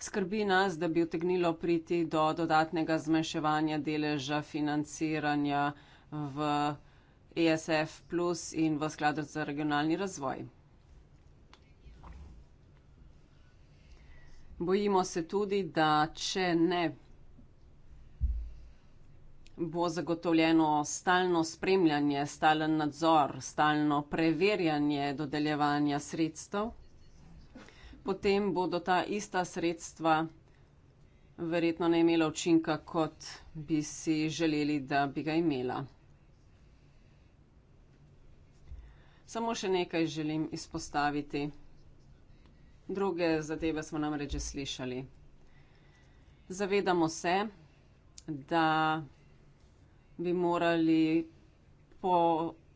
Skrbi nas, da bi utegnilo priti do dodatnega zmanjševanja deleža financiranja v ESF plus in v skladu za regionalni razvoj. Bojimo se tudi, da če ne bo zagotovljeno stalno spremljanje, stalen nadzor, stalno preverjanje dodeljevanja sredstev, potem bodo ta ista sredstva verjetno ne imela učinka, kot bi si želeli, da bi ga imela. Samo še nekaj želim izpostaviti. Druge zadeve smo namreč že slišali. Zavedamo se, da bi morali po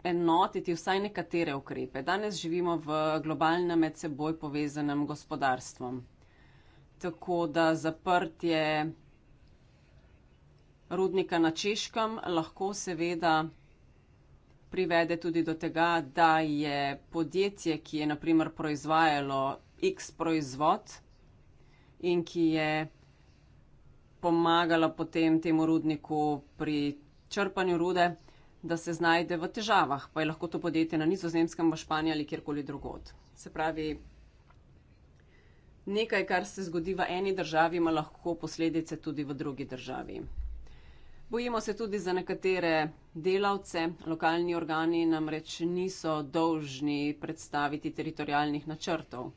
enotiti vsaj nekatere ukrepe. Danes živimo v globalnem med seboj povezanem gospodarstvu. Tako da zaprtje rudnika na Češkem lahko seveda privede tudi do tega, da je podjetje, ki je naprimer proizvajalo X proizvod in ki je pomagala potem temu rudniku pri črpanju rude, da se znajde v težavah, pa je lahko to podjetje na nizozemskem, v Španiji ali kjerkoli drugod. Se pravi, nekaj, kar se zgodi v eni državi, ima lahko posledice tudi v drugi državi. Bojimo se tudi za nekatere delavce, lokalni organi namreč niso dolžni predstaviti teritorijalnih načrtov.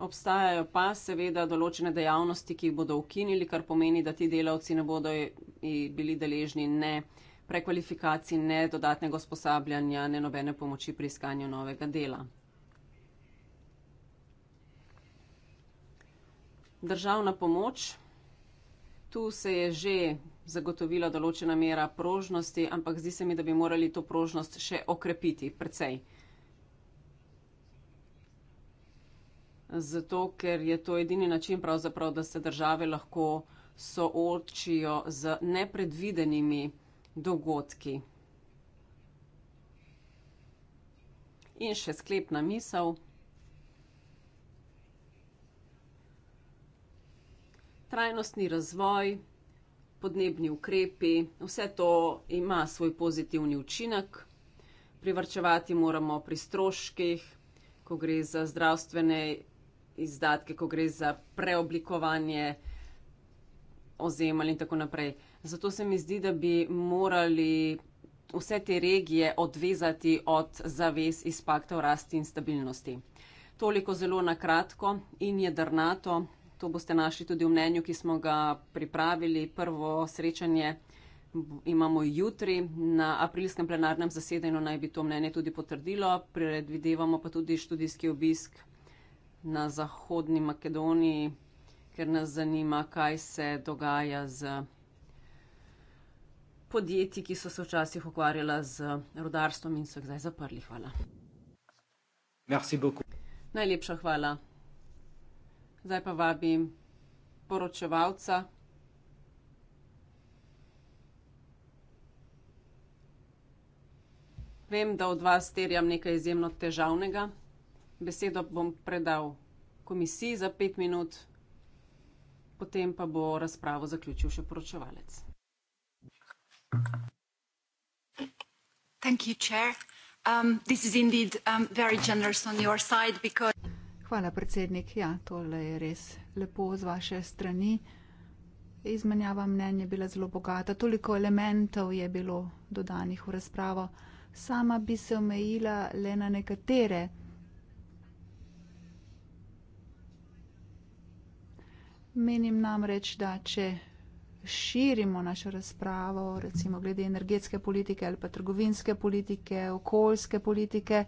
Obstajajo pa seveda določene dejavnosti, ki jih bodo ukinili, kar pomeni, da ti delavci ne bodo bili deležni ne prekvalifikacij, ne dodatnega usposabljanja, ne nobene pomoči pri iskanju novega dela. Državna pomoč. Tu se je že zagotovila določena mera prožnosti, ampak zdi se mi, da bi morali to prožnost še okrepiti precej. zato ker je to edini način, da se države lahko soočijo z nepredvidenimi dogodki. In še sklepna misel. Trajnostni razvoj, podnebni ukrepi, vse to ima svoj pozitivni učinek. Privrčevati moramo pri stroških, ko gre za zdravstvene izdatke, ko gre za preoblikovanje ozemelj in tako naprej. Zato se mi zdi, da bi morali vse te regije odvezati od zavez iz pakta o rasti in stabilnosti. Toliko zelo na kratko in jedrnato, to boste našli tudi v mnenju, ki smo ga pripravili. Prvo srečanje imamo jutri na aprilskem plenarnem zasedanju, naj bi to mnenje tudi potrdilo. Predvidevamo pa tudi študijski obisk na Zahodni Makedoniji, ker nas zanima, kaj se dogaja z podjetji, ki so se včasih ukvarjala z rodarstvom in so jih zdaj zaprli. Hvala. Najlepša hvala. Zdaj pa vabim poročevalca. Vem, da od vas terjam nekaj izjemno težavnega besedo bom predal komisiji za pet minut, potem pa bo razpravo zaključil še poročevalec. Um, um, Hvala, predsednik. Ja, tole je res lepo z vaše strani. Izmenjava mnenj je bila zelo bogata, toliko elementov je bilo dodanih v razpravo. Sama bi se omejila le na nekatere. Menim namreč, da če širimo našo razpravo, recimo glede energetske politike ali pa trgovinske politike, okoljske politike,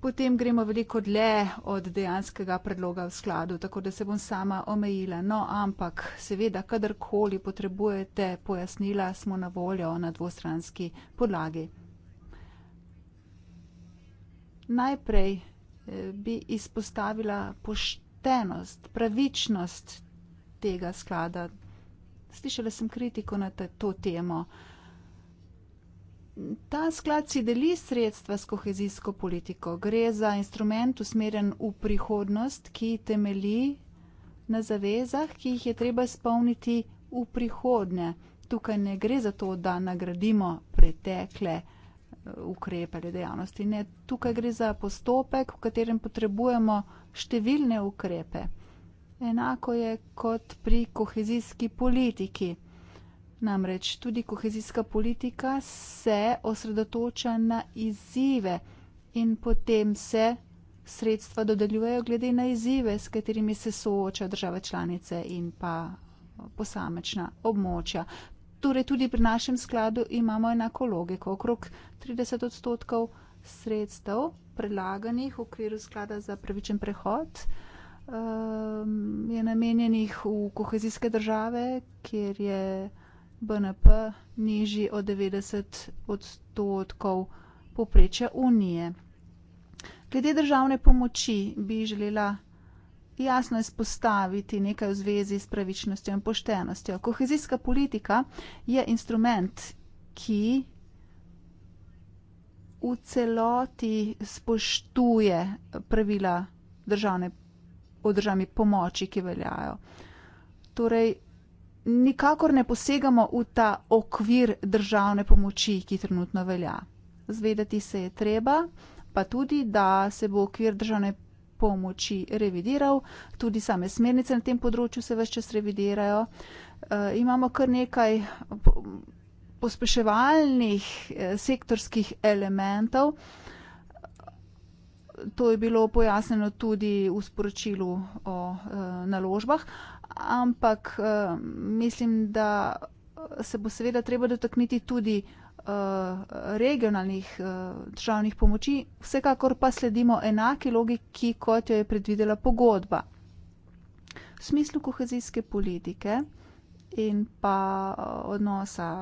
potem gremo veliko dlje od dejanskega predloga v skladu, tako da se bom sama omejila. No, ampak seveda, kadarkoli potrebujete pojasnila, smo na voljo na dvostranski podlagi. Najprej eh, bi izpostavila poštevanje poštenost, pravičnost tega sklada. Slišala sem kritiko na te, to temo. Ta sklad si deli sredstva s kohezijsko politiko. Gre za instrument usmerjen v prihodnost, ki temeli na zavezah, ki jih je treba spolniti v prihodnje. Tukaj ne gre za to, da nagradimo pretekle eh, ukrepe ali dejavnosti. Ne, tukaj gre za postopek, v katerem potrebujemo številne ukrepe. Enako je kot pri kohezijski politiki. Namreč tudi kohezijska politika se osredotoča na izzive in potem se sredstva dodeljujejo glede na izzive, s katerimi se sooča države članice in pa posamečna območja. Torej tudi pri našem skladu imamo enako logiko. Okrog 30 odstotkov sredstev predlaganih v okviru sklada za pravičen prehod um, je namenjenih v kohezijske države, kjer je BNP nižji od 90 odstotkov poprečja unije. Glede državne pomoči bi želela jasno izpostaviti nekaj v zvezi s pravičnostjo in poštenostjo. Kohezijska politika je instrument, ki v celoti spoštuje pravila državne, o državni pomoči, ki veljajo. Torej, nikakor ne posegamo v ta okvir državne pomoči, ki trenutno velja. Zvedeti se je treba, pa tudi, da se bo okvir državne pomoči revidiral, tudi same smernice na tem področju se vse čas revidirajo. Eh, imamo kar nekaj pospeševalnih eh, sektorskih elementov. To je bilo pojasneno tudi v sporočilu o eh, naložbah, ampak eh, mislim, da se bo seveda treba dotakniti tudi regionalnih državnih pomoči, vsekakor pa sledimo enaki logiki, kot jo je predvidela pogodba. V smislu kohezijske politike in pa odnosa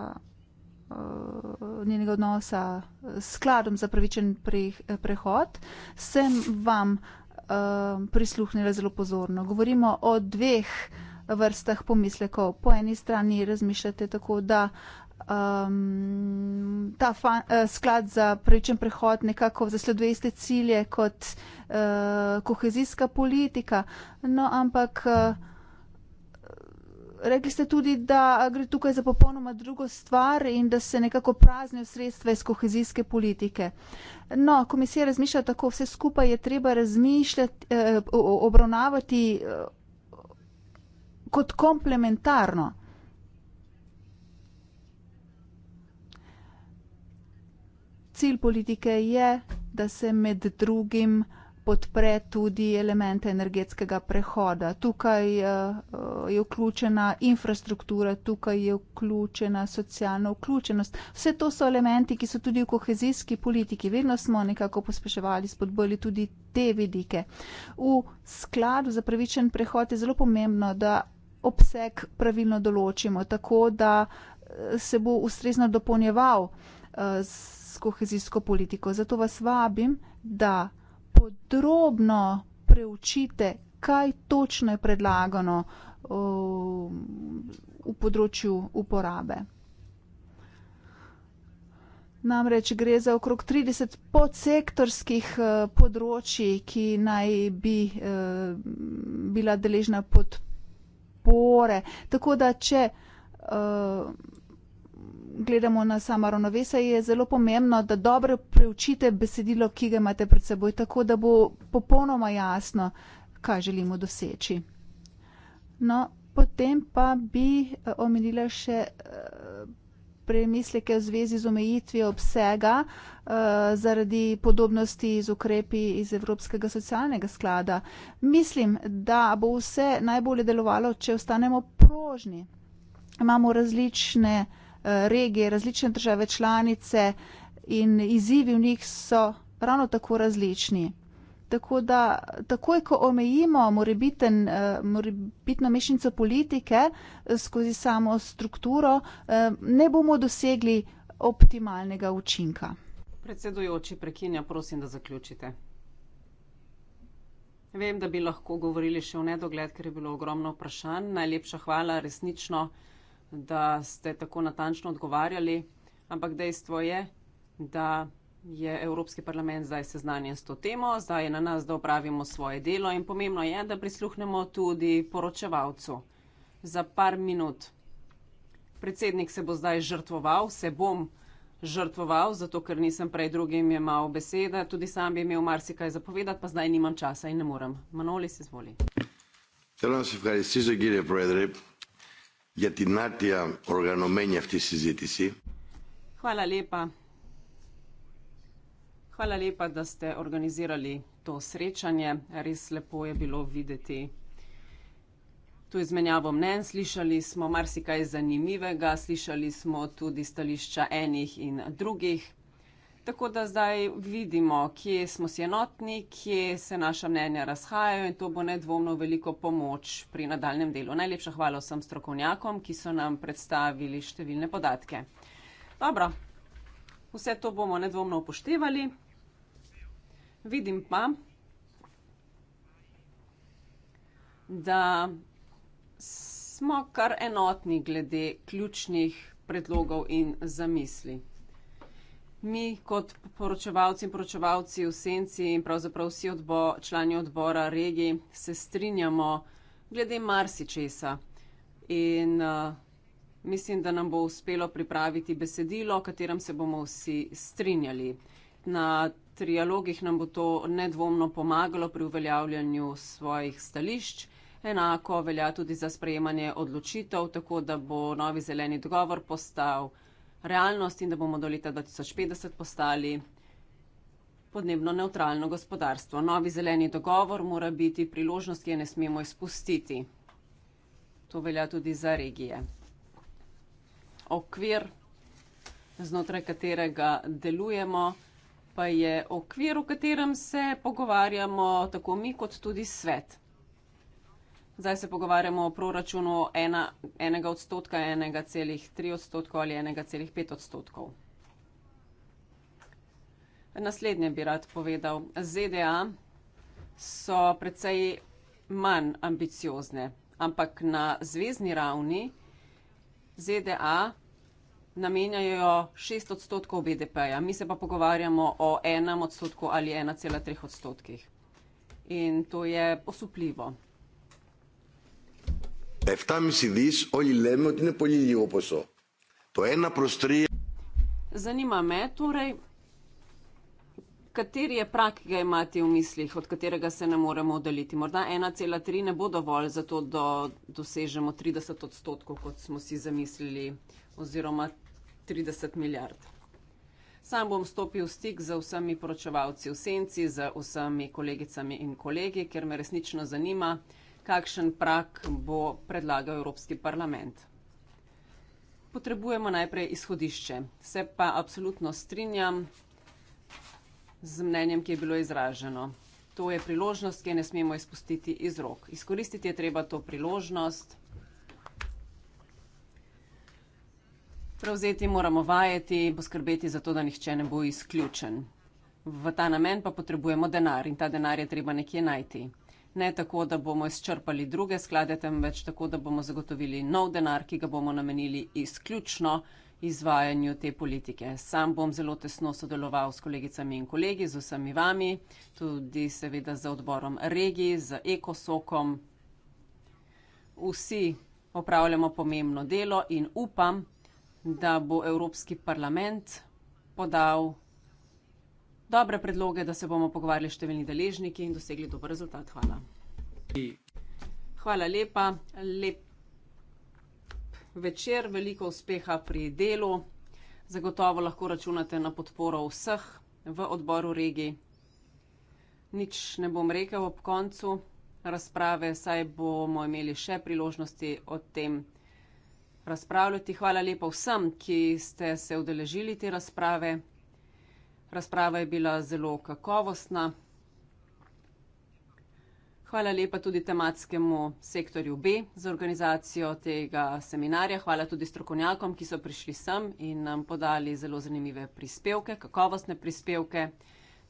Eh, njenega odnosa s skladom za pravičen pre, prehod, sem vam uh, prisluhnila zelo pozorno. Govorimo o dveh vrstah pomislekov. Po eni strani razmišljate tako, da um, ta fa, uh, sklad za pravičen prehod nekako zasleduje iste cilje kot uh, kohezijska politika, no ampak uh, rekli ste tudi, da gre tukaj za popolnoma drugo stvar in da se nekako praznijo sredstva iz kohezijske politike. No, komisija razmišlja tako, vse skupaj je treba razmišljati, eh, obravnavati eh, kot komplementarno. Cilj politike je, da se med drugim podpre tudi elemente energetskega prehoda. Tukaj eh, je vključena infrastruktura, tukaj je vključena socialna vključenost. Vse to so elementi, ki so tudi v kohezijski politiki. Vedno smo nekako pospeševali, spodbojili tudi te vidike. V skladu za pravičen prehod je zelo pomembno, da obseg pravilno določimo, tako da eh, se bo ustrezno dopolnjeval eh, s kohezijsko politiko. Zato vas vabim, da podrobno preučite, kaj točno je predlagano um, v področju uporabe. Namreč gre za okrog trideset podsektorskih eh, področij, ki naj bi eh, bila deležna podpore. Tako da če eh, gledamo na samo ravnovesje, je zelo pomembno, da dobro preučite besedilo, ki ga imate pred seboj, tako da bo popolnoma jasno, kaj želimo doseči. No, potem pa bi eh, omenila še eh, premisleke v zvezi z omejitvijo obsega eh, zaradi podobnosti z ukrepi iz Evropskega socialnega sklada. Mislim, da bo vse najbolje delovalo, če ostanemo prožni. Imamo različne uh, regije, različne države članice in izzivi v njih so ravno tako različni. Tako da takoj, ko omejimo morebiten, eh, morebitno mešnico politike eh, skozi samo strukturo, eh, ne bomo dosegli optimalnega učinka. Predsedujoči, prekinja, prosim, da zaključite. Vem, da bi lahko govorili še v nedogled, ker je bilo ogromno vprašanj. Najlepša hvala, resnično da ste tako natančno odgovarjali, ampak dejstvo je, da je Evropski parlament zdaj seznanjen s to temo, zdaj je na nas, da opravimo svoje delo in pomembno je, da prisluhnemo tudi poročevalcu za par minut. Predsednik se bo zdaj žrtvoval, se bom žrtvoval, zato ker nisem prej drugim imel besede, tudi sam bi imel marsikaj zapovedati, pa zdaj nimam časa in ne morem. Manoli se zvoli. Hello, Mr. President. This is a great brother για την άρτια οργανωμένη αυτή συζήτηση. Χαλά λίπα. Χαλά λίπα, da ste organizirali το srečanje. Res lepo je bilo videti Tu izmenjavo mnen, slišali smo marsikaj zanimivega, slišali smo tudi stališča enih in drugih. Tako da zdaj vidimo, kje smo si enotni, kje se naša mnenja razhajajo in to bo nedvomno veliko pomoč pri nadaljem delu. Najlepša hvala vsem strokovnjakom, ki so nam predstavili številne podatke. Dobro, vse to bomo nedvomno upoštevali. Vidim pa, da smo kar enotni glede ključnih predlogov in zamisli mi kot poročevalci in poročevalci v senci in pravzaprav vsi odbo, člani odbora regije se strinjamo glede marsičesa. In uh, mislim, da nam bo uspelo pripraviti besedilo, o katerem se bomo vsi strinjali. Na trialogih nam bo to nedvomno pomagalo pri uveljavljanju svojih stališč. Enako velja tudi za sprejemanje odločitev, tako da bo novi zeleni dogovor postal realnost in da bomo do leta 2050 postali podnebno neutralno gospodarstvo. Novi zeleni dogovor mora biti priložnost, ki je ne smemo izpustiti. To velja tudi za regije. Okvir, znotraj katerega delujemo, pa je okvir, v katerem se pogovarjamo tako mi kot tudi svet. Zdaj se pogovarjamo o proračunu ena, enega odstotka, enega celih tri odstotkov ali enega celih pet odstotkov. Naslednje bi rad povedal. ZDA so precej manj ambiciozne, ampak na zvezdni ravni ZDA namenjajo šest odstotkov BDP-ja, mi se pa pogovarjamo o enem odstotku ali ena cela treh odstotkih. In to je osupljivo. 7,5 δις όλοι λέμε ότι είναι πολύ λίγο ποσό. Το 1 προς 3... Zanima me torej, kateri je prak, ki ga imate v mislih, od katerega se ne moremo oddaliti. Morda 1,3 ne bo dovolj za to, da dosežemo 30 odstotkov, kot smo si zamislili, oziroma 30 milijard. Sam bom stopil v stik z vsemi poročevalci v senci, z vsemi kolegicami in kolegi, ker me resnično zanima, kakšen prak bo predlagal Evropski parlament. Potrebujemo najprej izhodišče. Se pa absolutno strinjam z mnenjem, ki je bilo izraženo. To je priložnost, ki je ne smemo izpustiti iz rok. Izkoristiti je treba to priložnost. Prevzeti moramo vajeti, poskrbeti za to, da nihče ne bo izključen. V ta namen pa potrebujemo denar in ta denar je treba nekje najti ne tako, da bomo izčrpali druge sklade, temveč tako, da bomo zagotovili nov denar, ki ga bomo namenili izključno izvajanju te politike. Sam bom zelo tesno sodeloval s kolegicami in kolegi, z vsemi vami, tudi seveda z odborom regij, z ekosokom. Vsi opravljamo pomembno delo in upam, da bo Evropski parlament podal dobre predloge, da se bomo pogovarjali s številni deležniki in dosegli dober rezultat. Hvala. Hvala lepa, lep večer, veliko uspeha pri delu. Zagotovo lahko računate na podporo vseh v odboru regij. Nič ne bom rekel ob koncu razprave, saj bomo imeli še priložnosti o tem razpravljati. Hvala lepa vsem, ki ste se udeležili te razprave. Razprava je bila zelo kakovostna. Hvala lepa tudi tematskemu sektorju B za organizacijo tega seminarja. Hvala tudi strokovnjakom, ki so prišli sem in nam podali zelo zanimive prispevke, kakovostne prispevke.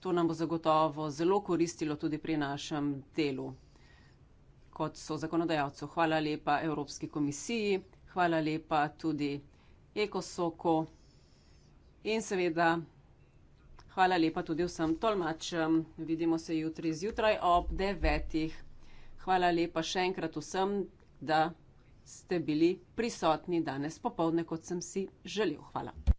To nam bo zagotovo zelo koristilo tudi pri našem delu kot so zakonodajalcu. Hvala lepa Evropski komisiji, hvala lepa tudi Ekosoko in seveda Hvala lepa tudi vsem tolmačem. Vidimo se jutri zjutraj ob devetih. Hvala lepa še enkrat vsem, da ste bili prisotni danes popovdne, kot sem si želel. Hvala.